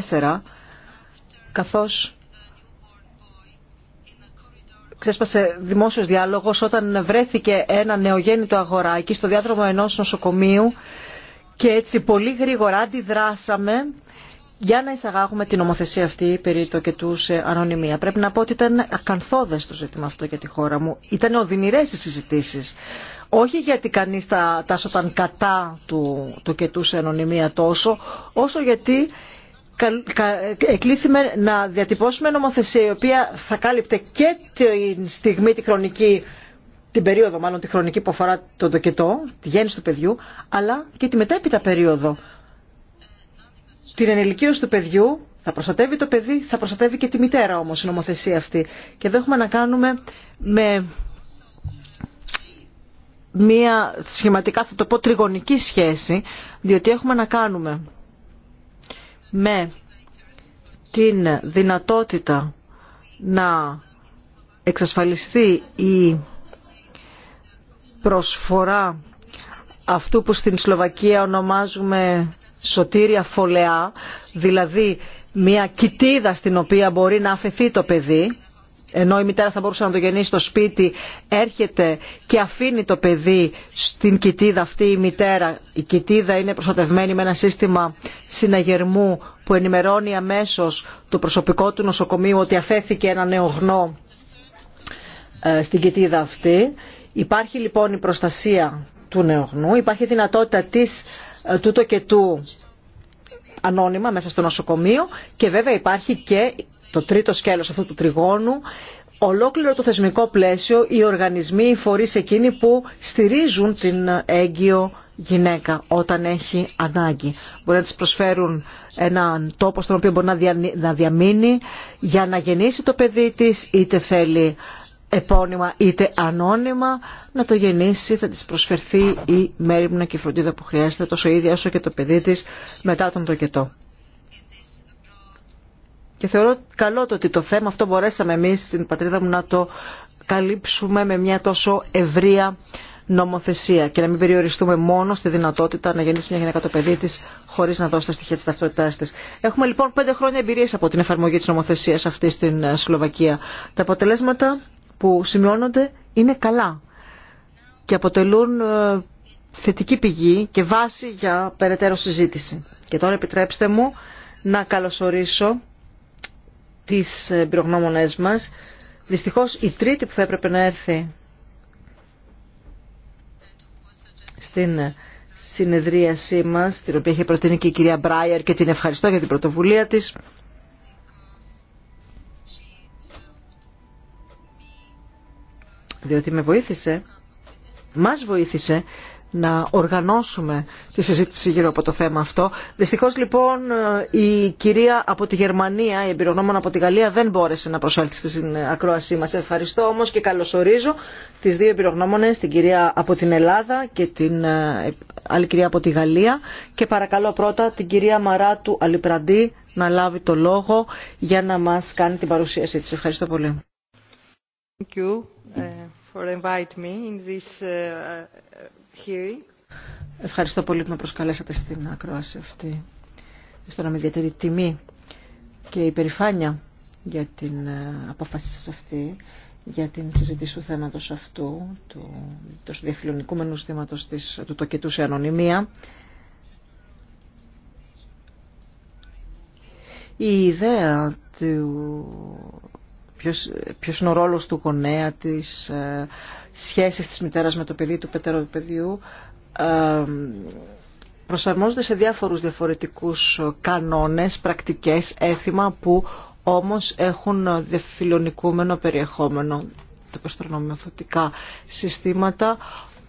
2004, καθώς ξέσπασε δημόσιο διάλογο όταν βρέθηκε ένα νεογέννητο αγοράκι στο διάδρομο ενό νοσοκομείου και έτσι πολύ γρήγορα αντιδράσαμε για να εισαγάγουμε την νομοθεσία αυτή περί το και σε ανωνυμία. Πρέπει να πω ότι ήταν ακαθόδε το ζήτημα αυτό για τη χώρα μου. Ήταν οδυνηρέ οι συζητήσει. Όχι γιατί κανεί τα τάσσονταν κατά του το και του σε ανωνυμία τόσο, όσο γιατί εκλήθημε να διατυπώσουμε νομοθεσία η οποία θα κάλυπτε και τη στιγμή τη χρονική την περίοδο μάλλον τη χρονική που αφορά τον τοκετό, τη γέννηση του παιδιού, αλλά και τη μετέπειτα περίοδο. Την ενηλικίωση του παιδιού θα προστατεύει το παιδί, θα προστατεύει και τη μητέρα όμως η νομοθεσία αυτή. Και εδώ έχουμε να κάνουμε με μία σχηματικά θα το πω τριγωνική σχέση, διότι έχουμε να κάνουμε με την δυνατότητα να εξασφαλιστεί η προσφορά αυτού που στην Σλοβακία ονομάζουμε σωτήρια φωλεά, δηλαδή μια κοιτίδα στην οποία μπορεί να αφαιθεί το παιδί, ενώ η μητέρα θα μπορούσε να το γεννήσει στο σπίτι, έρχεται και αφήνει το παιδί στην κοιτίδα αυτή η μητέρα. Η κοιτίδα είναι προστατευμένη με ένα σύστημα συναγερμού που ενημερώνει αμέσως το προσωπικό του νοσοκομείου ότι αφέθηκε ένα νεογνώ ε, στην κοιτίδα αυτή. Υπάρχει λοιπόν η προστασία του νεογνού, υπάρχει δυνατότητα της ε, τούτο και του ανώνυμα μέσα στο νοσοκομείο και βέβαια υπάρχει και το τρίτο σκέλος αυτού του τριγώνου, ολόκληρο το θεσμικό πλαίσιο, οι οργανισμοί, οι φορείς εκείνοι που στηρίζουν την έγκυο γυναίκα όταν έχει ανάγκη. Μπορεί να της προσφέρουν έναν τόπο στον οποίο μπορεί να διαμείνει για να γεννήσει το παιδί της, είτε θέλει επώνυμα είτε ανώνυμα να το γεννήσει, θα της προσφερθεί η μέρημνα και η φροντίδα που χρειάζεται τόσο ίδια όσο και το παιδί της μετά τον τοκετό. Και θεωρώ καλό το ότι το θέμα αυτό μπορέσαμε εμείς στην πατρίδα μου να το καλύψουμε με μια τόσο ευρεία νομοθεσία και να μην περιοριστούμε μόνο στη δυνατότητα να γεννήσει μια γυναίκα το παιδί τη χωρί να δώσει τα στοιχεία τη ταυτότητά τη. Έχουμε λοιπόν πέντε χρόνια εμπειρία από την εφαρμογή τη νομοθεσία αυτή στην ε, Σλοβακία. Τα αποτελέσματα που σημειώνονται είναι καλά και αποτελούν ε, θετική πηγή και βάση για περαιτέρω συζήτηση. Και τώρα επιτρέψτε μου να καλωσορίσω τις πυρογνώμονές μας. Δυστυχώς η τρίτη που θα έπρεπε να έρθει στην συνεδρίασή μας, την οποία είχε προτείνει και η κυρία Μπράιερ και την ευχαριστώ για την πρωτοβουλία της. Διότι με βοήθησε, μας βοήθησε να οργανώσουμε τη συζήτηση γύρω από το θέμα αυτό. Δυστυχώς λοιπόν η κυρία από τη Γερμανία, η εμπειρογνώμων από τη Γαλλία δεν μπόρεσε να προσέλθει στην ακρόασή μας. Ευχαριστώ όμως και καλωσορίζω τις δύο εμπειρογνώμονες, την κυρία από την Ελλάδα και την ε, άλλη κυρία από τη Γαλλία και παρακαλώ πρώτα την κυρία Μαράτου Αλιπραντή να λάβει το λόγο για να μας κάνει την παρουσίασή της. Ευχαριστώ πολύ. Thank you ε, for me in this ε, Ευχαριστώ πολύ που με προσκαλέσατε στην ακρόαση αυτή. Στον με ιδιαίτερη τιμή και υπερηφάνεια για την ε, απόφαση σας αυτή, για την συζήτηση του θέματος αυτού, του, του διαφιλονικούμενου θέματος της, του τοκετού σε ανωνυμία. Η ιδέα του ποιος, ποιος είναι ο ρόλος του γονέα της, ε, σχέσεις της μητέρας με το παιδί του του παιδιού προσαρμόζονται σε διάφορους διαφορετικούς ε, κανόνες, πρακτικές, έθιμα που όμως έχουν ε, διαφιλονικούμενο περιεχόμενο. Τα προστρονομιοθωτικά συστήματα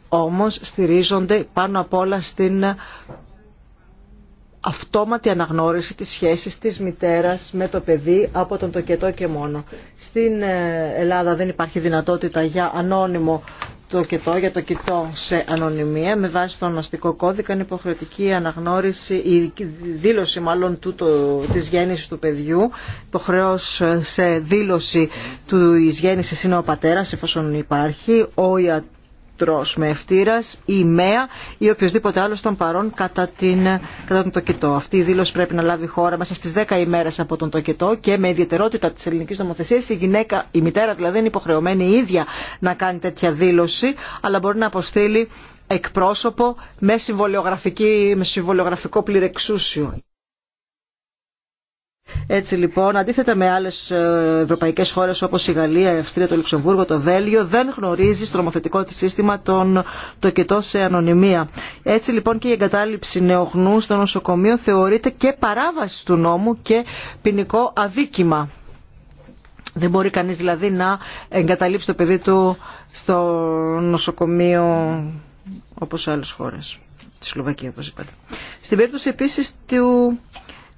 όμως στηρίζονται πάνω απ' όλα στην αυτόματη αναγνώριση της σχέσης της μητέρας με το παιδί από τον τοκετό και μόνο. Στην ε, Ελλάδα δεν υπάρχει δυνατότητα για ανώνυμο τοκετό, για τοκετό σε ανωνυμία. Με βάση τον αστικό κώδικα είναι υποχρεωτική αναγνώριση, η δήλωση μάλλον του, το, της γέννησης του παιδιού. Υποχρεώς ε, σε δήλωση του γέννησης είναι ο πατέρας εφόσον υπάρχει, ο, τρός με ευτήρας ή ΜΕΑ ή οποιοδήποτε άλλο των παρών κατά, την, κατά τον τοκετό. Αυτή η δήλωση πρέπει να λάβει χώρα μέσα στις 10 ημέρες από τον τοκετό και με ιδιαιτερότητα της ελληνικής νομοθεσίας η γυναίκα, η μητέρα δηλαδή είναι υποχρεωμένη η ίδια να κάνει τέτοια δήλωση αλλά μπορεί να αποστείλει εκπρόσωπο με συμβολιογραφικό πληρεξούσιο. Έτσι λοιπόν, αντίθετα με άλλε ευρωπαϊκέ χώρε όπω η Γαλλία, η Αυστρία, το Λουξεμβούργο, το Βέλγιο, δεν γνωρίζει στο νομοθετικό τη σύστημα τον τοκετό σε ανωνυμία. Έτσι λοιπόν και η εγκατάλειψη νεογνού στο νοσοκομείο θεωρείται και παράβαση του νόμου και ποινικό αδίκημα. Δεν μπορεί κανεί δηλαδή να εγκαταλείψει το παιδί του στο νοσοκομείο όπω σε άλλε χώρε. Τη Σλοβακία, όπω είπατε. Στην περίπτωση επίση του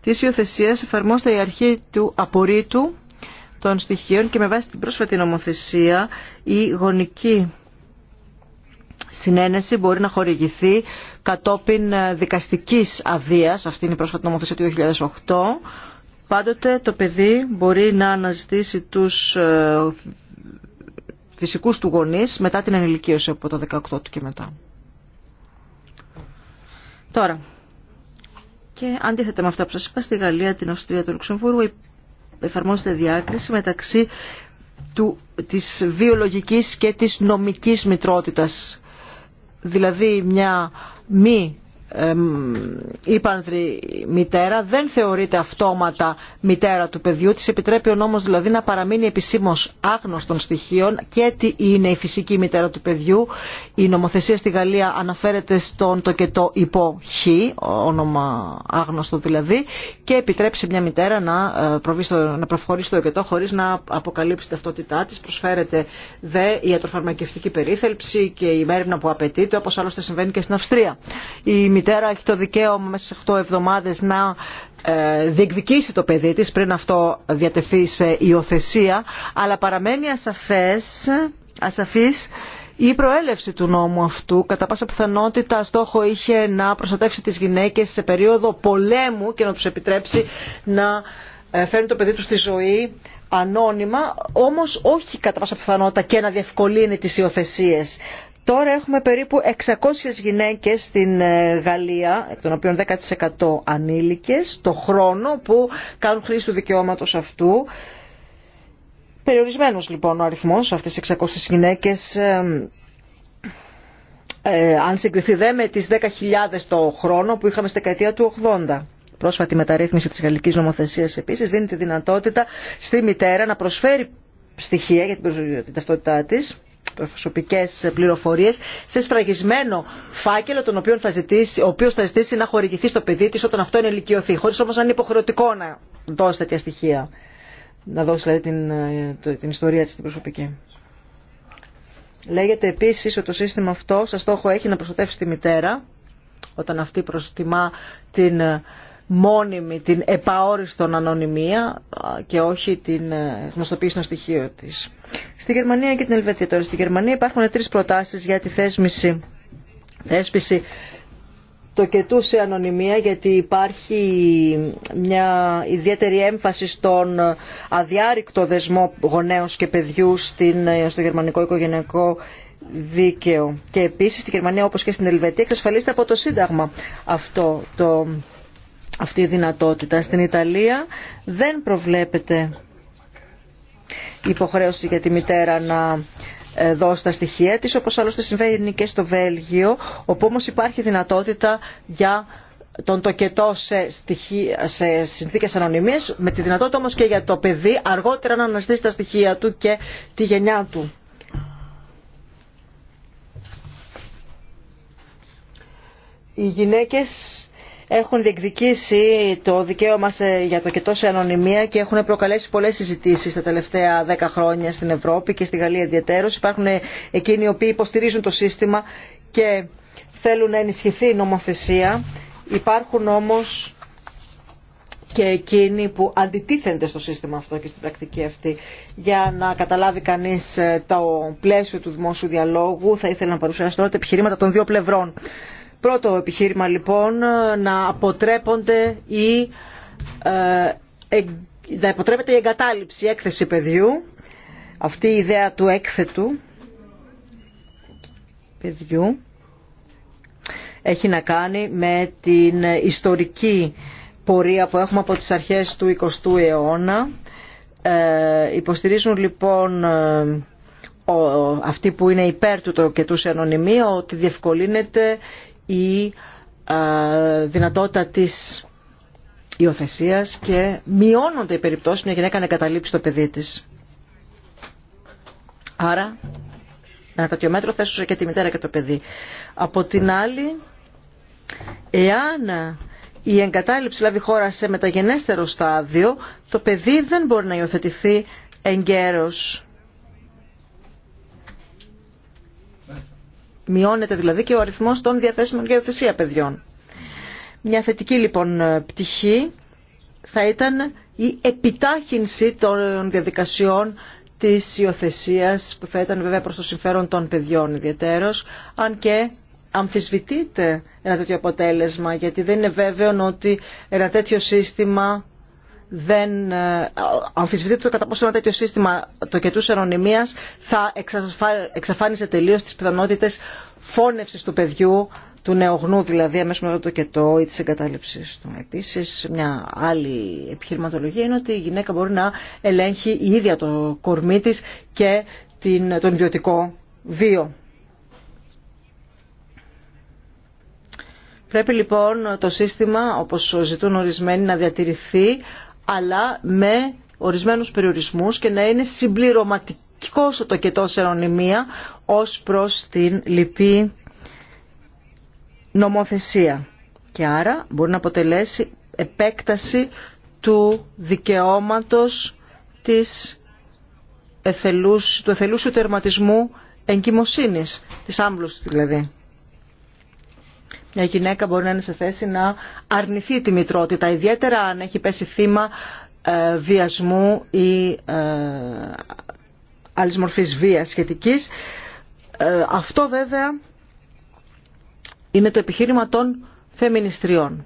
της υιοθεσίας εφαρμόζεται η αρχή του απορρίτου των στοιχείων και με βάση την πρόσφατη νομοθεσία η γονική συνένεση μπορεί να χορηγηθεί κατόπιν ε, δικαστικής αδείας, αυτή είναι η πρόσφατη νομοθεσία του 2008, πάντοτε το παιδί μπορεί να αναζητήσει τους ε, φυσικούς του γονείς μετά την ενηλικίωση από τα 18 του και μετά. Τώρα, και αντίθετα με αυτά που σας είπα, στη Γαλλία, την Αυστρία, το Λουξεμβούργο εφαρμόζεται διάκριση μεταξύ του, της βιολογικής και της νομικής μητρότητας. Δηλαδή μια μη ύπανδρη μητέρα δεν θεωρείται αυτόματα μητέρα του παιδιού της επιτρέπει ο νόμος δηλαδή να παραμείνει επισήμως άγνωστον στοιχείων και τι είναι η φυσική μητέρα του παιδιού η νομοθεσία στη Γαλλία αναφέρεται στον τοκετό υπό χ όνομα άγνωστο δηλαδή και επιτρέπει σε μια μητέρα να, ε, να προχωρήσει το τοκετό χωρίς να αποκαλύψει ταυτότητά της προσφέρεται δε η ατροφαρμακευτική περίθελψη και η μέρημνα που απαιτείται όπως άλλωστε συμβαίνει και στην Αυστρία η μητέρα έχει το δικαίωμα μέσα σε 8 εβδομάδες να ε, διεκδικήσει το παιδί της πριν αυτό διατεθεί σε υιοθεσία, αλλά παραμένει ασαφές, ασαφής η προέλευση του νόμου αυτού κατά πάσα πιθανότητα στόχο είχε να προστατεύσει τις γυναίκες σε περίοδο πολέμου και να τους επιτρέψει να ε, φέρνει το παιδί τους στη ζωή ανώνυμα, όμως όχι κατά πάσα πιθανότητα και να διευκολύνει τις υιοθεσίε. Τώρα έχουμε περίπου 600 γυναίκες στην ε, Γαλλία, εκ των οποίων 10% ανήλικες, το χρόνο που κάνουν χρήση του δικαιώματος αυτού. Περιορισμένος λοιπόν ο αριθμός αυτές τις 600 γυναίκες ε, αν συγκριθεί δε με τις 10.000 το χρόνο που είχαμε στη δεκαετία του 80. Πρόσφατη μεταρρύθμιση της γαλλικής νομοθεσίας επίσης δίνει τη δυνατότητα στη μητέρα να προσφέρει στοιχεία για την ταυτότητά της Προσωπικέ πληροφορίες σε σφραγισμένο φάκελο τον οποίο θα ζητήσει, ο θα ζητήσει να χορηγηθεί στο παιδί τη όταν αυτό είναι ηλικιωθεί χωρίς όμως να είναι υποχρεωτικό να δώσει τέτοια στοιχεία να δώσει δηλαδή την, ε, την ιστορία της την προσωπική. Λέγεται επίσης ότι το σύστημα αυτό σαν στόχο έχει να προστατεύσει τη μητέρα όταν αυτή προστιμά την ε, μόνιμη, την επαόριστον ανωνυμία και όχι την ε, γνωστοποίηση των στοιχείων της. Στη Γερμανία και την Ελβετία τώρα. Στη Γερμανία υπάρχουν τρεις προτάσεις για τη θέσμιση, θέσπιση το κετού σε ανωνυμία γιατί υπάρχει μια ιδιαίτερη έμφαση στον αδιάρρηκτο δεσμό γονέων και παιδιού ε, στο γερμανικό οικογενειακό δίκαιο. Και επίσης στη Γερμανία όπως και στην Ελβετία εξασφαλίζεται από το Σύνταγμα αυτό το αυτή η δυνατότητα. Στην Ιταλία δεν προβλέπεται υποχρέωση για τη μητέρα να ε, δώσει τα στοιχεία της, όπως άλλωστε συμβαίνει και στο Βέλγιο, όπου όμως υπάρχει δυνατότητα για τον τοκετό σε, στοιχεία, σε συνθήκες ανωνυμίας, με τη δυνατότητα όμως και για το παιδί αργότερα να αναστήσει τα στοιχεία του και τη γενιά του. Οι γυναίκες έχουν διεκδικήσει το δικαίωμα για το κετό σε ανωνυμία και έχουν προκαλέσει πολλές συζητήσεις τα τελευταία δέκα χρόνια στην Ευρώπη και στη Γαλλία ιδιαίτερως. Υπάρχουν εκείνοι οι οποίοι υποστηρίζουν το σύστημα και θέλουν να ενισχυθεί η νομοθεσία. Υπάρχουν όμως και εκείνοι που αντιτίθενται στο σύστημα αυτό και στην πρακτική αυτή. Για να καταλάβει κανείς ε, το πλαίσιο του δημόσιου διαλόγου θα ήθελα να παρουσιάσω τώρα τα επιχειρήματα των δύο πλευρών. Πρώτο επιχείρημα λοιπόν να αποτρέπονται η ε, εγκατάλειψη έκθεση παιδιού. Αυτή η ιδέα του έκθετου παιδιού έχει να αποτρέπεται η εγκατάλειψη, η έκθεση παιδιού, αυτή η ιδέα του έκθετου παιδιού έχει να κάνει με την ιστορική πορεία που έχουμε από τις αρχές του 20ου αιώνα. Ε, υποστηρίζουν λοιπόν ε, αυτοί που είναι υπέρ του το και του ανωνυμία ότι διευκολύνεται η δυνατότητα της υιοθεσίας και μειώνονται οι περιπτώσεις μια γυναίκα να εγκαταλείψει το παιδί της. Άρα, ένα τέτοιο μέτρο θέσουσε και τη μητέρα και το παιδί. Από την άλλη, εάν η εγκατάλειψη λάβει χώρα σε μεταγενέστερο στάδιο, το παιδί δεν μπορεί να υιοθετηθεί εγκαίρως Μειώνεται δηλαδή και ο αριθμός των διαθέσιμων για υιοθεσία παιδιών. Μια θετική λοιπόν ε, πτυχή θα ήταν η επιτάχυνση των διαδικασιών της υιοθεσία που θα ήταν βέβαια προς το συμφέρον των παιδιών ιδιαίτερος, αν και αμφισβητείται ένα τέτοιο αποτέλεσμα, γιατί δεν είναι βέβαιο ότι ένα τέτοιο σύστημα δεν ε, αμφισβητείται το κατά πόσο ένα τέτοιο σύστημα το κετού ανωνυμία θα εξαφάνισε τελείω τι πιθανότητε φώνευση του παιδιού, του νεογνού δηλαδή αμέσω μετά το κετό ή της εγκατάλειψης του. Επίσης μια άλλη επιχειρηματολογία είναι ότι η τη εγκαταλειψη του επιση μια να ελέγχει η ίδια το κορμί της και την, τον ιδιωτικό βίο. Πρέπει λοιπόν το σύστημα, όπως ζητούν ορισμένοι, να διατηρηθεί αλλά με ορισμένους περιορισμούς και να είναι συμπληρωματικό το και σε ανωνυμία ως προς την λυπή νομοθεσία. Και άρα μπορεί να αποτελέσει επέκταση του δικαιώματος της εθελούς, του εθελούσιου τερματισμού εγκυμοσύνης, της άμπλουσης δηλαδή μια γυναίκα μπορεί να είναι σε θέση να αρνηθεί τη μητρότητα, ιδιαίτερα αν έχει πέσει θύμα ε, βιασμού ή ε, άλλης μορφής βίας σχετικής. Ε, αυτό βέβαια είναι το επιχείρημα των φεμινιστριών.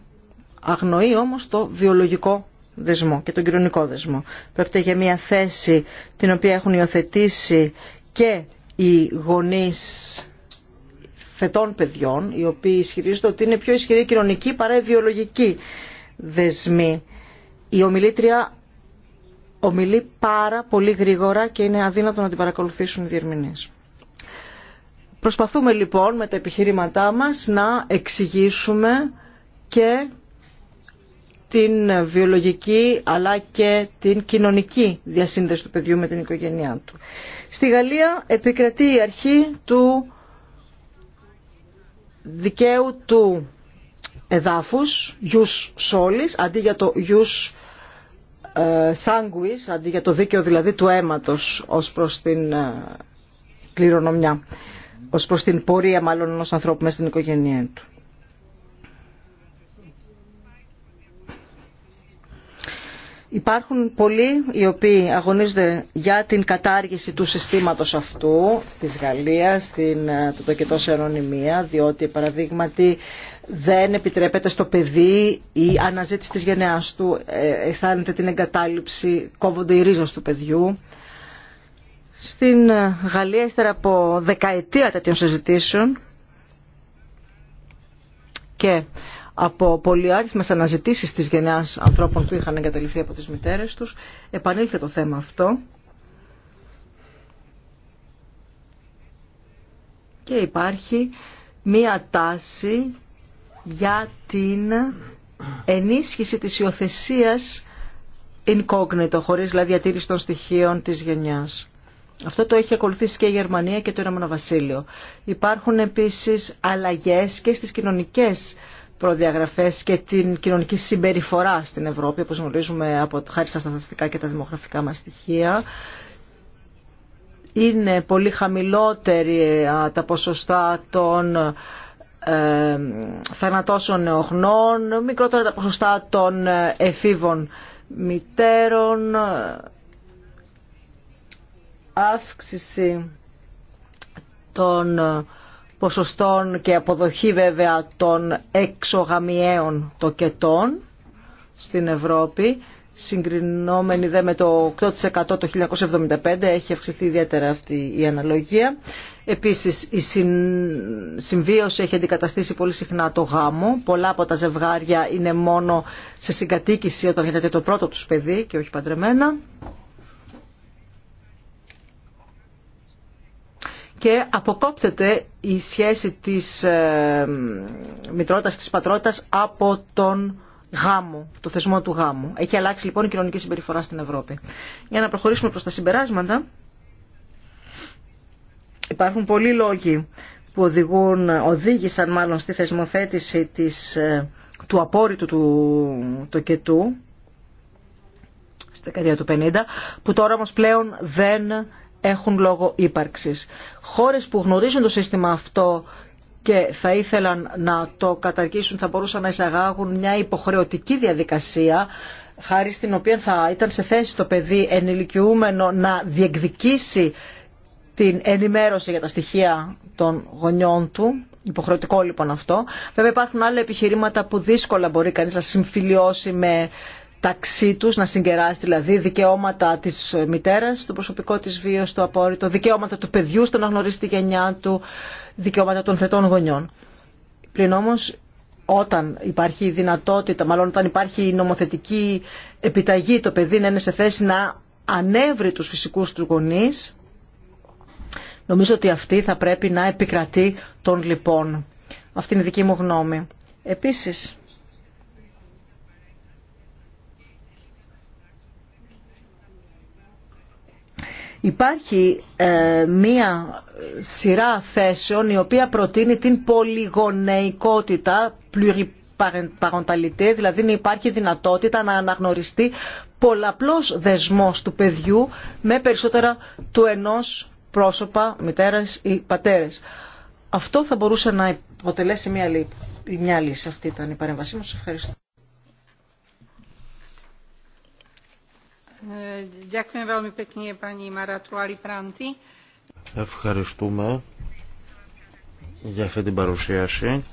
Αγνοεί όμως το βιολογικό δεσμό και τον κοινωνικό δεσμό. Πρόκειται για μια θέση την οποία έχουν υιοθετήσει και οι γονείς φετών παιδιών, οι οποίοι ισχυρίζονται ότι είναι πιο ισχυρή κοινωνική παρά βιολογική δεσμοί. Η ομιλήτρια ομιλεί πάρα πολύ γρήγορα και είναι αδύνατο να την παρακολουθήσουν οι διερμηνείς. Προσπαθούμε λοιπόν με τα επιχειρήματά μας να εξηγήσουμε και την βιολογική αλλά και την κοινωνική διασύνδεση του παιδιού με την οικογένειά του. Στη Γαλλία επικρατεί η αρχή του δικαίου του εδάφους, γιους σόλης, αντί για το γιους ε, σάνγκουις, αντί για το δίκαιο δηλαδή του αίματος ως προς την ε, κληρονομιά, ως προς την πορεία μάλλον ενός ανθρώπου μέσα στην οικογένειά του. Υπάρχουν πολλοί οι οποίοι αγωνίζονται για την κατάργηση του συστήματος αυτού στις Γαλλία, στην ε, τοκετό σε ανωνυμία, διότι παραδείγματι δεν επιτρέπεται στο παιδί η αναζήτηση της γενεάς του, ε, αισθάνεται την εγκατάλειψη, κόβονται οι ρίζες του παιδιού. Στην ε, Γαλλία, ύστερα από δεκαετία τέτοιων συζητήσεων και από πολυάριθμες αναζητήσεις της γενιάς ανθρώπων που είχαν εγκαταλειφθεί από τις μητέρες τους. Επανήλθε το θέμα αυτό. Και υπάρχει μία τάση για την ενίσχυση της υιοθεσία incognito, χωρίς δηλαδή διατήρηση των στοιχείων της γενιάς. Αυτό το έχει ακολουθήσει και η Γερμανία και το Ηνωμένο Βασίλειο. Υπάρχουν επίσης αλλαγές και στις κοινωνικές προδιαγραφές και την κοινωνική συμπεριφορά στην Ευρώπη, όπως γνωρίζουμε από, χάρη στα στατιστικά και τα δημογραφικά μας στοιχεία. Είναι πολύ χαμηλότερη ε, τα ποσοστά των ε, θανατώσεων νεογνών, μικρότερα τα ποσοστά των ε, εφήβων μητέρων, ε, αύξηση των ποσοστών και αποδοχή βέβαια των εξωγαμιαίων τοκετών στην Ευρώπη. Συγκρινόμενη δε με το 8% το 1975 έχει αυξηθεί ιδιαίτερα αυτή η αναλογία. Επίσης η συμβίωση έχει αντικαταστήσει πολύ συχνά το γάμο. Πολλά από τα ζευγάρια είναι μόνο σε συγκατοίκηση όταν γίνεται το πρώτο τους παιδί και όχι παντρεμένα. και αποκόπτεται η σχέση της ε, μητρότητας, της πατρότητας από τον γάμο, το θεσμό του γάμου. Έχει αλλάξει λοιπόν η κοινωνική συμπεριφορά στην Ευρώπη. Για να προχωρήσουμε προς τα συμπεράσματα, υπάρχουν πολλοί λόγοι που οδηγούν, οδήγησαν μάλλον στη θεσμοθέτηση της, ε, του απόρριτου του κετού, στη δεκαετία του 50, που τώρα όμως πλέον δεν έχουν λόγο ύπαρξης. Χώρες που γνωρίζουν το σύστημα αυτό και θα ήθελαν να το καταρκήσουν θα μπορούσαν να εισαγάγουν μια υποχρεωτική διαδικασία χάρη στην οποία θα ήταν σε θέση το παιδί ενηλικιούμενο να διεκδικήσει την ενημέρωση για τα στοιχεία των γονιών του. Υποχρεωτικό λοιπόν αυτό. Βέβαια υπάρχουν άλλα επιχειρήματα που δύσκολα μπορεί κανείς να συμφιλιώσει με Ταξί να συγκεράσει δηλαδή δικαιώματα της μητέρας, το προσωπικό της βίος, το απόρριτο, δικαιώματα του παιδιού στο να γνωρίσει τη γενιά του, δικαιώματα των θετών γονιών. Πλην όμως όταν υπάρχει η δυνατότητα, μάλλον όταν υπάρχει η νομοθετική επιταγή το παιδί να είναι σε θέση να ανέβρει τους φυσικούς του γονείς, νομίζω ότι αυτή θα πρέπει να επικρατεί τον λοιπόν. Αυτή είναι η δική μου γνώμη. Επίσης, Υπάρχει ε, μία σειρά θέσεων η οποία προτείνει την πολυγονεϊκότητα, pluriparentalite δηλαδή να υπάρχει δυνατότητα να αναγνωριστεί πολλαπλός δεσμός του παιδιού με περισσότερα του ενός πρόσωπα, μητέρας ή πατέρες. Αυτό θα μπορούσε να αποτελέσει μια, μια λύση. Αυτή ήταν η παρέμβασή μου. Σας ευχαριστώ. Ευχαριστούμε για αυτή την παρουσίαση.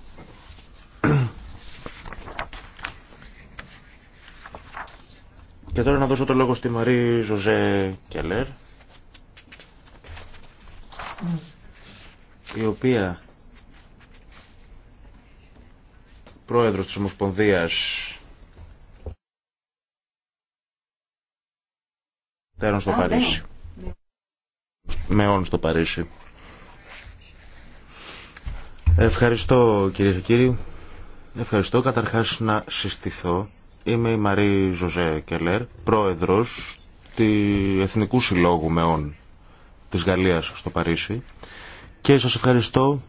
Και τώρα να δώσω το λόγο στη Μαρή Ζωζέ Κελέρ, η οποία πρόεδρος της Ομοσπονδίας Τέρων στο Παρίσι. Μεών στο Παρίσι. Ευχαριστώ κύριε και κύριοι. Ευχαριστώ καταρχάς να συστηθώ. Είμαι η Μαρή Ζωζέ Κελέρ, πρόεδρος του Εθνικού Συλλόγου Μεών της Γαλλίας στο Παρίσι και σας ευχαριστώ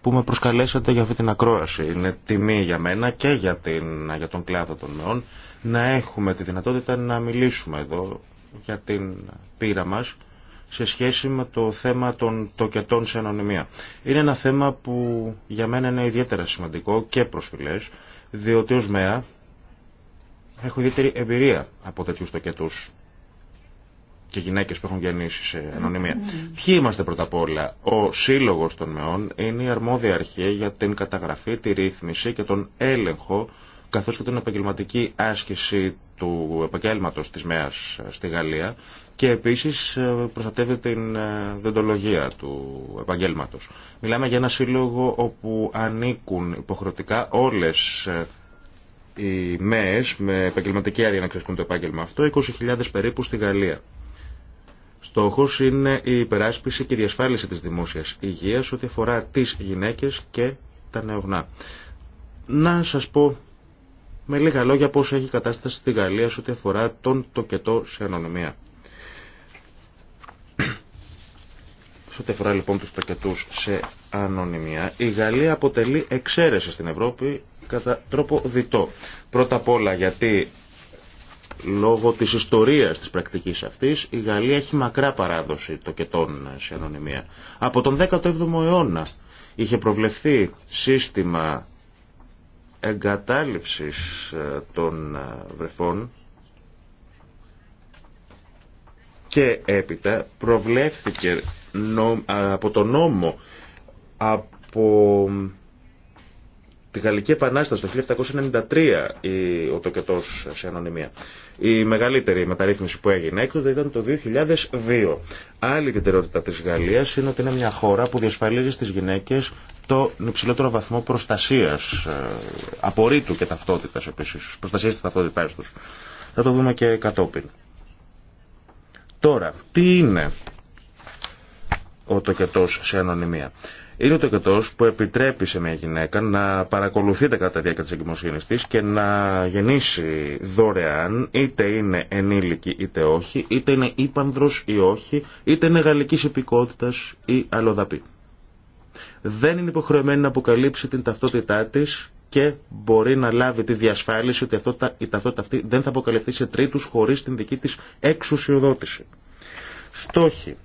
που με προσκαλέσατε για αυτή την ακρόαση. Είναι τιμή για μένα και για, την, για τον κλάδο των μεών να έχουμε τη δυνατότητα να μιλήσουμε εδώ για την πείρα μας σε σχέση με το θέμα των τοκετών σε ανωνυμία. Είναι ένα θέμα που για μένα είναι ιδιαίτερα σημαντικό και προσφυλές, διότι ως ΜΕΑ έχω ιδιαίτερη εμπειρία από τέτοιους τοκετούς και γυναίκε που έχουν γεννήσει σε ανωνυμία. Mm. Ποιοι είμαστε πρώτα απ' όλα. Ο Σύλλογο των ΜΕΟΝ είναι η αρμόδια αρχή για την καταγραφή, τη ρύθμιση και τον έλεγχο καθώς και την επαγγελματική άσκηση του επαγγελματο. της ΜΕΑ στη Γαλλία και επίσης ε, προστατεύεται την ε, δεντολογία του επαγγελματο Μιλάμε για ένα σύλλογο όπου ανήκουν υποχρεωτικά όλες ε, οι ΜΕΕ με επαγγελματική άδεια να ξεσκούν το επάγγελμα αυτό, 20.000 περίπου στη Γαλλία. στοχο είναι η υπεράσπιση και η διασφάλιση της δημόσιας υγείας ό,τι αφορά τις γυναίκες και τα νεογνά. Να σας πω με λίγα λόγια πώς έχει κατάσταση στη Γαλλία σε ό,τι αφορά τον τοκετό σε ανωνυμία. Σε ό,τι αφορά λοιπόν τους τοκετούς σε ανωνυμία, η Γαλλία αποτελεί εξαίρεση στην Ευρώπη κατά τρόπο διτό. Πρώτα απ' όλα γιατί λόγω της ιστορίας της πρακτικής αυτής η Γαλλία έχει μακρά παράδοση τοκετών σε ανωνυμία. Από τον 17ο αιώνα είχε προβλεφθεί σύστημα εγκατάλειψης ε, των ε, βρεφών και έπειτα προβλέφθηκε από το νόμο από τη Γαλλική Επανάσταση το 1793 ο τοκετός σε ανωνυμία. Η μεγαλύτερη μεταρρύθμιση που έγινε έκτοτε ήταν το 2002. Άλλη ιδιαιτερότητα της Γαλλίας είναι ότι είναι μια χώρα που διασφαλίζει στις γυναίκες το υψηλότερο βαθμό προστασίας, ε, απορρίτου και ταυτότητα επίση, Προστασία τη ταυτότητά τους. Θα το δούμε και κατόπιν. Τώρα, τι είναι ο τοκετός σε ανωνυμία. Είναι ο τοκετός που επιτρέπει σε μια γυναίκα να παρακολουθείται κατά τη διάρκεια της εγκυμοσύνης της και να γεννήσει δωρεάν, είτε είναι ενήλικη είτε όχι, είτε είναι ύπανδρο ή όχι, είτε είναι γαλλική υπηκότητα ή αλλοδαπή δεν είναι υποχρεωμένη να αποκαλύψει την ταυτότητά τη και μπορεί να λάβει τη διασφάλιση ότι η ταυτότητα αυτή δεν θα αποκαλυφθεί σε τρίτους χωρίς την δική της εξουσιοδότηση. Στόχοι.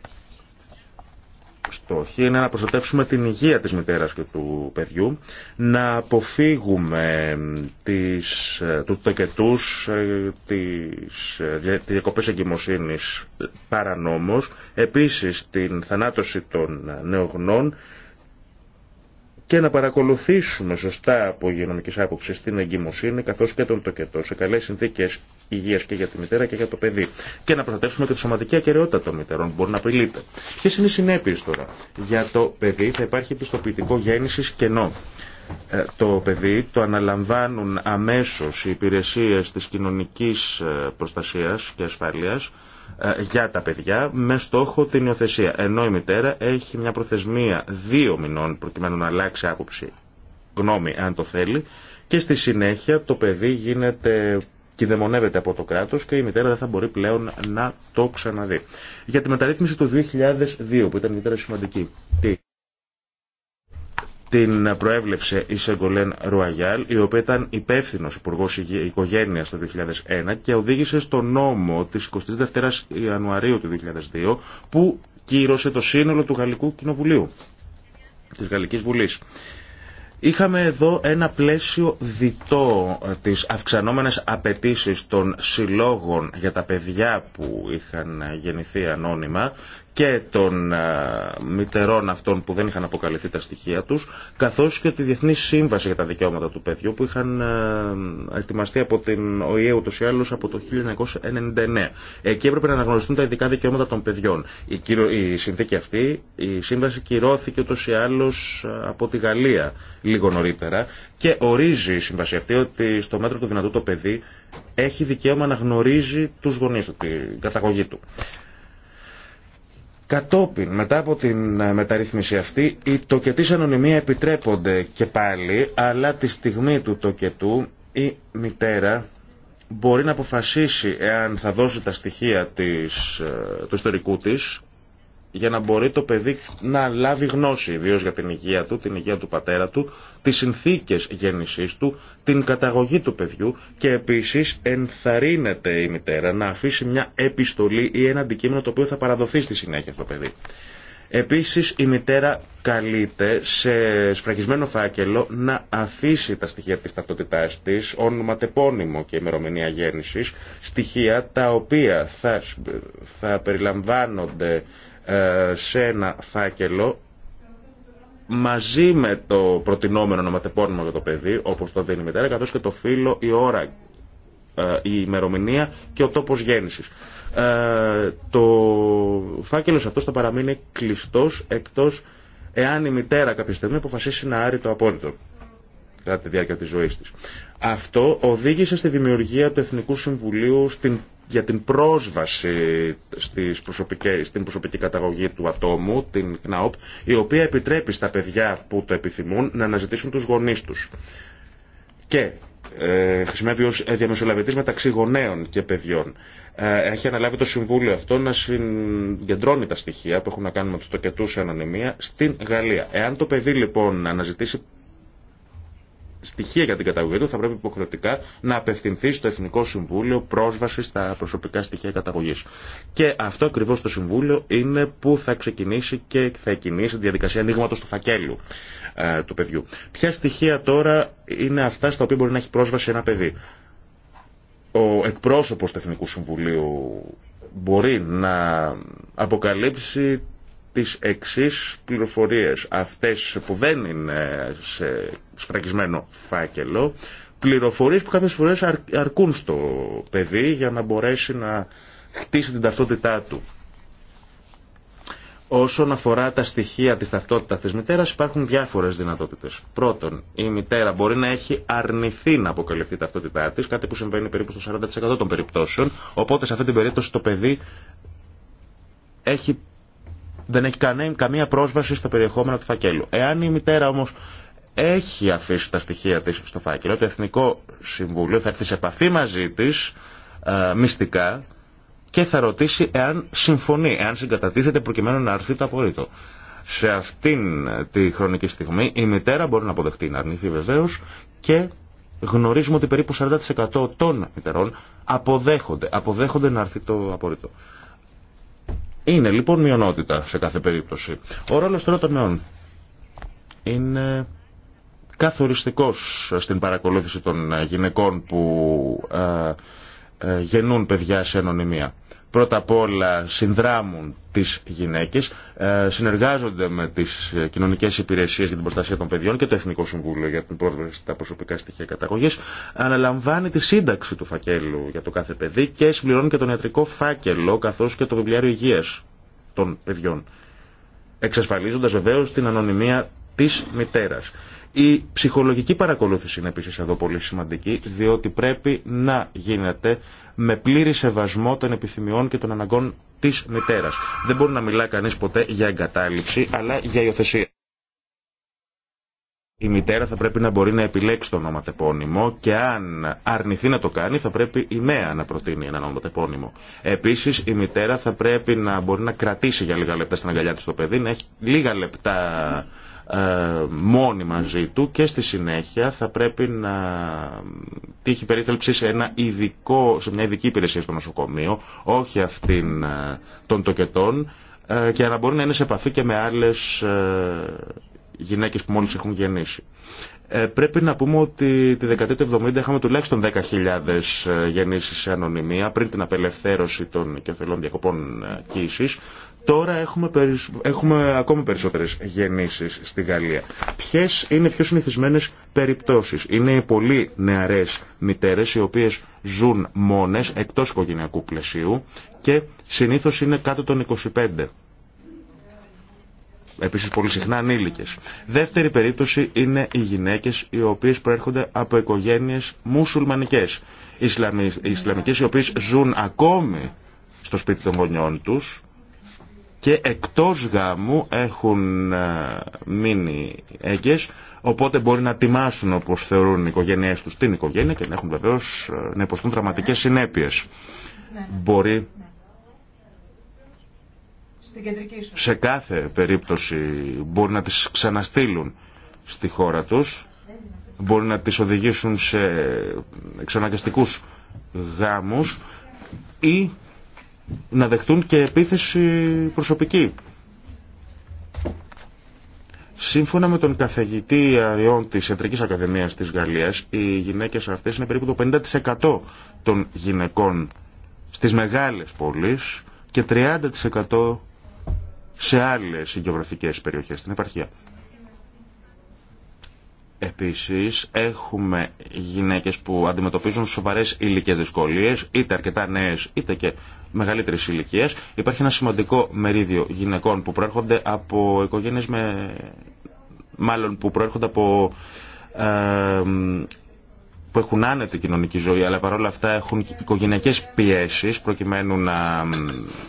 Στόχοι είναι να προστατεύσουμε την υγεία της μητέρας και του παιδιού, να αποφύγουμε του ε, τους τοκετούς, ε, τις, ε, τις διακοπές εγκυμοσύνης παρανόμως, επίσης την θανάτωση των νεογνών, και να παρακολουθήσουμε σωστά από υγειονομική άποψη την εγκυμοσύνη καθώς και τον τοκετό σε καλές συνθήκες υγεία και για τη μητέρα και για το παιδί και να προστατεύσουμε και τη σωματική ακαιρεότητα των μητέρων που μπορεί να απειλείται. Ποιε είναι οι συνέπειε τώρα. Για το παιδί θα υπάρχει επιστοποιητικό γέννηση κενό. Ε, το παιδί το αναλαμβάνουν αμέσως οι υπηρεσίες της κοινωνικής ε, προστασίας και ασφάλειας ε, για τα παιδιά με στόχο την υιοθεσία. Ενώ η μητέρα έχει μια προθεσμία δύο μηνών προκειμένου να αλλάξει άποψη γνώμη αν το θέλει και στη συνέχεια το παιδί γίνεται κινδεμονεύεται από το κράτος και η μητέρα δεν θα μπορεί πλέον να το ξαναδεί. Για τη μεταρρύθμιση του 2002 που ήταν ιδιαίτερα σημαντική. Τι την προέβλεψε η Σεγκολέν Ρουαγιάλ, η οποία ήταν υπεύθυνο υπουργό οικογένεια το 2001 και οδήγησε στο νόμο τη 22 Ιανουαρίου του 2002 που κύρωσε το σύνολο του Γαλλικού Κοινοβουλίου, τη Γαλλική Βουλή. Είχαμε εδώ ένα πλαίσιο διτό ε, της αυξανόμενες απαιτήσει των συλλόγων για τα παιδιά που είχαν ε, γεννηθεί ανώνυμα και των ε, μητερών αυτών που δεν είχαν αποκαλυφθεί τα στοιχεία τους, καθώς και τη Διεθνή Σύμβαση για τα Δικαιώματα του Παιδιού που είχαν ε, ετοιμαστεί από την ΟΗΕ ούτως ή άλλως από το 1999. Εκεί έπρεπε να αναγνωριστούν τα ειδικά δικαιώματα των παιδιών. Η, συνθήκη αυτή, η σύμβαση κυρώθηκε ούτως ή άλλως ε, από τη Γαλλία λίγο νωρίτερα και ορίζει η σύμβαση αυτή ότι στο μέτρο του δυνατού το παιδί έχει δικαίωμα να γνωρίζει τους γονείς του, την καταγωγή του. Κατόπιν, μετά από την ε, μεταρρύθμιση αυτή, οι τοκετής ανωνυμία επιτρέπονται και πάλι, αλλά τη στιγμή του τοκετού η μητέρα μπορεί να αποφασίσει εάν θα δώσει τα στοιχεία της, ε, του ιστορικού της για να μπορεί το παιδί να λάβει γνώση, ιδίω για την υγεία του, την υγεία του πατέρα του, τις συνθήκες γέννησής του, την καταγωγή του παιδιού και επίσης ενθαρρύνεται η μητέρα να αφήσει μια επιστολή ή ένα αντικείμενο το οποίο θα παραδοθεί στη συνέχεια στο παιδί. Επίσης η μητέρα καλείται σε σφραγισμένο φάκελο να αφήσει τα στοιχεία της ταυτότητάς της, όνομα τεπώνυμο και ημερομηνία γέννησης, στοιχεία τα οποία θα, θα περιλαμβάνονται ε, σε ένα φάκελο μαζί με το προτινόμενο ονοματεπώνυμο για το παιδί, όπως το δίνει η μητέρα, καθώς και το φύλλο, η ώρα, ε, η ημερομηνία και ο τόπος γέννησης. Ε, το φάκελο αυτό θα παραμείνει κλειστός εκτός εάν η μητέρα κάποια στιγμή αποφασίσει να άρει το απόλυτο, κατά τη διάρκεια της ζωής της. Αυτό οδήγησε στη δημιουργία του Εθνικού Συμβουλίου στην για την πρόσβαση στην προσωπική καταγωγή του ατόμου, την ΚΝΑΟΠ, η οποία επιτρέπει στα παιδιά που το επιθυμούν να αναζητήσουν τους γονείς τους. Και ε, χρησιμεύει ως διαμεσολαβητής μεταξύ γονέων και παιδιών. Ε, έχει αναλάβει το Συμβούλιο αυτό να συγκεντρώνει τα στοιχεία που έχουν να κάνουν με τους τοκετούς σε ανωνυμία στην Γαλλία. Εάν το παιδί λοιπόν αναζητήσει στοιχεία για την καταγωγή του θα πρέπει υποχρεωτικά να απευθυνθεί στο Εθνικό Συμβούλιο πρόσβαση στα προσωπικά στοιχεία καταγωγή. Και αυτό ακριβώ το Συμβούλιο είναι που θα ξεκινήσει και θα εκκινήσει τη διαδικασία ανοίγματο του φακέλου ε, του παιδιού. Ποια στοιχεία τώρα είναι αυτά στα οποία μπορεί να έχει πρόσβαση ένα παιδί. Ο εκπρόσωπο του Εθνικού Συμβουλίου μπορεί να αποκαλύψει τις εξής πληροφορίες, αυτές που δεν είναι σε σφραγισμένο φάκελο, πληροφορίες που κάποιες φορές αρκούν στο παιδί για να μπορέσει να χτίσει την ταυτότητά του. Όσον αφορά τα στοιχεία της ταυτότητας της μητέρας υπάρχουν διάφορες δυνατότητες. Πρώτον, η μητέρα μπορεί να έχει αρνηθεί να αποκαλυφθεί η ταυτότητά της, κάτι που συμβαίνει περίπου στο 40% των περιπτώσεων, οπότε σε αυτή την περίπτωση το παιδί έχει δεν έχει καμία πρόσβαση στο περιεχόμενο του φακέλου. Εάν η μητέρα όμω έχει αφήσει τα στοιχεία τη στο φάκελο, το Εθνικό Συμβούλιο θα έρθει σε επαφή μαζί τη ε, μυστικά και θα ρωτήσει εάν συμφωνεί, εάν συγκατατίθεται προκειμένου να έρθει το απορρίτω. Σε αυτήν ε, τη χρονική στιγμή η μητέρα μπορεί να αποδεχτεί να αρνηθεί βεβαίω και γνωρίζουμε ότι περίπου 40% των μητερών αποδέχονται, αποδέχονται να έρθει το απορρίτω είναι λοιπόν μειονότητα σε κάθε περίπτωση. Ο ρόλος των νέων είναι καθοριστικός στην παρακολούθηση των γυναικών που ε, ε, γεννούν παιδιά σε ανωνυμία πρώτα απ' όλα συνδράμουν τις γυναίκες, ε, συνεργάζονται με τις κοινωνικές υπηρεσίες για την προστασία των παιδιών και το Εθνικό Συμβούλιο για την πρόσβαση στα προσωπικά στοιχεία καταγωγής, αναλαμβάνει τη σύνταξη του φακέλου για το κάθε παιδί και συμπληρώνει και τον ιατρικό φάκελο καθώς και το βιβλιάριο υγείας των παιδιών, εξασφαλίζοντας βεβαίως την ανωνυμία της μητέρας. Η ψυχολογική παρακολούθηση είναι επίσης εδώ πολύ σημαντική, διότι πρέπει να γίνεται με πλήρη σεβασμό των επιθυμιών και των αναγκών της μητέρας. Δεν μπορεί να μιλά κανείς ποτέ για εγκατάληψη, αλλά για υιοθεσία. Η μητέρα θα πρέπει να μπορεί να επιλέξει το όνομα τεπώνυμο και αν αρνηθεί να το κάνει θα πρέπει η νέα να προτείνει ένα όνομα τεπώνυμο. Επίσης η μητέρα θα πρέπει να μπορεί να κρατήσει για λίγα λεπτά στην αγκαλιά της το παιδί, να έχει λίγα λεπτά ε, μόνοι μαζί του και στη συνέχεια θα πρέπει να τύχει περίθαλψη σε, ένα ειδικό, σε μια ειδική υπηρεσία στο νοσοκομείο, όχι αυτήν ε, των τοκετών ε, και να μπορεί να είναι σε επαφή και με άλλες γυναίκες που μόλις έχουν γεννήσει. Πρέπει να πούμε ότι τη δεκαετία του 70 είχαμε τουλάχιστον 10.000 γεννήσεις σε ανωνυμία πριν την απελευθέρωση των κεφαλών διακοπών κοίησης. Τώρα έχουμε, περισ... έχουμε ακόμη περισσότερες γεννήσεις στη Γαλλία. Ποιες είναι οι πιο συνηθισμένες περιπτώσεις. Είναι οι πολύ νεαρές μητέρες οι οποίες ζουν μόνες εκτός οικογενειακού πλαισίου και συνήθως είναι κάτω των 25. Επίσης πολύ συχνά ανήλικες. Δεύτερη περίπτωση είναι οι γυναίκες οι οποίες προέρχονται από οικογένειες μουσουλμανικές. Ισλαμι... Ισλαμικές οι οποίες ζουν ακόμη στο σπίτι των γονιών τους και εκτός γάμου έχουν ε, μείνει έγκες οπότε μπορεί να τιμάσουν όπως θεωρούν οι οικογένειές τους την οικογένεια και να έχουν βεβαίως ε, να υποστούν δραματικές συνέπειες. Ναι. Μπορεί σε κάθε περίπτωση μπορεί να τις ξαναστείλουν στη χώρα τους μπορεί να τις οδηγήσουν σε εξαναγκαστικούς γάμους ή να δεχτούν και επίθεση προσωπική. Σύμφωνα με τον καθηγητή αριών της Ιατρικής Ακαδημίας της Γαλλίας, οι γυναίκες αυτές είναι περίπου το 50% των γυναικών στις μεγάλες πόλεις και 30% σε άλλες γεωγραφικές περιοχές στην επαρχία. Επίσης έχουμε γυναίκες που αντιμετωπίζουν σοβαρές ηλικίες δυσκολίες, είτε αρκετά νέες είτε και μεγαλύτερες ηλικίες. Υπάρχει ένα σημαντικό μερίδιο γυναικών που προέρχονται από οικογένειες με... μάλλον που προέρχονται από ε, που έχουν άνετη κοινωνική ζωή, αλλά παρόλα αυτά έχουν οικογενειακές πιέσεις προκειμένου να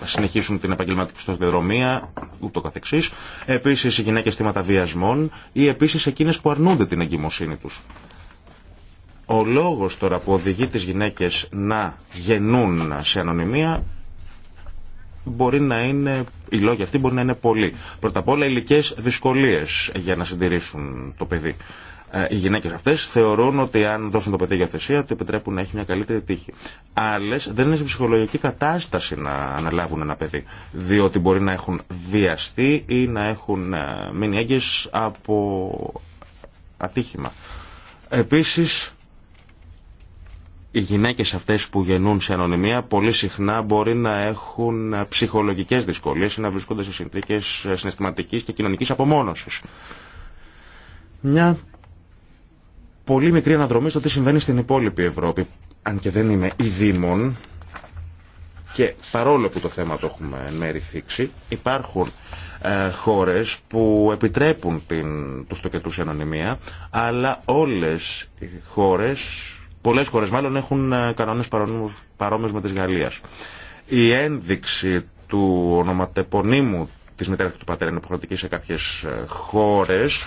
συνεχίσουν την επαγγελματική τους ούτω καθεξής. Επίσης οι γυναίκες θύματα βιασμών ή επίσης εκείνες που αρνούνται την εγκυμοσύνη τους. Ο λόγος τώρα που οδηγεί τις γυναίκες να γεννούν σε ανωνυμία μπορεί να είναι, οι λόγοι αυτοί μπορεί να είναι πολλοί. Πρώτα απ' όλα ηλικέ δυσκολίες για να συντηρήσουν το παιδί. Ε, οι γυναίκε αυτέ θεωρούν ότι αν δώσουν το παιδί για θεσία, του επιτρέπουν να έχει μια καλύτερη τύχη. Άλλε δεν είναι σε ψυχολογική κατάσταση να αναλάβουν ένα παιδί, διότι μπορεί να έχουν βιαστεί ή να έχουν ε, μείνει από ατύχημα. Επίση, οι γυναίκες αυτές που γεννούν σε ανωνυμία πολύ συχνά μπορεί να έχουν ε, ψυχολογικές δυσκολίες ή να βρίσκονται σε συνθήκες συναισθηματικής και κοινωνικής απομόνωσης. Μια πολύ μικρή αναδρομή στο τι συμβαίνει στην υπόλοιπη Ευρώπη. Αν και δεν είμαι ειδήμων και παρόλο που το θέμα το έχουμε εν μέρη θίξει, υπάρχουν ε, χώρες που επιτρέπουν την, τους τοκετούς ανωνυμία, αλλά όλες οι χώρες, πολλές χώρες μάλλον έχουν ε, κανόνες παρόμοιους με τις Γαλλίας. Η ένδειξη του ονοματεπονίμου της μητέρας του πατέρα είναι υποχρεωτική σε κάποιες ε, χώρες,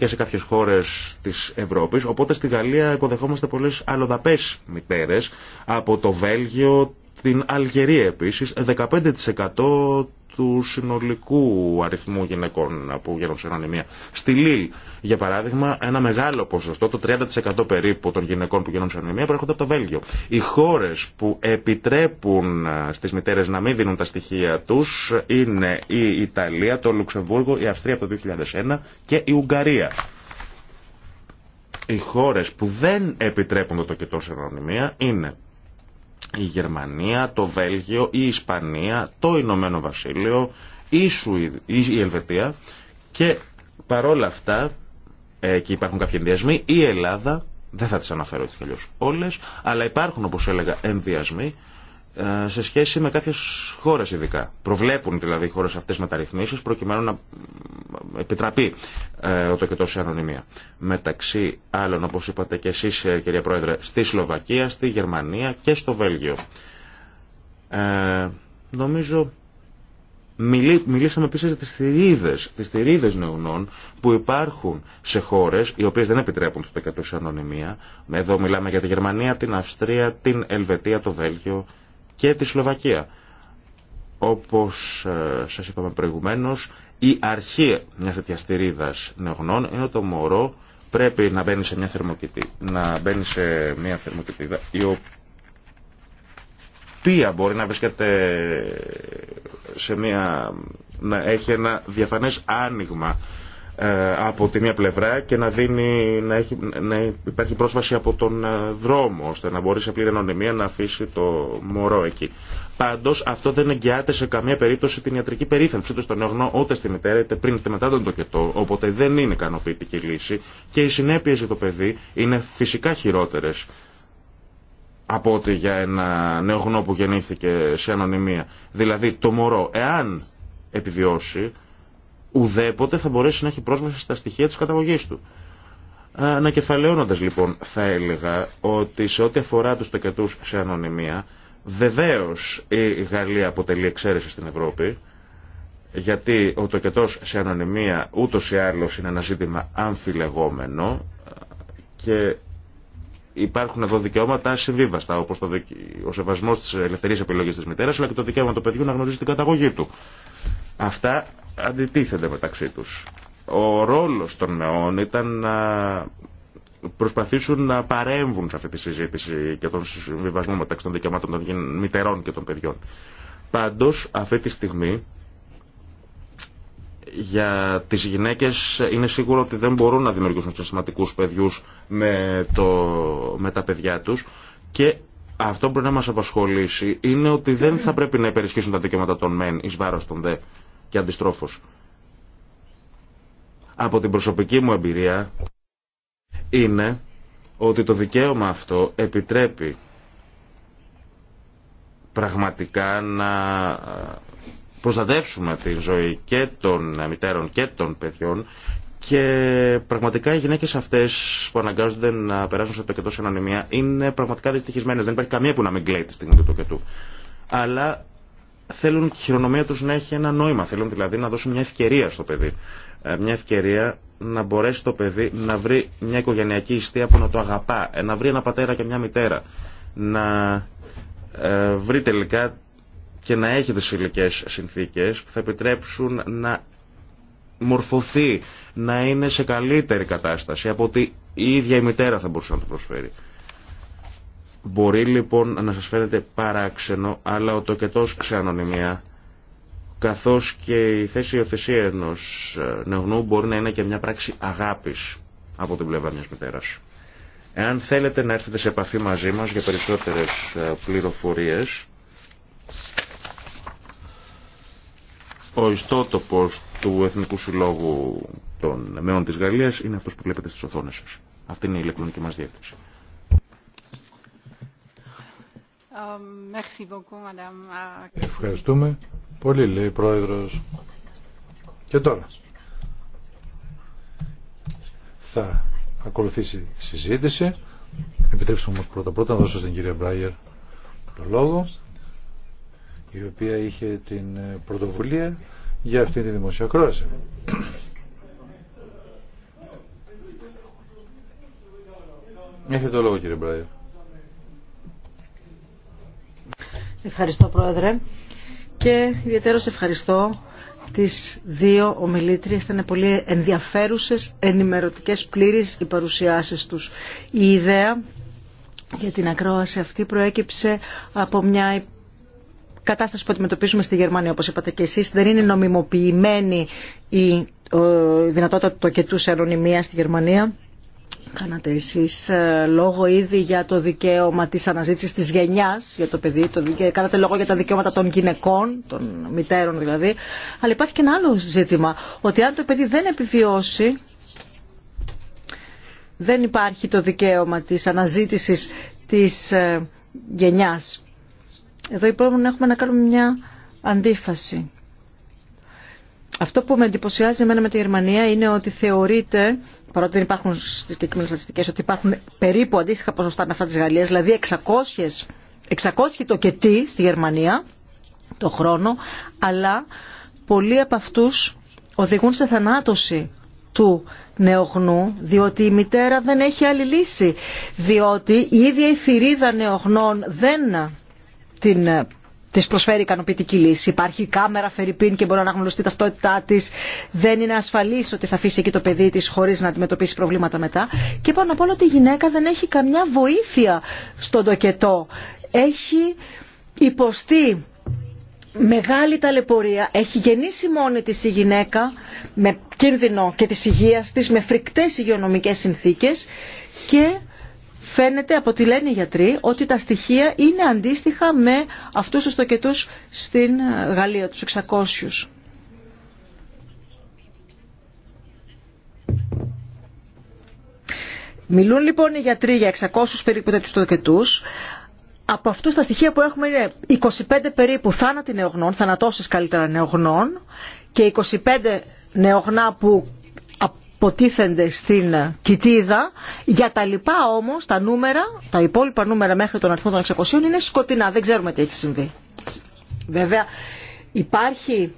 ε, σε κάποιες χώρες της Ευρώπης, οπότε στη Γαλλία υποδεχόμαστε πολλές αλλοδαπές μητέρες, από το Βέλγιο, την Αλγερία επίσης, 15% του συνολικού αριθμού γυναικών που γίνονται σε ανεμία. Στη Λίλ, για παράδειγμα, ένα μεγάλο ποσοστό, το 30% περίπου των γυναικών που γίνονται σε ανεμία, προέρχονται από το Βέλγιο. Οι χώρε που επιτρέπουν ε, στι μητέρε να μην δίνουν τα στοιχεία του είναι η Ιταλία, το Λουξεμβούργο, η Αυστρία από το 2001 και η Ουγγαρία. Οι χώρες που δεν επιτρέπουν το τοκετό σε είναι η Γερμανία, το Βέλγιο, η Ισπανία, το Ηνωμένο Βασίλειο, η, η Ελβετία και παρόλα αυτά, ε, και υπάρχουν κάποιοι ενδιασμοί, η Ελλάδα, δεν θα τις αναφέρω έτσι κι αλλιώς όλες, αλλά υπάρχουν όπως έλεγα ενδιασμοί ε, σε σχέση με κάποιες χώρες ειδικά. Προβλέπουν δηλαδή οι χώρες αυτές μεταρρυθμίσεις προκειμένου να επιτραπεί ο ε, το και ανωνυμία. Μεταξύ άλλων, όπως είπατε και εσείς ε, κυρία Πρόεδρε, στη Σλοβακία, στη Γερμανία και στο Βέλγιο. Ε, νομίζω Μιλή, μιλήσαμε επίσης για τις θηρίδες, τις νεουνών που υπάρχουν σε χώρες οι οποίες δεν επιτρέπουν το στο σε ανωνυμία. Εδώ μιλάμε για τη Γερμανία, την Αυστρία, την Ελβετία, το Βέλγιο και τη Σλοβακία. Όπως ε, σας είπαμε προηγουμένως, η αρχή μιας στηρίδας νεογνών είναι το μωρό πρέπει να μπαίνει σε μια θερμοκοιτή, να μπαίνει σε μια η οποία μπορεί να βρίσκεται σε μια, να έχει ένα διαφανές άνοιγμα ε, από τη μία πλευρά και να, δίνει, να, έχει, να υπάρχει πρόσβαση από τον ε, δρόμο ώστε να μπορεί σε πλήρη ανωνυμία να αφήσει το μωρό εκεί. Πάντω αυτό δεν εγγυάται σε καμία περίπτωση την ιατρική περίθαλψη του στον νεογνώ ούτε στη μητέρα είτε πριν είτε μετά τον τοκετό. Οπότε δεν είναι ικανοποιητική λύση και οι συνέπειε για το παιδί είναι φυσικά χειρότερε από ότι για ένα νεογνώ που γεννήθηκε σε ανωνυμία. Δηλαδή το μωρό, εάν επιβιώσει, ουδέποτε θα μπορέσει να έχει πρόσβαση στα στοιχεία της καταγωγής του. Ανακεφαλαιώνοντας λοιπόν θα έλεγα ότι σε ό,τι αφορά τους τοκετούς σε ανωνυμία βεβαίως η Γαλλία αποτελεί εξαίρεση στην Ευρώπη γιατί ο τοκετός σε ανωνυμία ούτως ή άλλως είναι ένα ζήτημα αμφιλεγόμενο ε, και υπάρχουν εδώ δικαιώματα συμβίβαστα όπως το, ο σεβασμός της ελευθερίας επιλογής της μητέρας αλλά και το δικαίωμα του παιδιού να γνωρίζει την καταγωγή του. Αυτά αντιτίθεται μεταξύ τους. Ο ρόλος των νεών ήταν να προσπαθήσουν να παρέμβουν σε αυτή τη συζήτηση και τον συμβιβασμό μεταξύ των δικαιωμάτων των μητερών και των παιδιών. Πάντως, αυτή τη στιγμή, για τις γυναίκες είναι σίγουρο ότι δεν μπορούν να δημιουργήσουν συστηματικούς παιδιούς με, το, με τα παιδιά τους και αυτό που πρέπει να μας απασχολήσει είναι ότι δεν θα πρέπει να υπερισχύσουν τα δικαιώματα των μεν εις βάρος των δε και αντιστρόφως. Από την προσωπική μου εμπειρία είναι ότι το δικαίωμα αυτό επιτρέπει πραγματικά να ε, προστατεύσουμε τη ζωή και των μητέρων και των παιδιών και πραγματικά οι γυναίκε αυτές που αναγκάζονται να περάσουν σε τοκετό σε ανωνυμία είναι πραγματικά δυστυχισμένε. Δεν υπάρχει καμία που να μην κλαίει τη στιγμή του τοκετού. Αλλά θέλουν και η χειρονομία τους να έχει ένα νόημα. Θέλουν δηλαδή να δώσουν μια ευκαιρία στο παιδί. Ε, μια ευκαιρία να μπορέσει το παιδί να βρει μια οικογενειακή ιστία που να το αγαπά. Ε, να βρει ένα πατέρα και μια μητέρα. Να ε, βρει τελικά και να έχει τις υλικές συνθήκες που θα επιτρέψουν να μορφωθεί, να είναι σε καλύτερη κατάσταση από ότι η ίδια η μητέρα θα μπορούσε να το προσφέρει. Μπορεί λοιπόν να σας φαίνεται παράξενο, αλλά ο τοκετός ξανωνυμία, καθώς και η θέση υιοθεσία ενός ε, νεογνού μπορεί να είναι και μια πράξη αγάπης από την πλευρά μιας μητέρας. Εάν θέλετε να έρθετε σε επαφή μαζί μας για περισσότερες ε, πληροφορίες, ο ιστότοπος του Εθνικού Συλλόγου των Μεών της Γαλλίας είναι αυτός που βλέπετε στις οθόνες σας. Αυτή είναι η ηλεκτρονική μας διεύθυνση. Um, uh, Ευχαριστούμε πολύ, λέει η Πρόεδρος. Και τώρα θα ακολουθήσει συζήτηση. Επιτρέψτε μου πρώτα πρώτα να δώσω στην κυρία Μπράιερ το λόγο, η οποία είχε την ε, πρωτοβουλία για αυτή τη δημοσιοκράση. Έχετε το λόγο κύριε Μπράιερ. Ευχαριστώ Πρόεδρε και ιδιαίτερα σε ευχαριστώ τις δύο ομιλήτριες ήταν πολύ ενδιαφέρουσες, ενημερωτικές πλήρεις οι παρουσιάσεις τους. Η ιδέα για την ακρόαση αυτή προέκυψε από μια κατάσταση που αντιμετωπίζουμε στη Γερμανία, όπως είπατε και εσείς. Δεν είναι νομιμοποιημένη η ε, δυνατότητα του τοκετού σε στη Γερμανία. Κάνατε εσείς ε, λόγο ήδη για το δικαίωμα της αναζήτησης της γενιάς για το παιδί, το κάνατε λόγο για τα δικαιώματα των γυναικών, των μητέρων δηλαδή, αλλά υπάρχει και ένα άλλο ζήτημα, ότι αν το παιδί δεν επιβιώσει, δεν υπάρχει το δικαίωμα της αναζήτησης της ε, γενιάς. Εδώ υπόλοιπον έχουμε να κάνουμε μια αντίφαση. Αυτό που με εντυπωσιάζει εμένα με τη Γερμανία είναι ότι θεωρείται, παρότι δεν υπάρχουν στι συγκεκριμένε στατιστικέ, ότι υπάρχουν περίπου αντίστοιχα ποσοστά με αυτά τη Γαλλία, δηλαδή 600, 600 το και στη Γερμανία το χρόνο, αλλά πολλοί από αυτού οδηγούν σε θανάτωση του νεογνού, διότι η μητέρα δεν έχει άλλη λύση, διότι η ίδια η θηρίδα νεογνών δεν την τη προσφέρει ικανοποιητική λύση. Υπάρχει κάμερα Φερρυπίν και μπορεί να αναγνωριστεί ταυτότητά τη. Δεν είναι ασφαλή ότι θα αφήσει εκεί το παιδί τη χωρί να αντιμετωπίσει προβλήματα μετά. Και πάνω απ' όλα ότι η γυναίκα δεν έχει καμιά βοήθεια στον τοκετό. Έχει υποστεί μεγάλη ταλαιπωρία. Έχει γεννήσει μόνη της η γυναίκα με κίνδυνο και της υγείας της, με φρικτές υγειονομικές συνθήκες φαίνεται από τι λένε οι γιατροί ότι τα στοιχεία είναι αντίστοιχα με αυτούς τους τοκετούς στην ε, Γαλλία, τους 600. Μιλούν λοιπόν οι γιατροί για 600 περίπου τέτοιους τοκετούς. Από αυτού τα στοιχεία που έχουμε είναι 25 περίπου θάνατοι νεογνών, θανατώσεις καλύτερα νεογνών και 25 νεογνά που υποτίθενται στην κοιτίδα. Για τα λοιπά όμως τα νούμερα, τα υπόλοιπα νούμερα μέχρι τον αριθμό των 600 είναι σκοτεινά. Δεν ξέρουμε τι έχει συμβεί. Βέβαια υπάρχει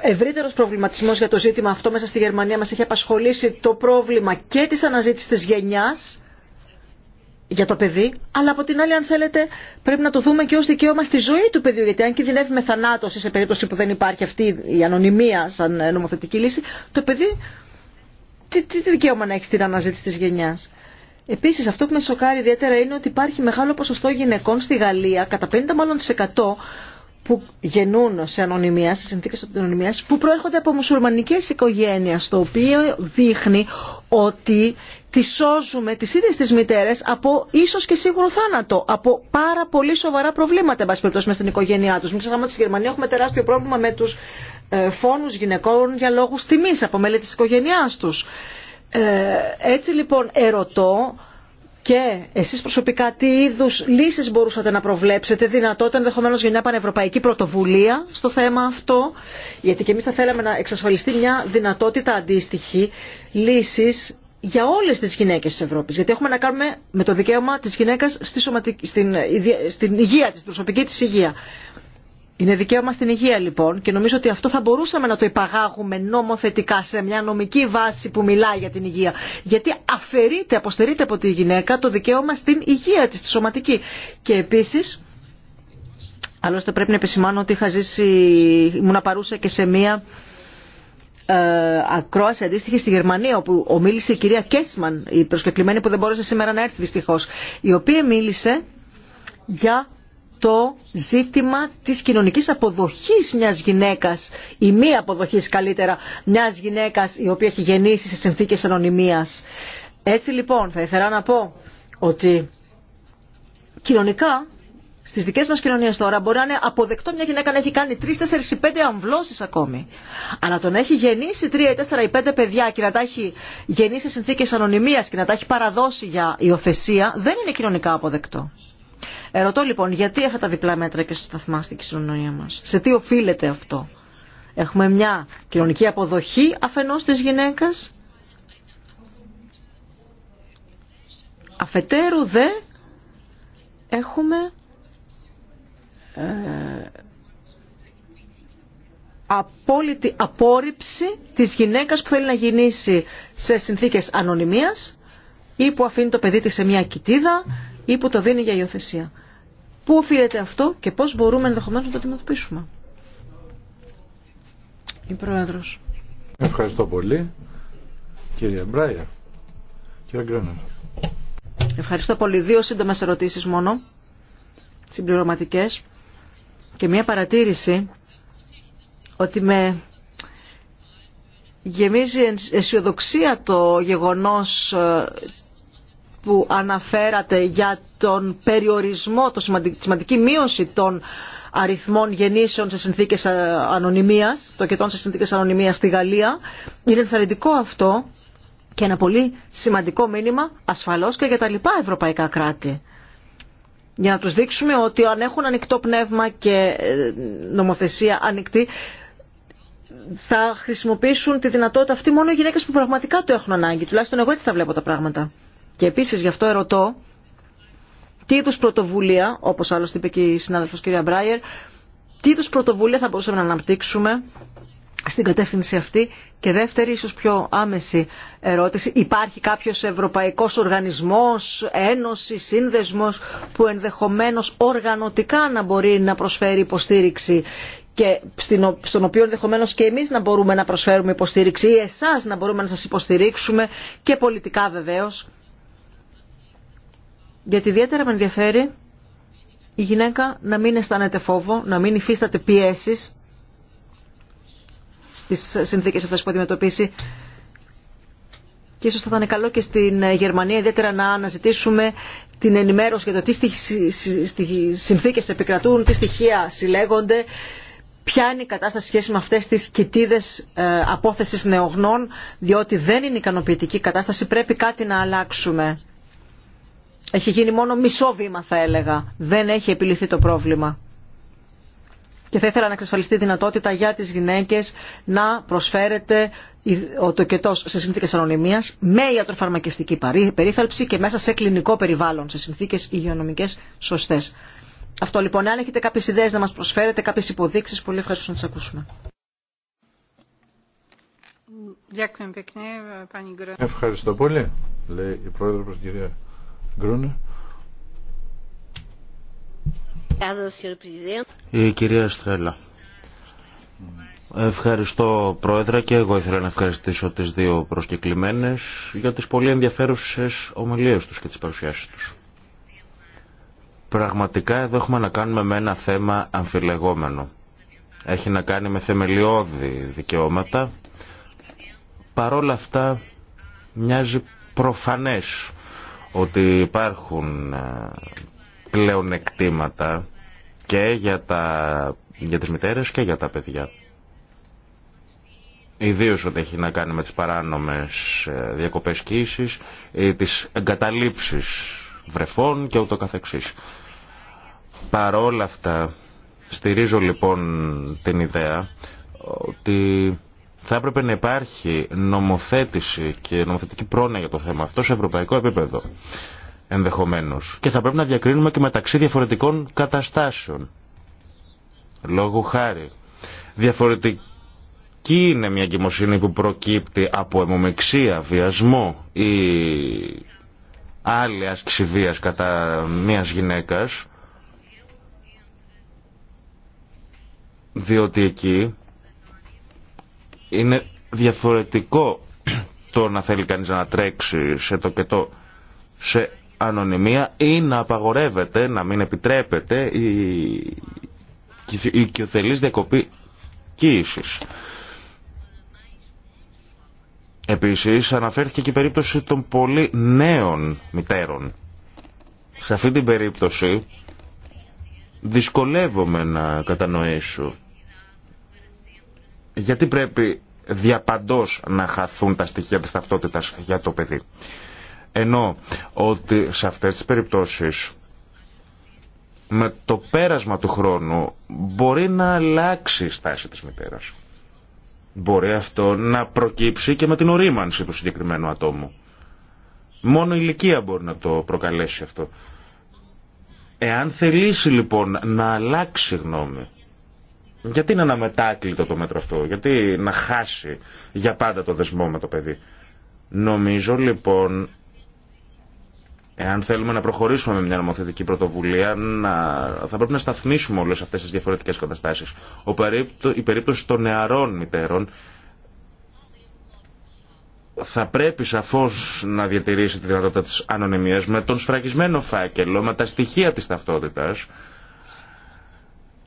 ευρύτερο προβληματισμό για το ζήτημα αυτό μέσα στη Γερμανία μα έχει απασχολήσει το πρόβλημα και τη αναζήτηση τη γενιά για το παιδί, αλλά από την άλλη, αν θέλετε, πρέπει να το δούμε και ω δικαίωμα στη ζωή του παιδιού. Γιατί αν κινδυνεύει με θανάτωση σε περίπτωση που δεν υπάρχει αυτή η ανωνυμία σαν νομοθετική λύση, το παιδί τι, τι, τι δικαίωμα να έχει την αναζήτηση τη γενιά. Επίσης αυτό που με σοκάρει ιδιαίτερα είναι ότι υπάρχει μεγάλο ποσοστό γυναικών στη Γαλλία, κατά 50 μάλλον εκατό που γεννούν σε ανωνυμία, σε συνθήκε ανωνυμία, που προέρχονται από μουσουλμανικές οικογένειε, το οποίο δείχνει ότι τη σώζουμε τις ίδιες τις μητέρες από ίσως και σίγουρο θάνατο, από πάρα πολύ σοβαρά προβλήματα εν πάση περιπτώσει στην οικογένειά τους. Μην ξεχνάμε ότι στη Γερμανία έχουμε τεράστιο πρόβλημα με τους ε, φόνους γυναικών για λόγους τιμής από μέλη της οικογένειάς τους. Ε, έτσι λοιπόν ερωτώ και εσείς προσωπικά τι είδους λύσεις μπορούσατε να προβλέψετε, δυνατότητα ενδεχομένω για μια πανευρωπαϊκή πρωτοβουλία στο θέμα αυτό, γιατί και εμείς θα θέλαμε να εξασφαλιστεί μια δυνατότητα αντίστοιχη λύσης για όλες τις γυναίκες της Ευρώπης. Γιατί έχουμε να κάνουμε με το δικαίωμα της γυναίκας στη σωματική, στην, υγεία της, προσωπική της υγεία. Είναι δικαίωμα στην υγεία λοιπόν και νομίζω ότι αυτό θα μπορούσαμε να το υπαγάγουμε νομοθετικά σε μια νομική βάση που μιλάει για την υγεία. Γιατί αφαιρείται, αποστερείται από τη γυναίκα το δικαίωμα στην υγεία της, τη σωματική. Και επίσης, άλλωστε πρέπει να επισημάνω ότι είχα ζήσει, ήμουν παρούσα και σε μια ε, ακρόαση αντίστοιχη στη Γερμανία όπου ομίλησε η κυρία Κέσμαν, η προσκεκλημένη που δεν μπόρεσε σήμερα να έρθει δυστυχώς, η οποία μίλησε για το ζήτημα της κοινωνικής αποδοχής μιας γυναίκας ή μη αποδοχής καλύτερα μιας γυναίκας η οποία έχει γεννήσει σε συνθήκες ανωνυμίας. Έτσι λοιπόν θα ήθελα να πω ότι κοινωνικά Στι δικέ μα κοινωνίε τώρα μπορεί να είναι αποδεκτό μια γυναίκα να έχει κάνει τρει, τέσσερι ή πέντε αμβλώσει ακόμη. Αλλά το να έχει γεννήσει τρία ή τέσσερα ή πέντε παιδιά και να τα έχει γεννήσει σε συνθήκε ανωνυμία και να τα έχει παραδώσει για υιοθεσία δεν είναι κοινωνικά αποδεκτό. Ερωτώ λοιπόν, γιατί αυτά τα διπλά μέτρα και σταθμά στην κοινωνία μας. Σε τι οφείλεται αυτό. Έχουμε μια κοινωνική αποδοχή αφενός της γυναίκας. Αφετέρου δε έχουμε ε, απόλυτη απόρριψη της γυναίκας που θέλει να γεννήσει σε συνθήκες ανωνυμίας ή που αφήνει το παιδί της σε μια κοιτίδα ή που το δίνει για υιοθεσία. Πού οφείλεται αυτό και πώς μπορούμε ενδεχομένως να το αντιμετωπίσουμε. Η Πρόεδρος. Ευχαριστώ πολύ. Κύριε Μπράια. Κύριε Γκρένα. Ευχαριστώ πολύ. Δύο σύντομες ερωτήσεις μόνο, συμπληρωματικές. Και μία παρατήρηση ότι με γεμίζει αισιοδοξία το γεγονός ε, που αναφέρατε για τον περιορισμό, τη σημαντική μείωση των αριθμών γεννήσεων σε συνθήκες ε, ανωνυμίας, το κετών σε συνθήκες ανωνυμίας στη Γαλλία. Είναι ενθαρρυντικό αυτό και ένα πολύ σημαντικό μήνυμα ασφαλώς και για τα λοιπά ευρωπαϊκά κράτη. Για να τους δείξουμε ότι αν έχουν ανοιχτό πνεύμα και ε, νομοθεσία ανοιχτή, θα χρησιμοποιήσουν τη δυνατότητα αυτή μόνο οι γυναίκες που πραγματικά το έχουν ανάγκη. Τουλάχιστον εγώ έτσι θα βλέπω τα πράγματα. Και επίσης γι' αυτό ερωτώ τι είδους πρωτοβουλία, όπως άλλωστε είπε και η συνάδελφος κυρία Μπράιερ, τι είδους πρωτοβουλία θα μπορούσαμε να αναπτύξουμε στην κατεύθυνση αυτή και δεύτερη ίσως πιο άμεση ερώτηση υπάρχει κάποιος ευρωπαϊκός οργανισμός, ένωση, σύνδεσμος που ενδεχομένως οργανωτικά να μπορεί να προσφέρει υποστήριξη και στον οποίο ενδεχομένω και εμείς να μπορούμε να προσφέρουμε υποστήριξη ή εσάς να μπορούμε να σας υποστηρίξουμε και πολιτικά βεβαίως γιατί ιδιαίτερα με ενδιαφέρει η γυναίκα να μην αισθάνεται φόβο, να μην υφίσταται πιέσει στι συνθήκε αυτέ που αντιμετωπίσει και ίσω θα ήταν καλό και στην Γερμανία ιδιαίτερα να αναζητήσουμε την ενημέρωση για το τι συνθήκε επικρατούν, τι στοιχεία συλλέγονται, ποια είναι η κατάσταση σχέση με αυτές τις κοιτίδες ε, απόθεση νεογνών, διότι δεν είναι ικανοποιητική κατάσταση, πρέπει κάτι να αλλάξουμε. Έχει γίνει μόνο μισό βήμα θα έλεγα. Δεν έχει επιληθεί το πρόβλημα. Και θα ήθελα να εξασφαλιστεί δυνατότητα για τις γυναίκες να προσφέρεται ο τοκετός σε συνθήκες ανωνυμίας με ιατροφαρμακευτική περίθαλψη και μέσα σε κλινικό περιβάλλον, σε συνθήκες υγειονομικές σωστές. Αυτό λοιπόν, αν έχετε κάποιες ιδέες να μας προσφέρετε, κάποιες υποδείξεις, πολύ ευχαριστώ να τις ακούσουμε. Ευχαριστώ πολύ, λέει η πρόεδρο κυρία η κυρία Στρέλα. Ευχαριστώ Πρόεδρα και εγώ ήθελα να ευχαριστήσω τις δύο προσκεκλημένες για τις πολύ ενδιαφέρουσες ομιλίες τους και τις παρουσιάσεις τους. Πραγματικά εδώ έχουμε να κάνουμε με ένα θέμα αμφιλεγόμενο. Έχει να κάνει με θεμελιώδη δικαιώματα. Παρόλα αυτά μοιάζει προφανές ότι υπάρχουν πλέον ε, πλεονεκτήματα και για, τα, για τις μητέρες και για τα παιδιά. Ιδίως ό,τι έχει να κάνει με τις παράνομες ε, διακοπές κοίησης ή τις εγκαταλείψεις βρεφών και ούτω καθεξής. Παρόλα αυτά, στηρίζω λοιπόν την ιδέα ότι θα έπρεπε να υπάρχει νομοθέτηση και νομοθετική πρόνοια για το θέμα αυτό σε ευρωπαϊκό επίπεδο ενδεχομένω. Και θα πρέπει να διακρίνουμε και μεταξύ διαφορετικών καταστάσεων. Λόγου χάρη. Διαφορετική είναι μια εγκυμοσύνη που προκύπτει από αιμομεξία, βιασμό ή άλλη άσκηση κατά μιας γυναίκας διότι εκεί είναι διαφορετικό το να θέλει κανείς να τρέξει σε το κετό σε ανωνυμία ή να απαγορεύεται, να μην επιτρέπεται η, η διακοπή κοίησης. Επίσης αναφέρθηκε και η περίπτωση των πολύ νέων μητέρων. Σε αυτή την περίπτωση δυσκολεύομαι να κατανοήσω γιατί πρέπει διαπαντός να χαθούν τα στοιχεία της ταυτότητας για το παιδί. Ενώ ότι σε αυτές τις περιπτώσεις με το πέρασμα του χρόνου μπορεί να αλλάξει η στάση της μητέρας. Μπορεί αυτό να προκύψει και με την ορίμανση του συγκεκριμένου ατόμου. Μόνο η ηλικία μπορεί να το προκαλέσει αυτό. Εάν θελήσει λοιπόν να αλλάξει γνώμη γιατί να αναμετάκλητο το μέτρο αυτό, γιατί να χάσει για πάντα το δεσμό με το παιδί. Νομίζω λοιπόν, εάν θέλουμε να προχωρήσουμε με μια νομοθετική πρωτοβουλία, να... θα πρέπει να σταθμίσουμε όλες αυτές τις διαφορετικές καταστάσεις. Ο Η περίπτωση των νεαρών μητέρων θα πρέπει σαφώς να διατηρήσει τη δυνατότητα της ανωνυμίας με τον σφραγισμένο φάκελο, με τα στοιχεία της ταυτότητας,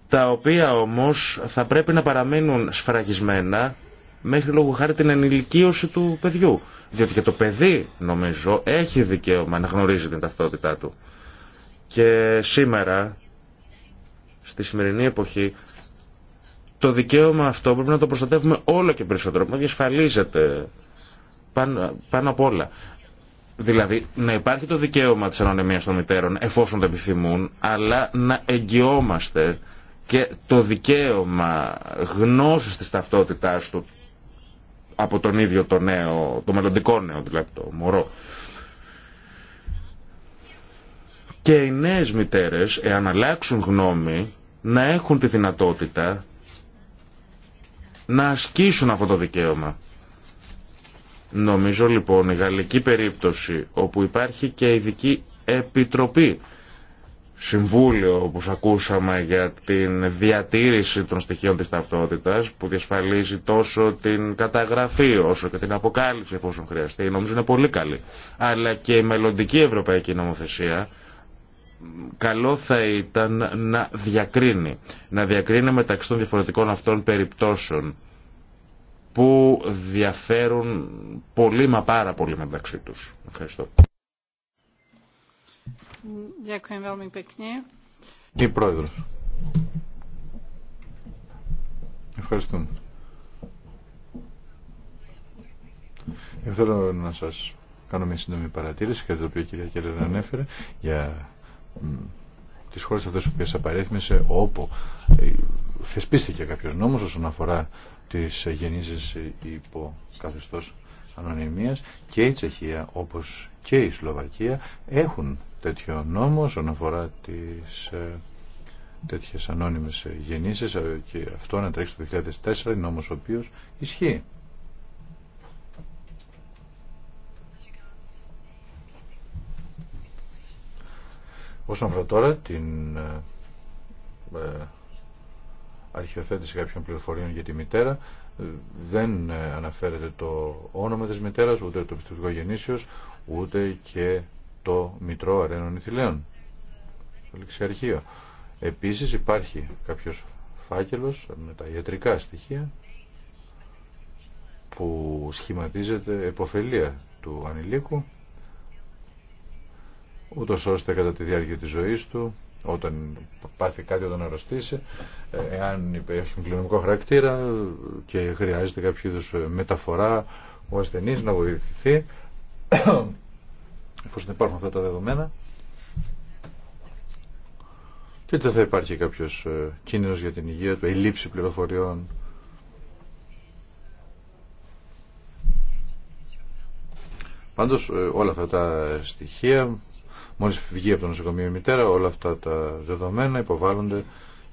τα οποία όμως θα πρέπει να παραμείνουν σφραγισμένα μέχρι λόγω χάρη την ενηλικίωση του παιδιού. Διότι και το παιδί, νομίζω, έχει δικαίωμα να γνωρίζει την ταυτότητά του. Και σήμερα, στη σημερινή εποχή, το δικαίωμα αυτό πρέπει να το προστατεύουμε όλο και περισσότερο, να διασφαλίζεται πάνω, πάνω απ' όλα. Δηλαδή να υπάρχει το δικαίωμα της ανωνυμίας των μητέρων εφόσον το επιθυμούν, αλλά να εγγυόμαστε και το δικαίωμα γνώσης της ταυτότητάς του από τον ίδιο το νέο, το μελλοντικό νέο δηλαδή το μωρό. Και οι νέες μητέρες, εάν αλλάξουν γνώμη, να έχουν τη δυνατότητα να ασκήσουν αυτό το δικαίωμα. Νομίζω λοιπόν η γαλλική περίπτωση όπου υπάρχει και ειδική επιτροπή συμβούλιο που ακούσαμε για την διατήρηση των στοιχείων της ταυτότητας που διασφαλίζει τόσο την καταγραφή όσο και την αποκάλυψη εφόσον χρειαστεί νομίζω είναι πολύ καλή αλλά και η μελλοντική ευρωπαϊκή νομοθεσία καλό θα ήταν να διακρίνει να διακρίνει μεταξύ των διαφορετικών αυτών περιπτώσεων που διαφέρουν πολύ μα πάρα πολύ μεταξύ τους. Ευχαριστώ. Ďakujem veľmi Ευχαριστούμε. Ε, θέλω να σα κάνω μια σύντομη παρατήρηση, κάτι το οποίο η κυρία Κέλλερ ανέφερε, για τι χώρε αυτέ που οποίες απαρίθμησε, όπου ε, θεσπίστηκε κάποιο νόμο όσον αφορά τι γεννήσει υπό καθεστώ και η Τσεχία όπως και η Σλοβακία έχουν τέτοιο νόμο όσον αφορά τις ε, τέτοιες ανώνυμες γεννήσεις ε, και αυτό να τρέξει το 2004 νόμος ο οποίος ισχύει. Όσον αφορά τώρα την ε, αρχιοθέτηση κάποιων πληροφοριών για τη μητέρα δεν ε, αναφέρεται το όνομα της μητέρας, ούτε το πιστευτικό ούτε και το μητρό αρένων ηθηλαίων. Το Επίσης υπάρχει κάποιος φάκελος με τα ιατρικά στοιχεία που σχηματίζεται εποφελία του ανηλίκου ούτως ώστε κατά τη διάρκεια της ζωής του όταν πάθει κάτι, όταν αρρωστήσει, εάν έχει κλινικό χαρακτήρα και χρειάζεται κάποιο είδου ε, μεταφορά, ο ασθενή να βοηθηθεί, εφόσον υπάρχουν αυτά τα δεδομένα. Και δεν θα υπάρχει κάποιο ε, κίνδυνο για την υγεία του, η λήψη πληροφοριών. Πάντως ε, όλα αυτά τα στοιχεία Μόλις βγει από το νοσοκομείο η μητέρα, όλα αυτά τα δεδομένα υποβάλλονται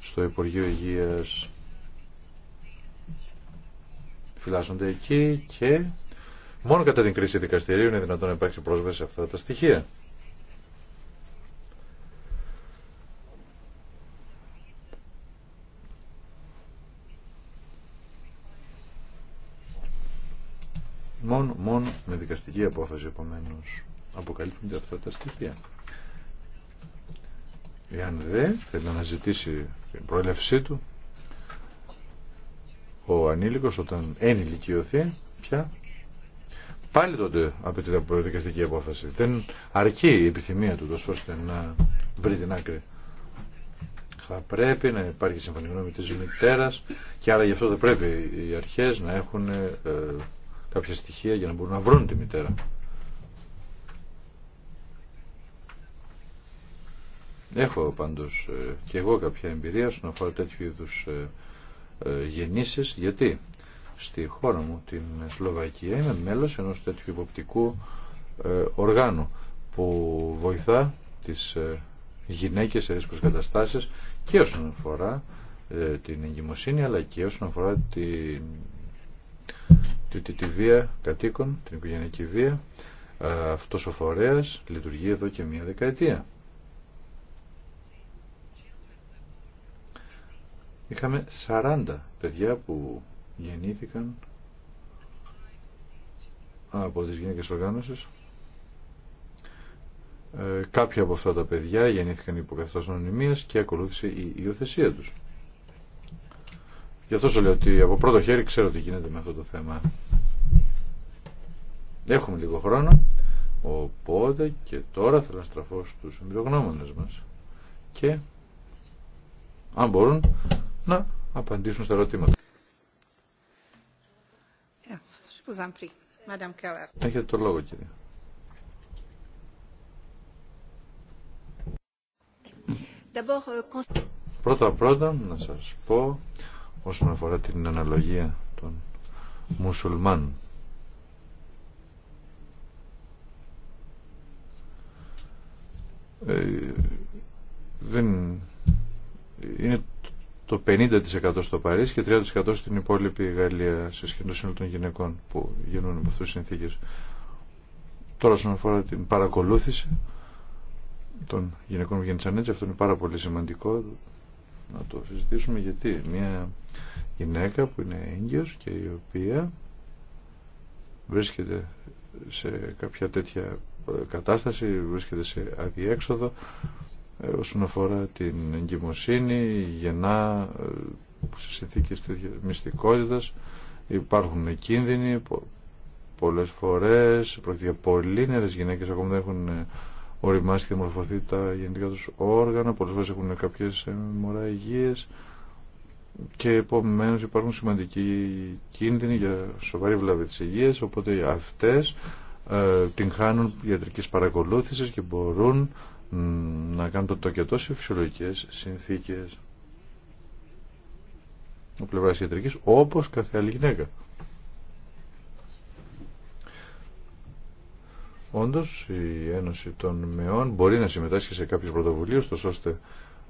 στο Υπουργείο Υγείας. Φυλάσσονται εκεί και μόνο κατά την κρίση δικαστηρίου είναι δυνατόν να υπάρξει πρόσβαση σε αυτά τα στοιχεία. Μόνο, με δικαστική απόφαση επομένω αποκαλύπτονται αυτά τα στοιχεία. Εάν δεν θέλει να ζητήσει την προέλευσή του, ο ανήλικος όταν ενηλικιωθεί πια πάλι τότε απαιτείται από δικαστική απόφαση. Δεν αρκεί η επιθυμία του τόσο ώστε να βρει την άκρη. Θα πρέπει να υπάρχει συμφωνή με τη μητέρας και άρα γι' αυτό θα πρέπει οι αρχές να έχουν ε, κάποια στοιχεία για να μπορούν να βρουν τη μητέρα. Έχω πάντως ε, και εγώ κάποια εμπειρία στον αφορά τέτοιου είδους ε, ε, γεννήσεις, γιατί στη χώρα μου, την Σλοβακία, είμαι μέλος ενός τέτοιου υποπτικού οργάνου που βοηθά τις γυναίκες σε δύσκολες καταστάσεις και όσον αφορά την εγκυμοσύνη αλλά και όσον αφορά την τη, τη, τη βία κατοίκων, την οικογενειακή βία. Αυτός ο φορέας λειτουργεί εδώ και μία δεκαετία. Είχαμε 40 παιδιά που γεννήθηκαν από τις γυναίκες οργάνωσης. Ε, κάποια από αυτά τα παιδιά γεννήθηκαν υποκαθώς ανωνυμίας και ακολούθησε η υιοθεσία τους. Γι' αυτό σου λέω ότι από πρώτο χέρι ξέρω τι γίνεται με αυτό το θέμα. Έχουμε λίγο χρόνο, οπότε και τώρα θέλω να στραφώ στους εμπειρογνώμονες μας και αν μπορούν να απαντήσουν στα ερωτήματα. Έχετε το λόγο κύριε. Euh, πρώτα πρώτα να σας πω όσον αφορά την αναλογία των μουσουλμάν. Ε, δεν είναι το 50% στο Παρίσι και 30% στην υπόλοιπη Γαλλία σε σχέση με των γυναικών που γίνουν με αυτούς τις συνθήκες. Τώρα όσον αφορά την παρακολούθηση των γυναικών που έτσι, αυτό είναι πάρα πολύ σημαντικό να το συζητήσουμε γιατί μια γυναίκα που είναι έγκυος και η οποία βρίσκεται σε κάποια τέτοια ε, κατάσταση, βρίσκεται σε αδιέξοδο ε, όσον αφορά την εγκυμοσύνη, γεννά ε, σε συνθήκες μυστικότητας υπάρχουν κίνδυνοι πολλές φορές πρόκειται για πολύ νέες γυναίκες ακόμα δεν έχουν οριμάσει και μορφωθεί τα γεννητικά τους όργανα, πολλές φορές έχουν κάποιες ε, μοραγίες και επομένως υπάρχουν σημαντικοί κίνδυνοι για σοβαρή βλάβη τη υγείας, οπότε αυτές ε, την χάνουν ιατρικής παρακολούθησης και μπορούν να κάνουν το τοκετό σε φυσιολογικές συνθήκες ο πλευράς ιατρικής όπως κάθε άλλη γυναίκα. Όντω, η Ένωση των Μεών μπορεί να συμμετάσχει σε κάποιε πρωτοβουλίες ώστε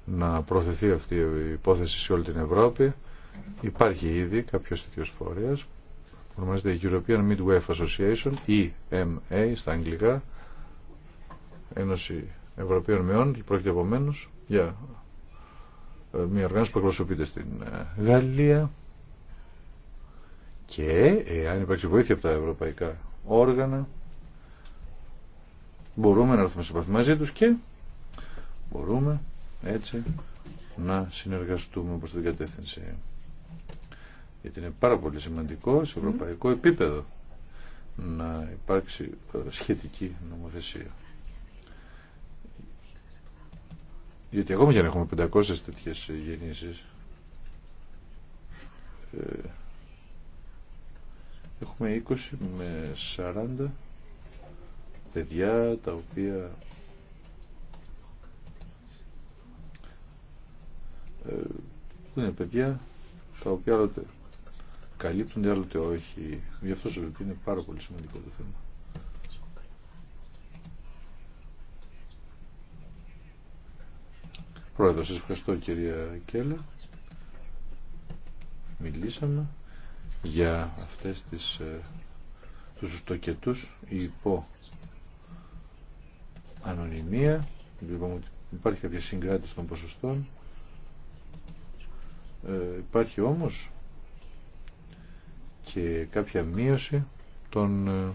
να προθεθεί αυτή η υπόθεση σε όλη την Ευρώπη. Υπάρχει ήδη κάποιο τέτοιο φορέα που ονομάζεται European Midwife Association, EMA στα αγγλικά, Ένωση Ευρωπαίων Μεών και πρόκειται επομένω για ε, μια οργάνωση που εκπροσωπείται στην ε, Γαλλία και αν υπάρξει βοήθεια από τα ευρωπαϊκά όργανα μπορούμε να έρθουμε σε επαφή μαζί τους και μπορούμε έτσι να συνεργαστούμε προς την κατεύθυνση. Γιατί είναι πάρα πολύ σημαντικό σε ευρωπαϊκό επίπεδο να υπάρξει ε, σχετική νομοθεσία. Γιατί ακόμα και αν έχουμε 500 τέτοιες γεννήσεις ε, έχουμε 20 με 40 παιδιά τα οποία που ε, είναι παιδιά τα οποία άλλοτε και άλλοτε όχι. Γι' αυτό σου είναι πάρα πολύ σημαντικό το θέμα. Πρόεδρο, σας ευχαριστώ κυρία Κέλλα. Μιλήσαμε για αυτές τις ε, τους στοκετούς υπό ανωνυμία, υπάρχει κάποια συγκράτηση των ποσοστών. Ε, υπάρχει όμως και κάποια μείωση των ε,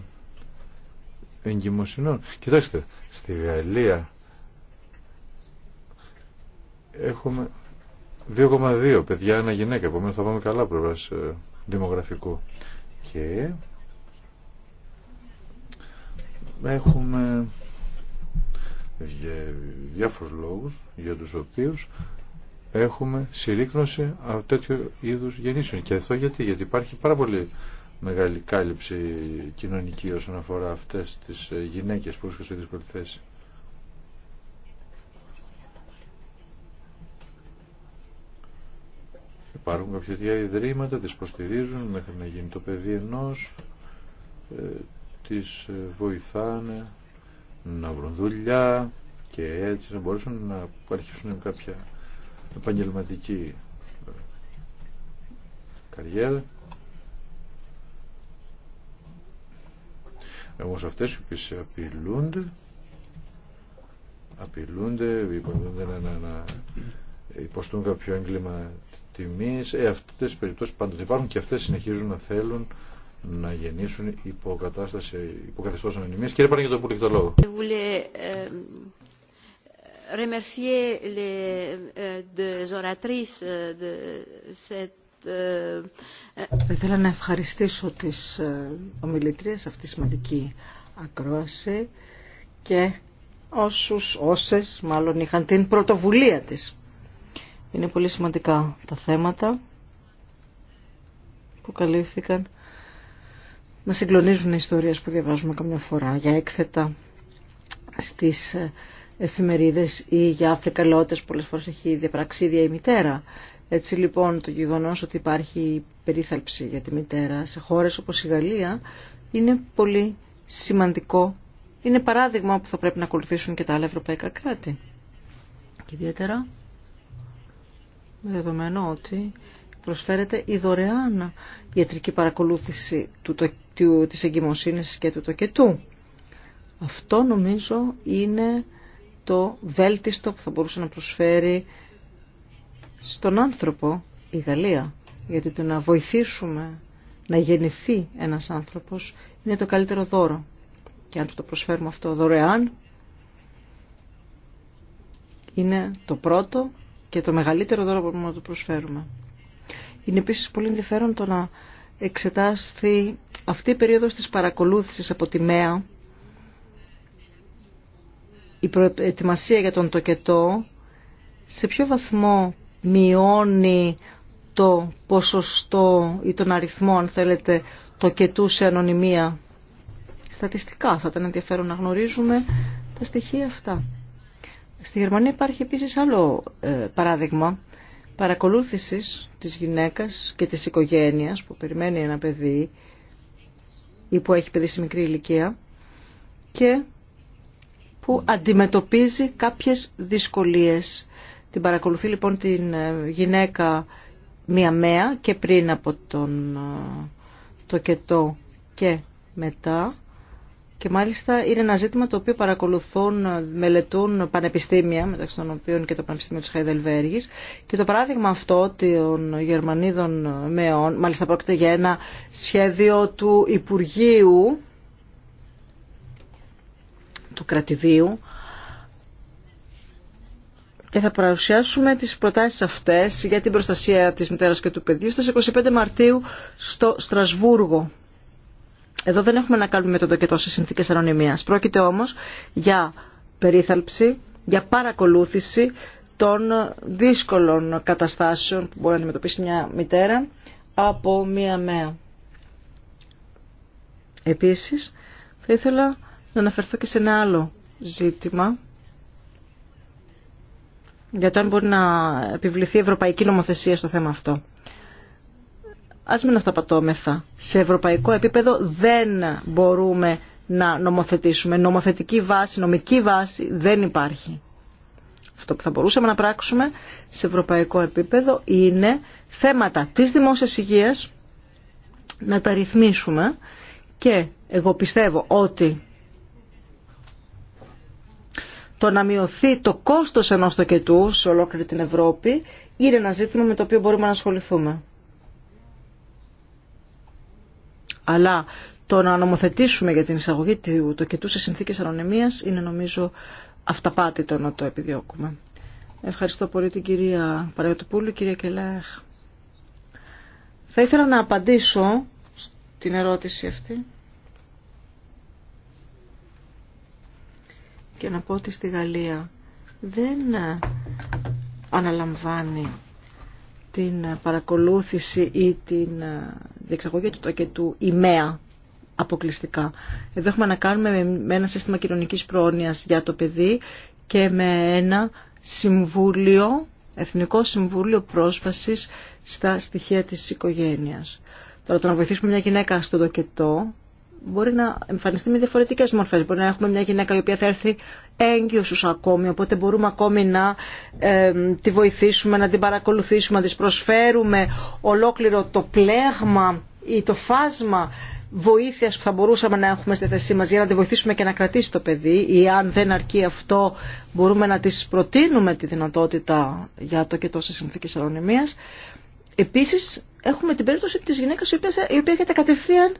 εγκυμοσυνών. Κοιτάξτε, στη Γαλλία έχουμε 2,2 παιδιά ένα γυναίκα, επομένως θα πάμε καλά ε, δημογραφικού. Και έχουμε για διάφορους λόγους για τους οποίους έχουμε συρρήκνωση τέτοιου είδους γεννήσεων. Και αυτό γιατί, γιατί υπάρχει πάρα πολύ μεγάλη κάλυψη κοινωνική όσον αφορά αυτές τις ε, γυναίκες που βρίσκονται σε δύσκολη θέση. Υπάρχουν κάποια τέτοια ιδρύματα, τις προστηρίζουν μέχρι να γίνει το παιδί ενός, ε, τις ε, βοηθάνε να βρουν δουλειά και έτσι να μπορέσουν να αρχίσουν κάποια επαγγελματική ε, καριέρα. Όμω αυτέ οι οποίε απειλούνται απειλούνται, να, να, να υποστούν κάποιο έγκλημα τιμή. Ε, αυτές τι περιπτώσεις πάντοτε υπάρχουν και αυτέ συνεχίζουν να θέλουν να γεννήσουν υποκατάσταση, υποκαθεστώς ανωνυμίας. Κύριε Παναγιώτοπουλη, το λόγο. Euh, remercier les euh, oratrices euh, de cette ήθελα να ευχαριστήσω τις ε, ομιλητρίες αυτή τη σημαντική ακρόαση και όσους, όσες μάλλον είχαν την πρωτοβουλία της. Είναι πολύ σημαντικά τα θέματα που καλύφθηκαν μας συγκλονίζουν οι ιστορίες που διαβάζουμε καμιά φορά για έκθετα στις ε, εφημερίδες ή για αφρικαλώτες πολλές φορές έχει διαπράξει η για που πολλες φορες εχει ότι υπάρχει η λοιπόν το γεγονός ότι υπάρχει περίθαλψη για τη μητέρα σε χώρες όπως η Γαλλία είναι πολύ σημαντικό. Είναι παράδειγμα που θα πρέπει να ακολουθήσουν και τα άλλα ευρωπαϊκά κράτη. Και ιδιαίτερα με δεδομένο ότι προσφέρεται η δωρεάν ιατρική παρακολούθηση του, του, της εγκυμοσύνης και του τοκετού. Αυτό νομίζω είναι το βέλτιστο που θα μπορούσε να προσφέρει στον άνθρωπο η Γαλλία. Γιατί το να βοηθήσουμε να γεννηθεί ένας άνθρωπος είναι το καλύτερο δώρο. Και αν το προσφέρουμε αυτό δωρεάν, είναι το πρώτο και το μεγαλύτερο δώρο που μπορούμε να του προσφέρουμε. Είναι επίσης πολύ ενδιαφέρον το να εξετάσει αυτή η περίοδος της παρακολούθησης από τη ΜΕΑ, η προετοιμασία για τον τοκετό, σε ποιο βαθμό μειώνει το ποσοστό ή τον αριθμό, αν θέλετε, τοκετού σε ανωνυμία. Στατιστικά θα ήταν ενδιαφέρον να γνωρίζουμε τα στοιχεία αυτά. Στη Γερμανία υπάρχει επίσης άλλο ε, παράδειγμα παρακολούθησης της γυναίκας και της οικογένειας που περιμένει ένα παιδί ή που έχει παιδί μικρή ηλικία και που αντιμετωπίζει κάποιες δυσκολίες. Την παρακολουθεί λοιπόν την ε, γυναίκα μία μέα και πριν από τον ε, το κετό και μετά και μάλιστα είναι ένα ζήτημα το οποίο παρακολουθούν, μελετούν πανεπιστήμια, μεταξύ των οποίων και το Πανεπιστήμιο τη Χαϊδελβέργης. Και το παράδειγμα αυτό των Γερμανίδων ΜΕΟΝ, μάλιστα πρόκειται για ένα σχέδιο του Υπουργείου, του κρατηδίου, και θα παρουσιάσουμε τις προτάσεις αυτές για την προστασία της μητέρας και του παιδιού στις 25 Μαρτίου στο Στρασβούργο. Εδώ δεν έχουμε να κάνουμε με τον τοκετό σε συνθήκες ανωνυμίας. Πρόκειται όμως για περίθαλψη, για παρακολούθηση των δύσκολων καταστάσεων που μπορεί να αντιμετωπίσει μια μητέρα από μια μέα. Επίσης, θα ήθελα να αναφερθώ και σε ένα άλλο ζήτημα για το αν μπορεί να επιβληθεί ευρωπαϊκή νομοθεσία στο θέμα αυτό. Ας μην αυταπατώμεθα. Σε ευρωπαϊκό επίπεδο δεν μπορούμε να νομοθετήσουμε. Νομοθετική βάση, νομική βάση δεν υπάρχει. Αυτό που θα μπορούσαμε να πράξουμε σε ευρωπαϊκό επίπεδο είναι θέματα της δημόσιας υγείας να τα ρυθμίσουμε και εγώ πιστεύω ότι το να μειωθεί το κόστος ενός τοκετού σε ολόκληρη την Ευρώπη είναι ένα ζήτημα με το οποίο μπορούμε να ασχοληθούμε. αλλά το να νομοθετήσουμε για την εισαγωγή του τοκετού σε συνθήκες ανωνυμίας είναι νομίζω αυταπάτητο να το επιδιώκουμε. Ευχαριστώ πολύ την κυρία Παραγωτοπούλου, κυρία Κελέχ. Θα ήθελα να απαντήσω στην ερώτηση αυτή και να πω ότι στη Γαλλία δεν αναλαμβάνει την παρακολούθηση ή την διεξαγωγή του τοκετού ημέα αποκλειστικά. Εδώ έχουμε να κάνουμε με ένα σύστημα κοινωνικής πρόνοιας για το παιδί και με ένα συμβούλιο, Εθνικό Συμβούλιο Πρόσβασης στα στοιχεία της οικογένειας. Τώρα το να βοηθήσουμε μια γυναίκα στο τοκετό μπορεί να εμφανιστεί με διαφορετικέ μορφέ. Μπορεί να έχουμε μια γυναίκα η οποία θα έρθει έγκυο ακόμη, οπότε μπορούμε ακόμη να ε, τη βοηθήσουμε, να την παρακολουθήσουμε, να τη προσφέρουμε ολόκληρο το πλέγμα ή το φάσμα βοήθεια που θα μπορούσαμε να έχουμε στη θέση μα για να τη βοηθήσουμε και να κρατήσει το παιδί, ή αν δεν αρκεί αυτό, μπορούμε να τη προτείνουμε τη δυνατότητα για το και τόσε συνθήκε ανωνυμία. Επίση, έχουμε την περίπτωση τη γυναίκα η οποία έρχεται κατευθείαν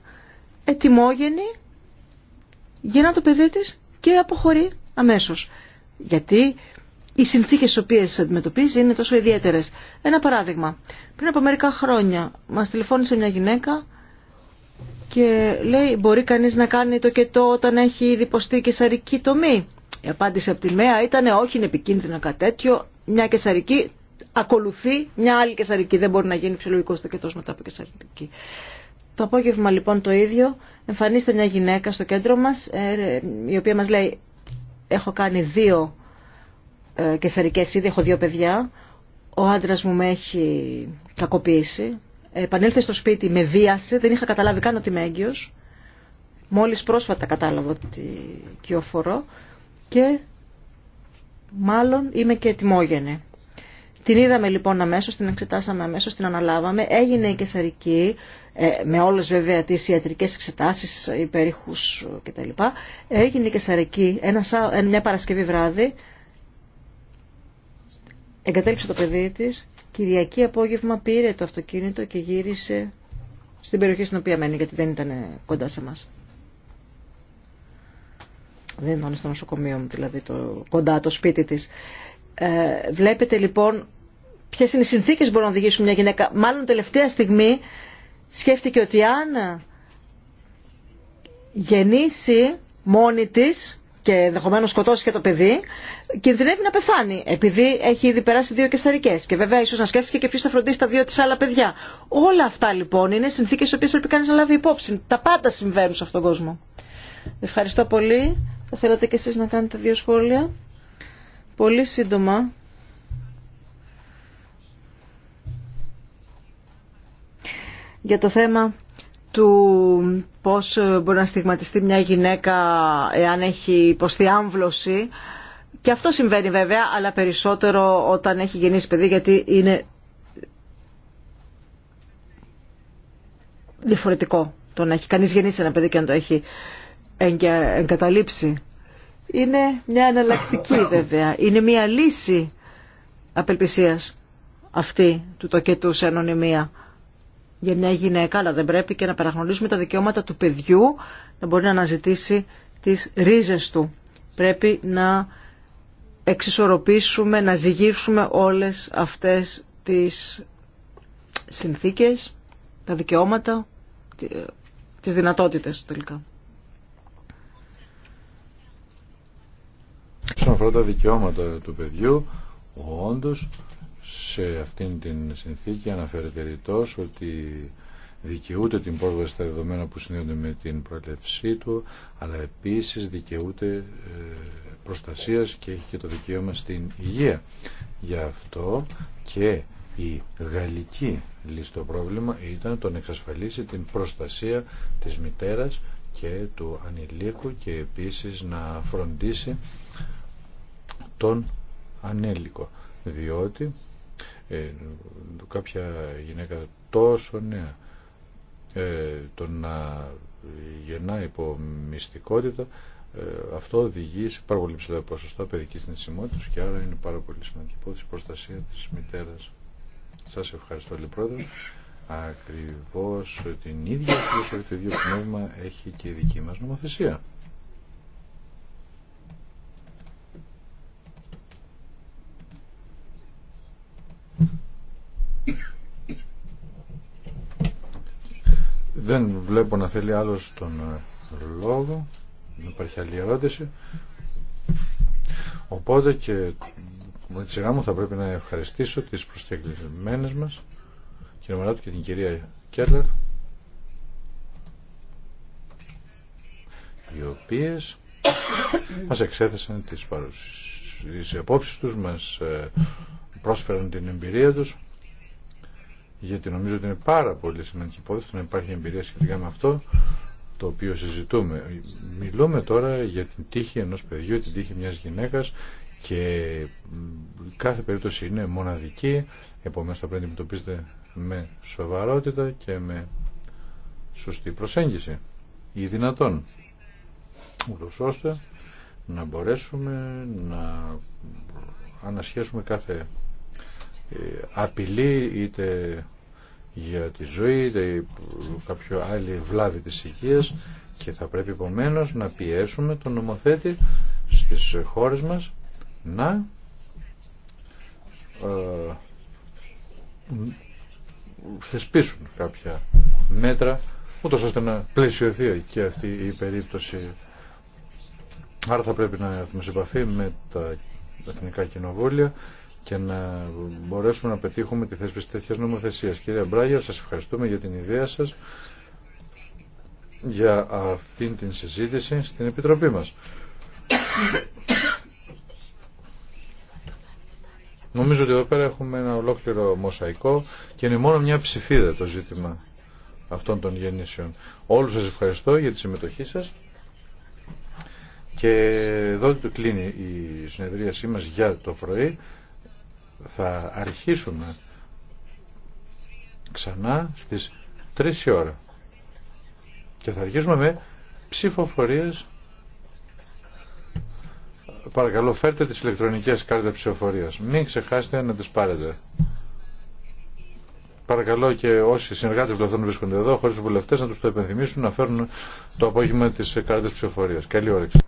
ετοιμόγενη γεννά το παιδί της και αποχωρεί αμέσως. Γιατί οι συνθήκες τις οποίες αντιμετωπίζει είναι τόσο ιδιαίτερες. Ένα παράδειγμα. Πριν από μερικά χρόνια μας τηλεφώνησε μια γυναίκα και λέει μπορεί κανείς να κάνει το κετό όταν έχει ήδη υποστεί κεσαρική τομή. Η απάντηση από τη ΜΕΑ ήταν όχι είναι επικίνδυνο κάτι τέτοιο, μια κεσαρική ακολουθεί μια άλλη κεσαρική. Δεν μπορεί να γίνει το κετός μετά από κεσαρική. Το απόγευμα λοιπόν το ίδιο εμφανίστηκε μια γυναίκα στο κέντρο μας ε, η οποία μας λέει έχω κάνει δύο ε, κεσαρικές ήδη, έχω δύο παιδιά, ο άντρας μου με έχει κακοποιήσει, επανήλθε στο σπίτι, με βίασε, δεν είχα καταλάβει καν ότι είμαι έγκυος, μόλις πρόσφατα κατάλαβα ότι κυοφορώ και μάλλον είμαι και ετοιμόγενε». Την είδαμε λοιπόν αμέσως, την εξετάσαμε αμέσως, την αναλάβαμε. Έγινε η κεσαρική, ε, με όλες βέβαια τις ιατρικές εξετάσεις, υπέρηχους κτλ. Έγινε η κεσαρική μια Παρασκευή βράδυ. Εγκατέλειψε το παιδί της. Κυριακή απόγευμα πήρε το αυτοκίνητο και γύρισε στην περιοχή στην οποία μένει, γιατί δεν ήταν κοντά σε μας. Δεν ήταν στο νοσοκομείο μου, δηλαδή το, κοντά το σπίτι της. Ε, βλέπετε λοιπόν ποιε είναι οι συνθήκε που μπορούν να οδηγήσουν μια γυναίκα. Μάλλον τελευταία στιγμή σκέφτηκε ότι αν γεννήσει μόνη τη και ενδεχομένω σκοτώσει και το παιδί, κινδυνεύει να πεθάνει, επειδή έχει ήδη περάσει δύο κεσαρικέ. Και βέβαια, ίσω να σκέφτηκε και ποιο θα φροντίσει τα δύο τη άλλα παιδιά. Όλα αυτά λοιπόν είναι συνθήκε τι οποίε πρέπει κανεί να λάβει υπόψη. Τα πάντα συμβαίνουν σε αυτόν τον κόσμο. Ευχαριστώ πολύ. Θα θέλατε και εσείς να κάνετε δύο σχόλια. Πολύ σύντομα. για το θέμα του πώς μπορεί να στιγματιστεί μια γυναίκα εάν έχει υποστεί άμβλωση. Και αυτό συμβαίνει βέβαια, αλλά περισσότερο όταν έχει γεννήσει παιδί, γιατί είναι διαφορετικό το να έχει κανείς γεννήσει ένα παιδί και να το έχει εγκαταλείψει. Είναι μια εναλλακτική βέβαια. Είναι μια λύση απελπισίας αυτή του τοκετού σε ανωνυμία για μια γυναίκα, αλλά δεν πρέπει και να παραγνωρίσουμε τα δικαιώματα του παιδιού να μπορεί να αναζητήσει τις ρίζες του. Πρέπει να εξισορροπήσουμε, να ζυγίσουμε όλες αυτές τις συνθήκες, τα δικαιώματα, τις δυνατότητες τελικά. Όσον αφορά τα δικαιώματα του παιδιού, όντως σε αυτήν την συνθήκη αναφέρεται ρητός ότι δικαιούται την πρόσβαση στα δεδομένα που συνδέονται με την προέλευσή του, αλλά επίσης δικαιούται ε, προστασίας και έχει και το δικαίωμα στην υγεία. Γι' αυτό και η γαλλική λύση στο πρόβλημα ήταν το να εξασφαλίσει την προστασία της μητέρας και του ανηλίκου και επίσης να φροντίσει τον ανήλικο διότι ε, κάποια γυναίκα τόσο νέα ε, το να γεννάει υπό μυστικότητα ε, αυτό οδηγεί σε πάρα πολύ ψηλά ποσοστά παιδικής νησιμότητας και άρα είναι πάρα πολύ σημαντική υπόθεση προστασία της μητέρας. Σας ευχαριστώ λοιπόν Ακριβώς την ίδια το ίδιο πνεύμα έχει και η δική μας νομοθεσία. Δεν βλέπω να θέλει άλλος τον ε, λόγο. Δεν υπάρχει άλλη ερώτηση. Οπότε και με τη σειρά μου θα πρέπει να ευχαριστήσω τις προσκεκλημένες μας κύριε Μαράτου και την κυρία Κέλλερ οι οποίες μας εξέθεσαν τις, παρουσίες, τις απόψεις τους μας ε, πρόσφεραν την εμπειρία τους γιατί νομίζω ότι είναι πάρα πολύ σημαντική υπόθεση να υπάρχει εμπειρία σχετικά με αυτό το οποίο συζητούμε. Μιλούμε τώρα για την τύχη ενός παιδιού, την τύχη μιας γυναίκας και κάθε περίπτωση είναι μοναδική, επομένως θα πρέπει να πειστε με σοβαρότητα και με σωστή προσέγγιση ή δυνατόν. Ούτως ώστε να μπορέσουμε να ανασχέσουμε κάθε απειλή είτε για τη ζωή είτε κάποιο άλλη βλάβη της οικίας και θα πρέπει επομένω να πιέσουμε τον νομοθέτη στις χώρες μας να ε, θεσπίσουν κάποια μέτρα ούτω ώστε να πλαισιωθεί και αυτή η περίπτωση άρα θα πρέπει να έρθουμε σε με τα εθνικά κοινοβούλια και να μπορέσουμε να πετύχουμε τη θέσπιση τέτοια νομοθεσία. Κύριε Μπράγερ, σα ευχαριστούμε για την ιδέα σα για αυτήν την συζήτηση στην Επιτροπή μας. Νομίζω ότι εδώ πέρα έχουμε ένα ολόκληρο μοσαϊκό και είναι μόνο μια ψηφίδα το ζήτημα αυτών των γεννήσεων. Όλους σας ευχαριστώ για τη συμμετοχή σας και εδώ κλείνει η συνεδρίασή μας για το πρωί θα αρχίσουμε ξανά στις 3 η ώρα και θα αρχίσουμε με ψηφοφορίες παρακαλώ φέρτε τις ηλεκτρονικές κάρτες ψηφοφορίας μην ξεχάσετε να τις πάρετε παρακαλώ και όσοι συνεργάτες βουλευτών βρίσκονται εδώ, χωρί βουλευτές, να τους το επενθυμίσουν να φέρουν το απόγευμα τις κάρτες ψηφοφορίας. Καλή όρεξη.